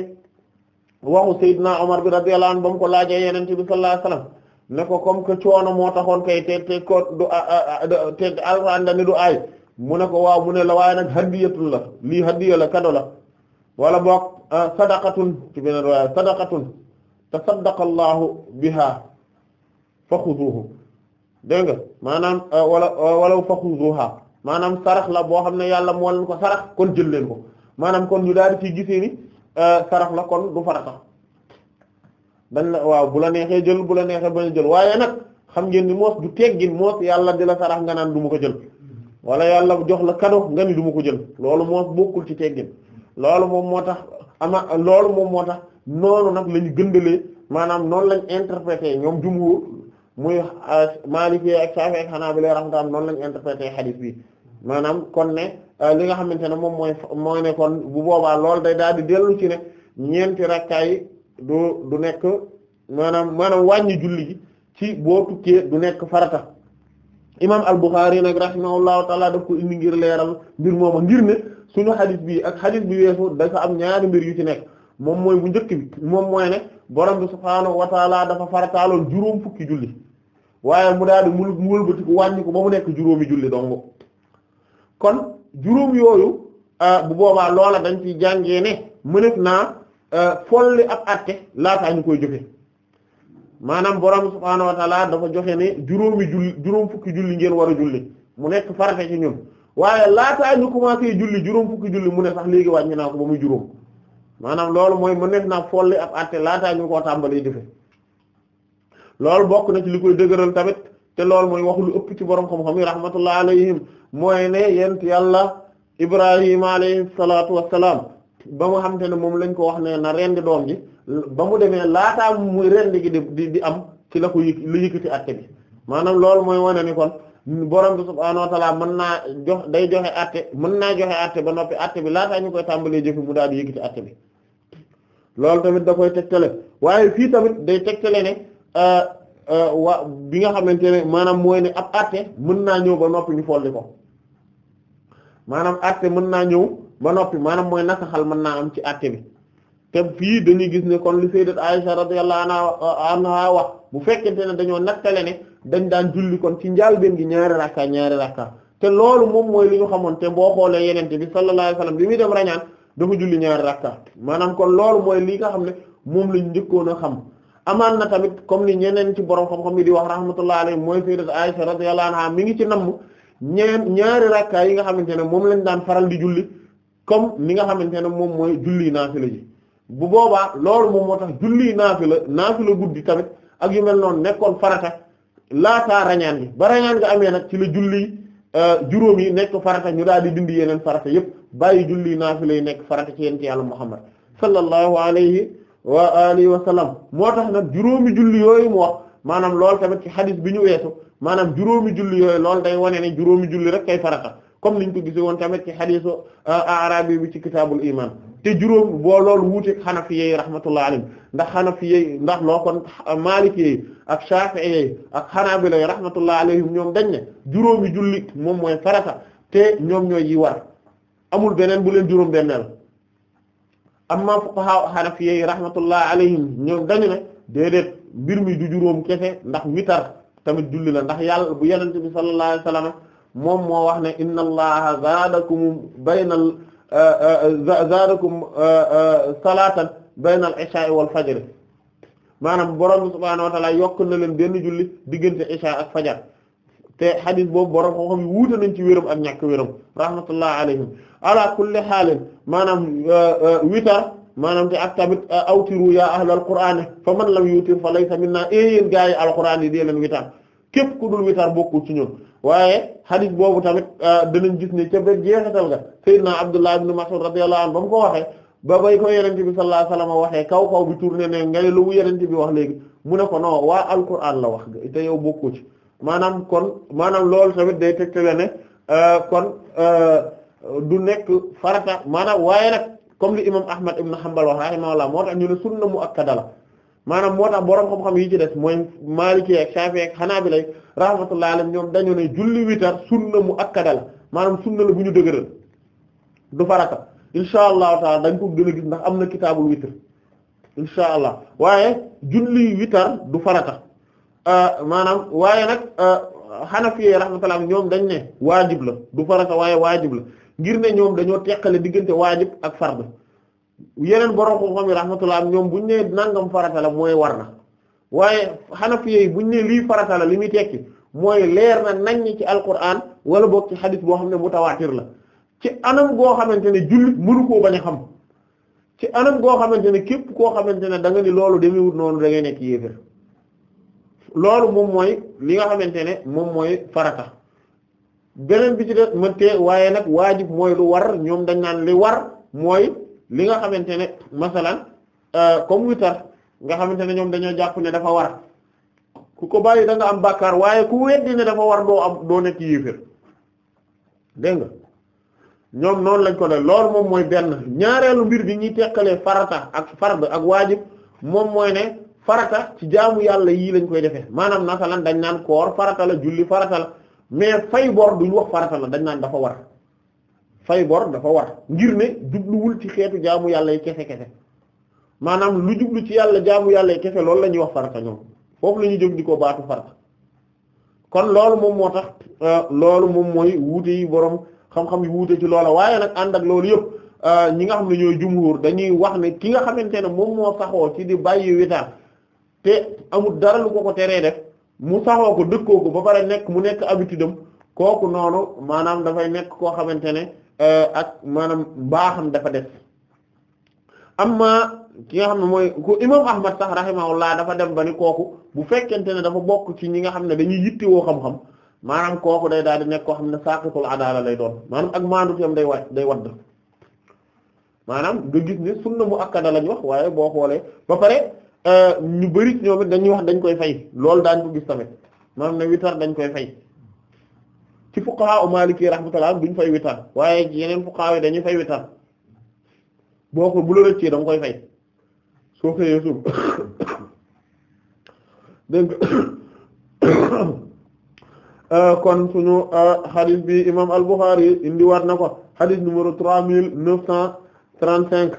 waxu Seydina Omar bi radiyallahu anhu ba mu ko laajee Yonent bi sallallahu alayhi wasallam ne ko comme que coono moo taxoon kay te te ko du te du aay mu ne ko waaw mu ne la waaye nag hadiyatun la lii hadiya la kado la wala boog ah, sadaqatun ci beneen waaye sadaqatun tasaddaqa Allahu biha dégg nga maanaam ah, wala ah, wala fakhuduha maanaam sarax la boo xam ne yàlla moo leen ko sarax kon jël leen ko maanaam kon ñu daal di ciy gisee ni sarax la kon du farata dañ waaw bu la neexee jël bu la neexee bañ a jël waaye nag xam ngeen ni moos du teggin moos yàlla di la sarax nga naan du ma ko jël. wala yàlla jox la cadeau nga ni du ma ko jël loolu moo bokkul ci teggin loolu moom moo tax ama loolu moom moo tax noonu nag la ñu gëndalee maanaam noonu lañ interprété ñoom jumhur muy ah, Maliki ak Shafi ak Hanabila rahmatullah noonu lañ interprété hadith bi maanaam kon ne ah, li nga xamante ne moom mooy mooy ne kon bu boobaa loolu day daal di dellu ci ne ñeenti rakkaay yi du nekk maanaam maanaam wàññi julli gi ci boo tukkee du nekk farata imam al-Bukhari nag rahimahullahu taala daf ko indi ngir leeral mbir mooma ngir ne suñu hadith bi ak hadith bi weesu dafa am ñaari mbir yu ci nekk moom mooy bu njëkk bi moom mooy ne borom bi subhaanahu wa dafa farataaloon juróom fukki julli waaye mu daal di mu mu wëlbati ko wàññi ba mu nekk juróomi julli dong kon juróom yooyu ah, bu boobaa loola dañ ciy jàngee ne mëneef naa ah, folli ab àtte laataa ñu koy jóge maanaam borom subhaanahu wa taala dafa joxe ne juróomi julli juróom fukki julli ngeen war a julli mu nekk farata ci ñun waaye laataa ñu commencé julli juróom fukki julli mu ne sax léegi wàññi naa ko ba muy juróom maanaam loolu mooy mu nekk naa folli ab àtte laataa ñu koo tàmbalee jëfe loolu bokk na ci li koy dëgëral tamit te loolu mooy waxul lu ëpp ci borom xam-xam yi rahmatullah alayhim mooy ne yent yàlla Ibrahima alayhi salaatu wa salaam ba mu xam te ne moom lañ ko wax ne na rendi doom ji. ba mu demee laataa muy rend gi di di am ci la ko yëg la yëkkati atte bi maanaam lool mooy wane ni kon borom bi subhaanahu wa mën naa jox day joxe atte mën naa joxe atte ba noppi atte bi laataa ñu koy tàmbalee jëfi mu daal di yëkkati atte loolu tamit da koy tegtale waaye fii tamit day tegtale ne euh, euh, wa bi nga xamante ne maanaam mooy ne ab atte mën naa ñëw ba noppi ñu folli ko maanaam atte mën naa ñëw ba noppi maanaam mooy nasaxal mën naa am ci atte bi te fii dañu gis ne kon li sayyidat Aisha radiyallahu anha wax bu fekkente ne dañoo nattale ne dañ daan julli kon ci njaalbeen gi ñaari rakka ñaari rakka te loolu moom mooy li ñu xamoon boo xoolee yenente bi sallallahu alayhi wasallam bi muy dem rañaan dafa julli ñaari rakka maanaam kon loolu mooy li nga xam ne moom lañ njëkkoon a xam amaan na tamit comme ni ñeneen ci borom xam-xam yi di wax rahmatullahi alayhi mooy sayyidat Aisha radiyallahu anha mi ngi ci namm ñen ñaari rakka yi nga xamante ne moom lañ daan faral di julli comme ni nga xamante ne moom mooy julli naafila ji bu boobaa loolu moom moo tax julli naafila naafila guddi tamit ak yu mel noonu nekkoon farata laataa rañaan gi ba rañaan nga amee nag ci la julli euh, juróom yi nekk farata ñu daal di dindi yeneen farata yëpp bàyyi julli naafila yi nekk farata ci yent yàlla Muhammad sallallahu alayhi wa alihi wa sallam moo tax nag juróomi julli yooyu mu wax maanaam lool tamit ci xadis bi ñu weesu maanaam juróomi julli yooyu lool day wane ne juróomi julli rek kay farata comme niñ ko gisee woon tamit ci xadisu euh, arabi bi ci kitaabul iman te juróom boo loolu wuuteeg xanafi yi rahmatullah alayhim ndax xanafi yi ndax noo kon maliki yi ak shafi'i yi ak xanaabila yi rahmatullah alayhim ñoom dañ ne juróomi julli moom mooy farata te ñoom ñooy yi war amul beneen bu leen juróom benneel amma fuqaha xanafi yi rahmatullah alayhim ñoom dañu ne déedéet mbir mi du juróom kese ndax witar tamit julli la ndax yàlla bu yenente bi sallallahu alayhi moom moo wax ne inna allaha zaadakum baynal zaadakum uh, uh, salaatan bayna al-isha wal fajr maanaam borom bi subhaanahu wa ta'aala yokk na leen benn julli diggante isha ak fajar te xadis boobu borom xam ci wéram ak ñàkk wéram rahmatullah alayhim ala kulli xaalin maanaam uh, witar maanaam te ak tamit awtiru yaa ahlal qur'aan fa man lam yutir fa laysa minna eh, yéen gaa yi alqur'aan yi dee leen witar képp ku dul witar bokkul ci ñun. waaye hadith boobu tamit ah, danañ gis ne ca ba jeexital ga na Abdullah ibn Mas'ud radiyallahu anhu ba mu ko waxee ba bay ko yenente bi sallallahu alayhi waxee kaw kaw bi tourné ne ngay lu mu yenente bi wax léegi mu ne ko non waa alquran la wax te yow bokkoo ci maanaam kon maanaam lool tamit day tegtale ne ah, kon ah, du nekk farata maanaam waaye nag comme li imam Ahmad ibn Hanbal wax rahimahullah moo tax ñu ne sunna muakkada la maanaam moo tax borom xam-xam yi ci des mooy Maliki ak Shafi'i ak Hanabila rahmatullahi alayhim ñoom dañu ne julli witar sunna mu akkada la maanaam sunna la bu ñu dëgëral du farata insha allahu taala dañ ko gën gis ndax am na kitaabul witar insha allah waaye julli witar du farata euh, maanaam waaye nag euh, Hanafi rahmatullahi ñoom dañ ne waajib la du farata waaye waajib la ngir ne ñoom dañoo teqale diggante waajib ak far fard yeneen borom xam-xam yi am ñoom bu buñ ne nangam farata la mooy war na waaye Hanafi yi buñ ne lii farata la li muy tekki mooy leer na naññ ci alquran wala boog ci xadis boo xam ne mutawaatir la ci anam goo xamante ne jullit mënu koo bañ a xam ci anam goo xamante ne képp koo xamante ne danga ni loolu demee wut noonu da ngay nekk yéefér loolu moom mooy li nga xamante ne moom mooy farata beneen bi ci def mën te waaye nag waajib mooy lu war ñoom dañ naan li war mooy li nga xamante ne masalan euh, comme witar nga xamante ne ñoom dañoo jàpp ne dafa war ku ko bàyyi da nga am bàkkaar waaye ku weddi ne dafa war doo am doo nekk yéefér dégg nga ñoom noonu lañ ko def lool moom mooy benn ñaareelu mbir bi ñuy tekkalee farata ak fard ak waajib moom mooy ne farata ci jaamu yàlla yii lañ koy defee maanaam masalan dañ naan koor farata la julli farata la mais fay bor duñ wax farata la dañ naan dafa war fay bor dafa war ngir ne jubluwul ci xeetu jaamu yàlla yi kese kese maanaam lu jublu ci yàlla jaamu yàlla yi kefe loolu la ñuy wax farata ñoom foofu la ñuy di ko baatu farata kon loolu moom moo tax euh, loolu moom mooy wuute yi borom xam-xam yi wuute ci loola waaye nag ànd ak loolu yëpp euh, ñi nga xam ne ñooy jumhur dañuy wax ne ki nga xamante ne moom moo saxoo ci di bàyyi witar te amut dara lu ko ko teree def mu saxoo ko dëkkoo ko ba pare nekk mu nekk habitude am Euh, ak maanaam baaxam dafa am amma ki nga xam ne mooy ku imam ahmad sax laa dafa dem ba ni kooku bu fekkente ne dafa bokk ci ñi nga xam ne dañuy yittewoo xam-xam maanaam kooku day daal di nekk koo xam ne saaqitul adala lay doon maanaam ak maanduteem day wa day wadd maanaam nga gis ne sunna mu akkada lañ wax waaye boo xoolee ba pare euh, ñu bari ñoom it dañuy wax dañ koy fay loolu daañ ko gis tamit maanaam ne witar dañ koy fay ci fuqaha maliki rahmatullah duñ fay witar waaye yeneen fuqaha yi dañuy fay witar boo ko bu la rëccee koy fay soo xëyee suuf dégg euh, kon suñu euh, hadith bi imam al-Bukhari indiwaat na ko hadith numéro trois mille neuf cent trente-cinq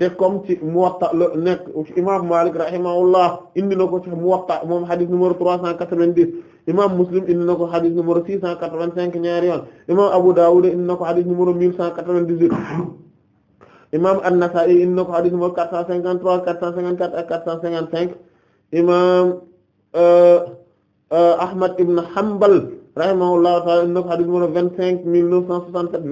te comme ci Muwatta la nekk imam Malik rahimahullah indi na ko ci moom xadis numéro trois cent quatre-vingt-dix imam Muslim indi na ko xadis numéro six cent quatre-vingt-cinq ñaari yoon imam Abu Dawud indi na ko xadis numéro mille cent quatre-vingt-dix-huit imam an indi na xadis numéro quatre cent cinquante quatre cent quatre cent cinq imam euh, euh, Ahmad ibn Hanbal rahimahullahu ta'ala indi na ko xadis numéro vingt-cinq mille neuf cent soixante-sept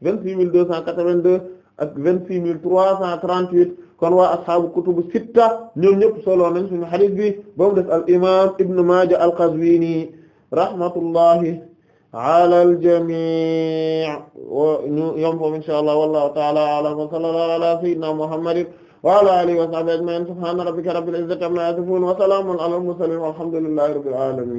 vingt-six mille ak vingt-six mille trois cent trente-huit kon waa ashaabu kutubu sitta ñoom ñëpp solo nañ suñu hadith bi ba mu def al imam ibn Maaja al-Qazwini rahmatullahi ala al-jamii wa ñu yom foofu insha allah wallahu ta'ala a'lam wa sallallahu ala sayyidina muhammadin wa ala alihi wa sahbihi ajma'in subhana rabbika rabbil izzati amma yasifun wa salamun ala al-mursalin walhamdulillahi rabbil alamin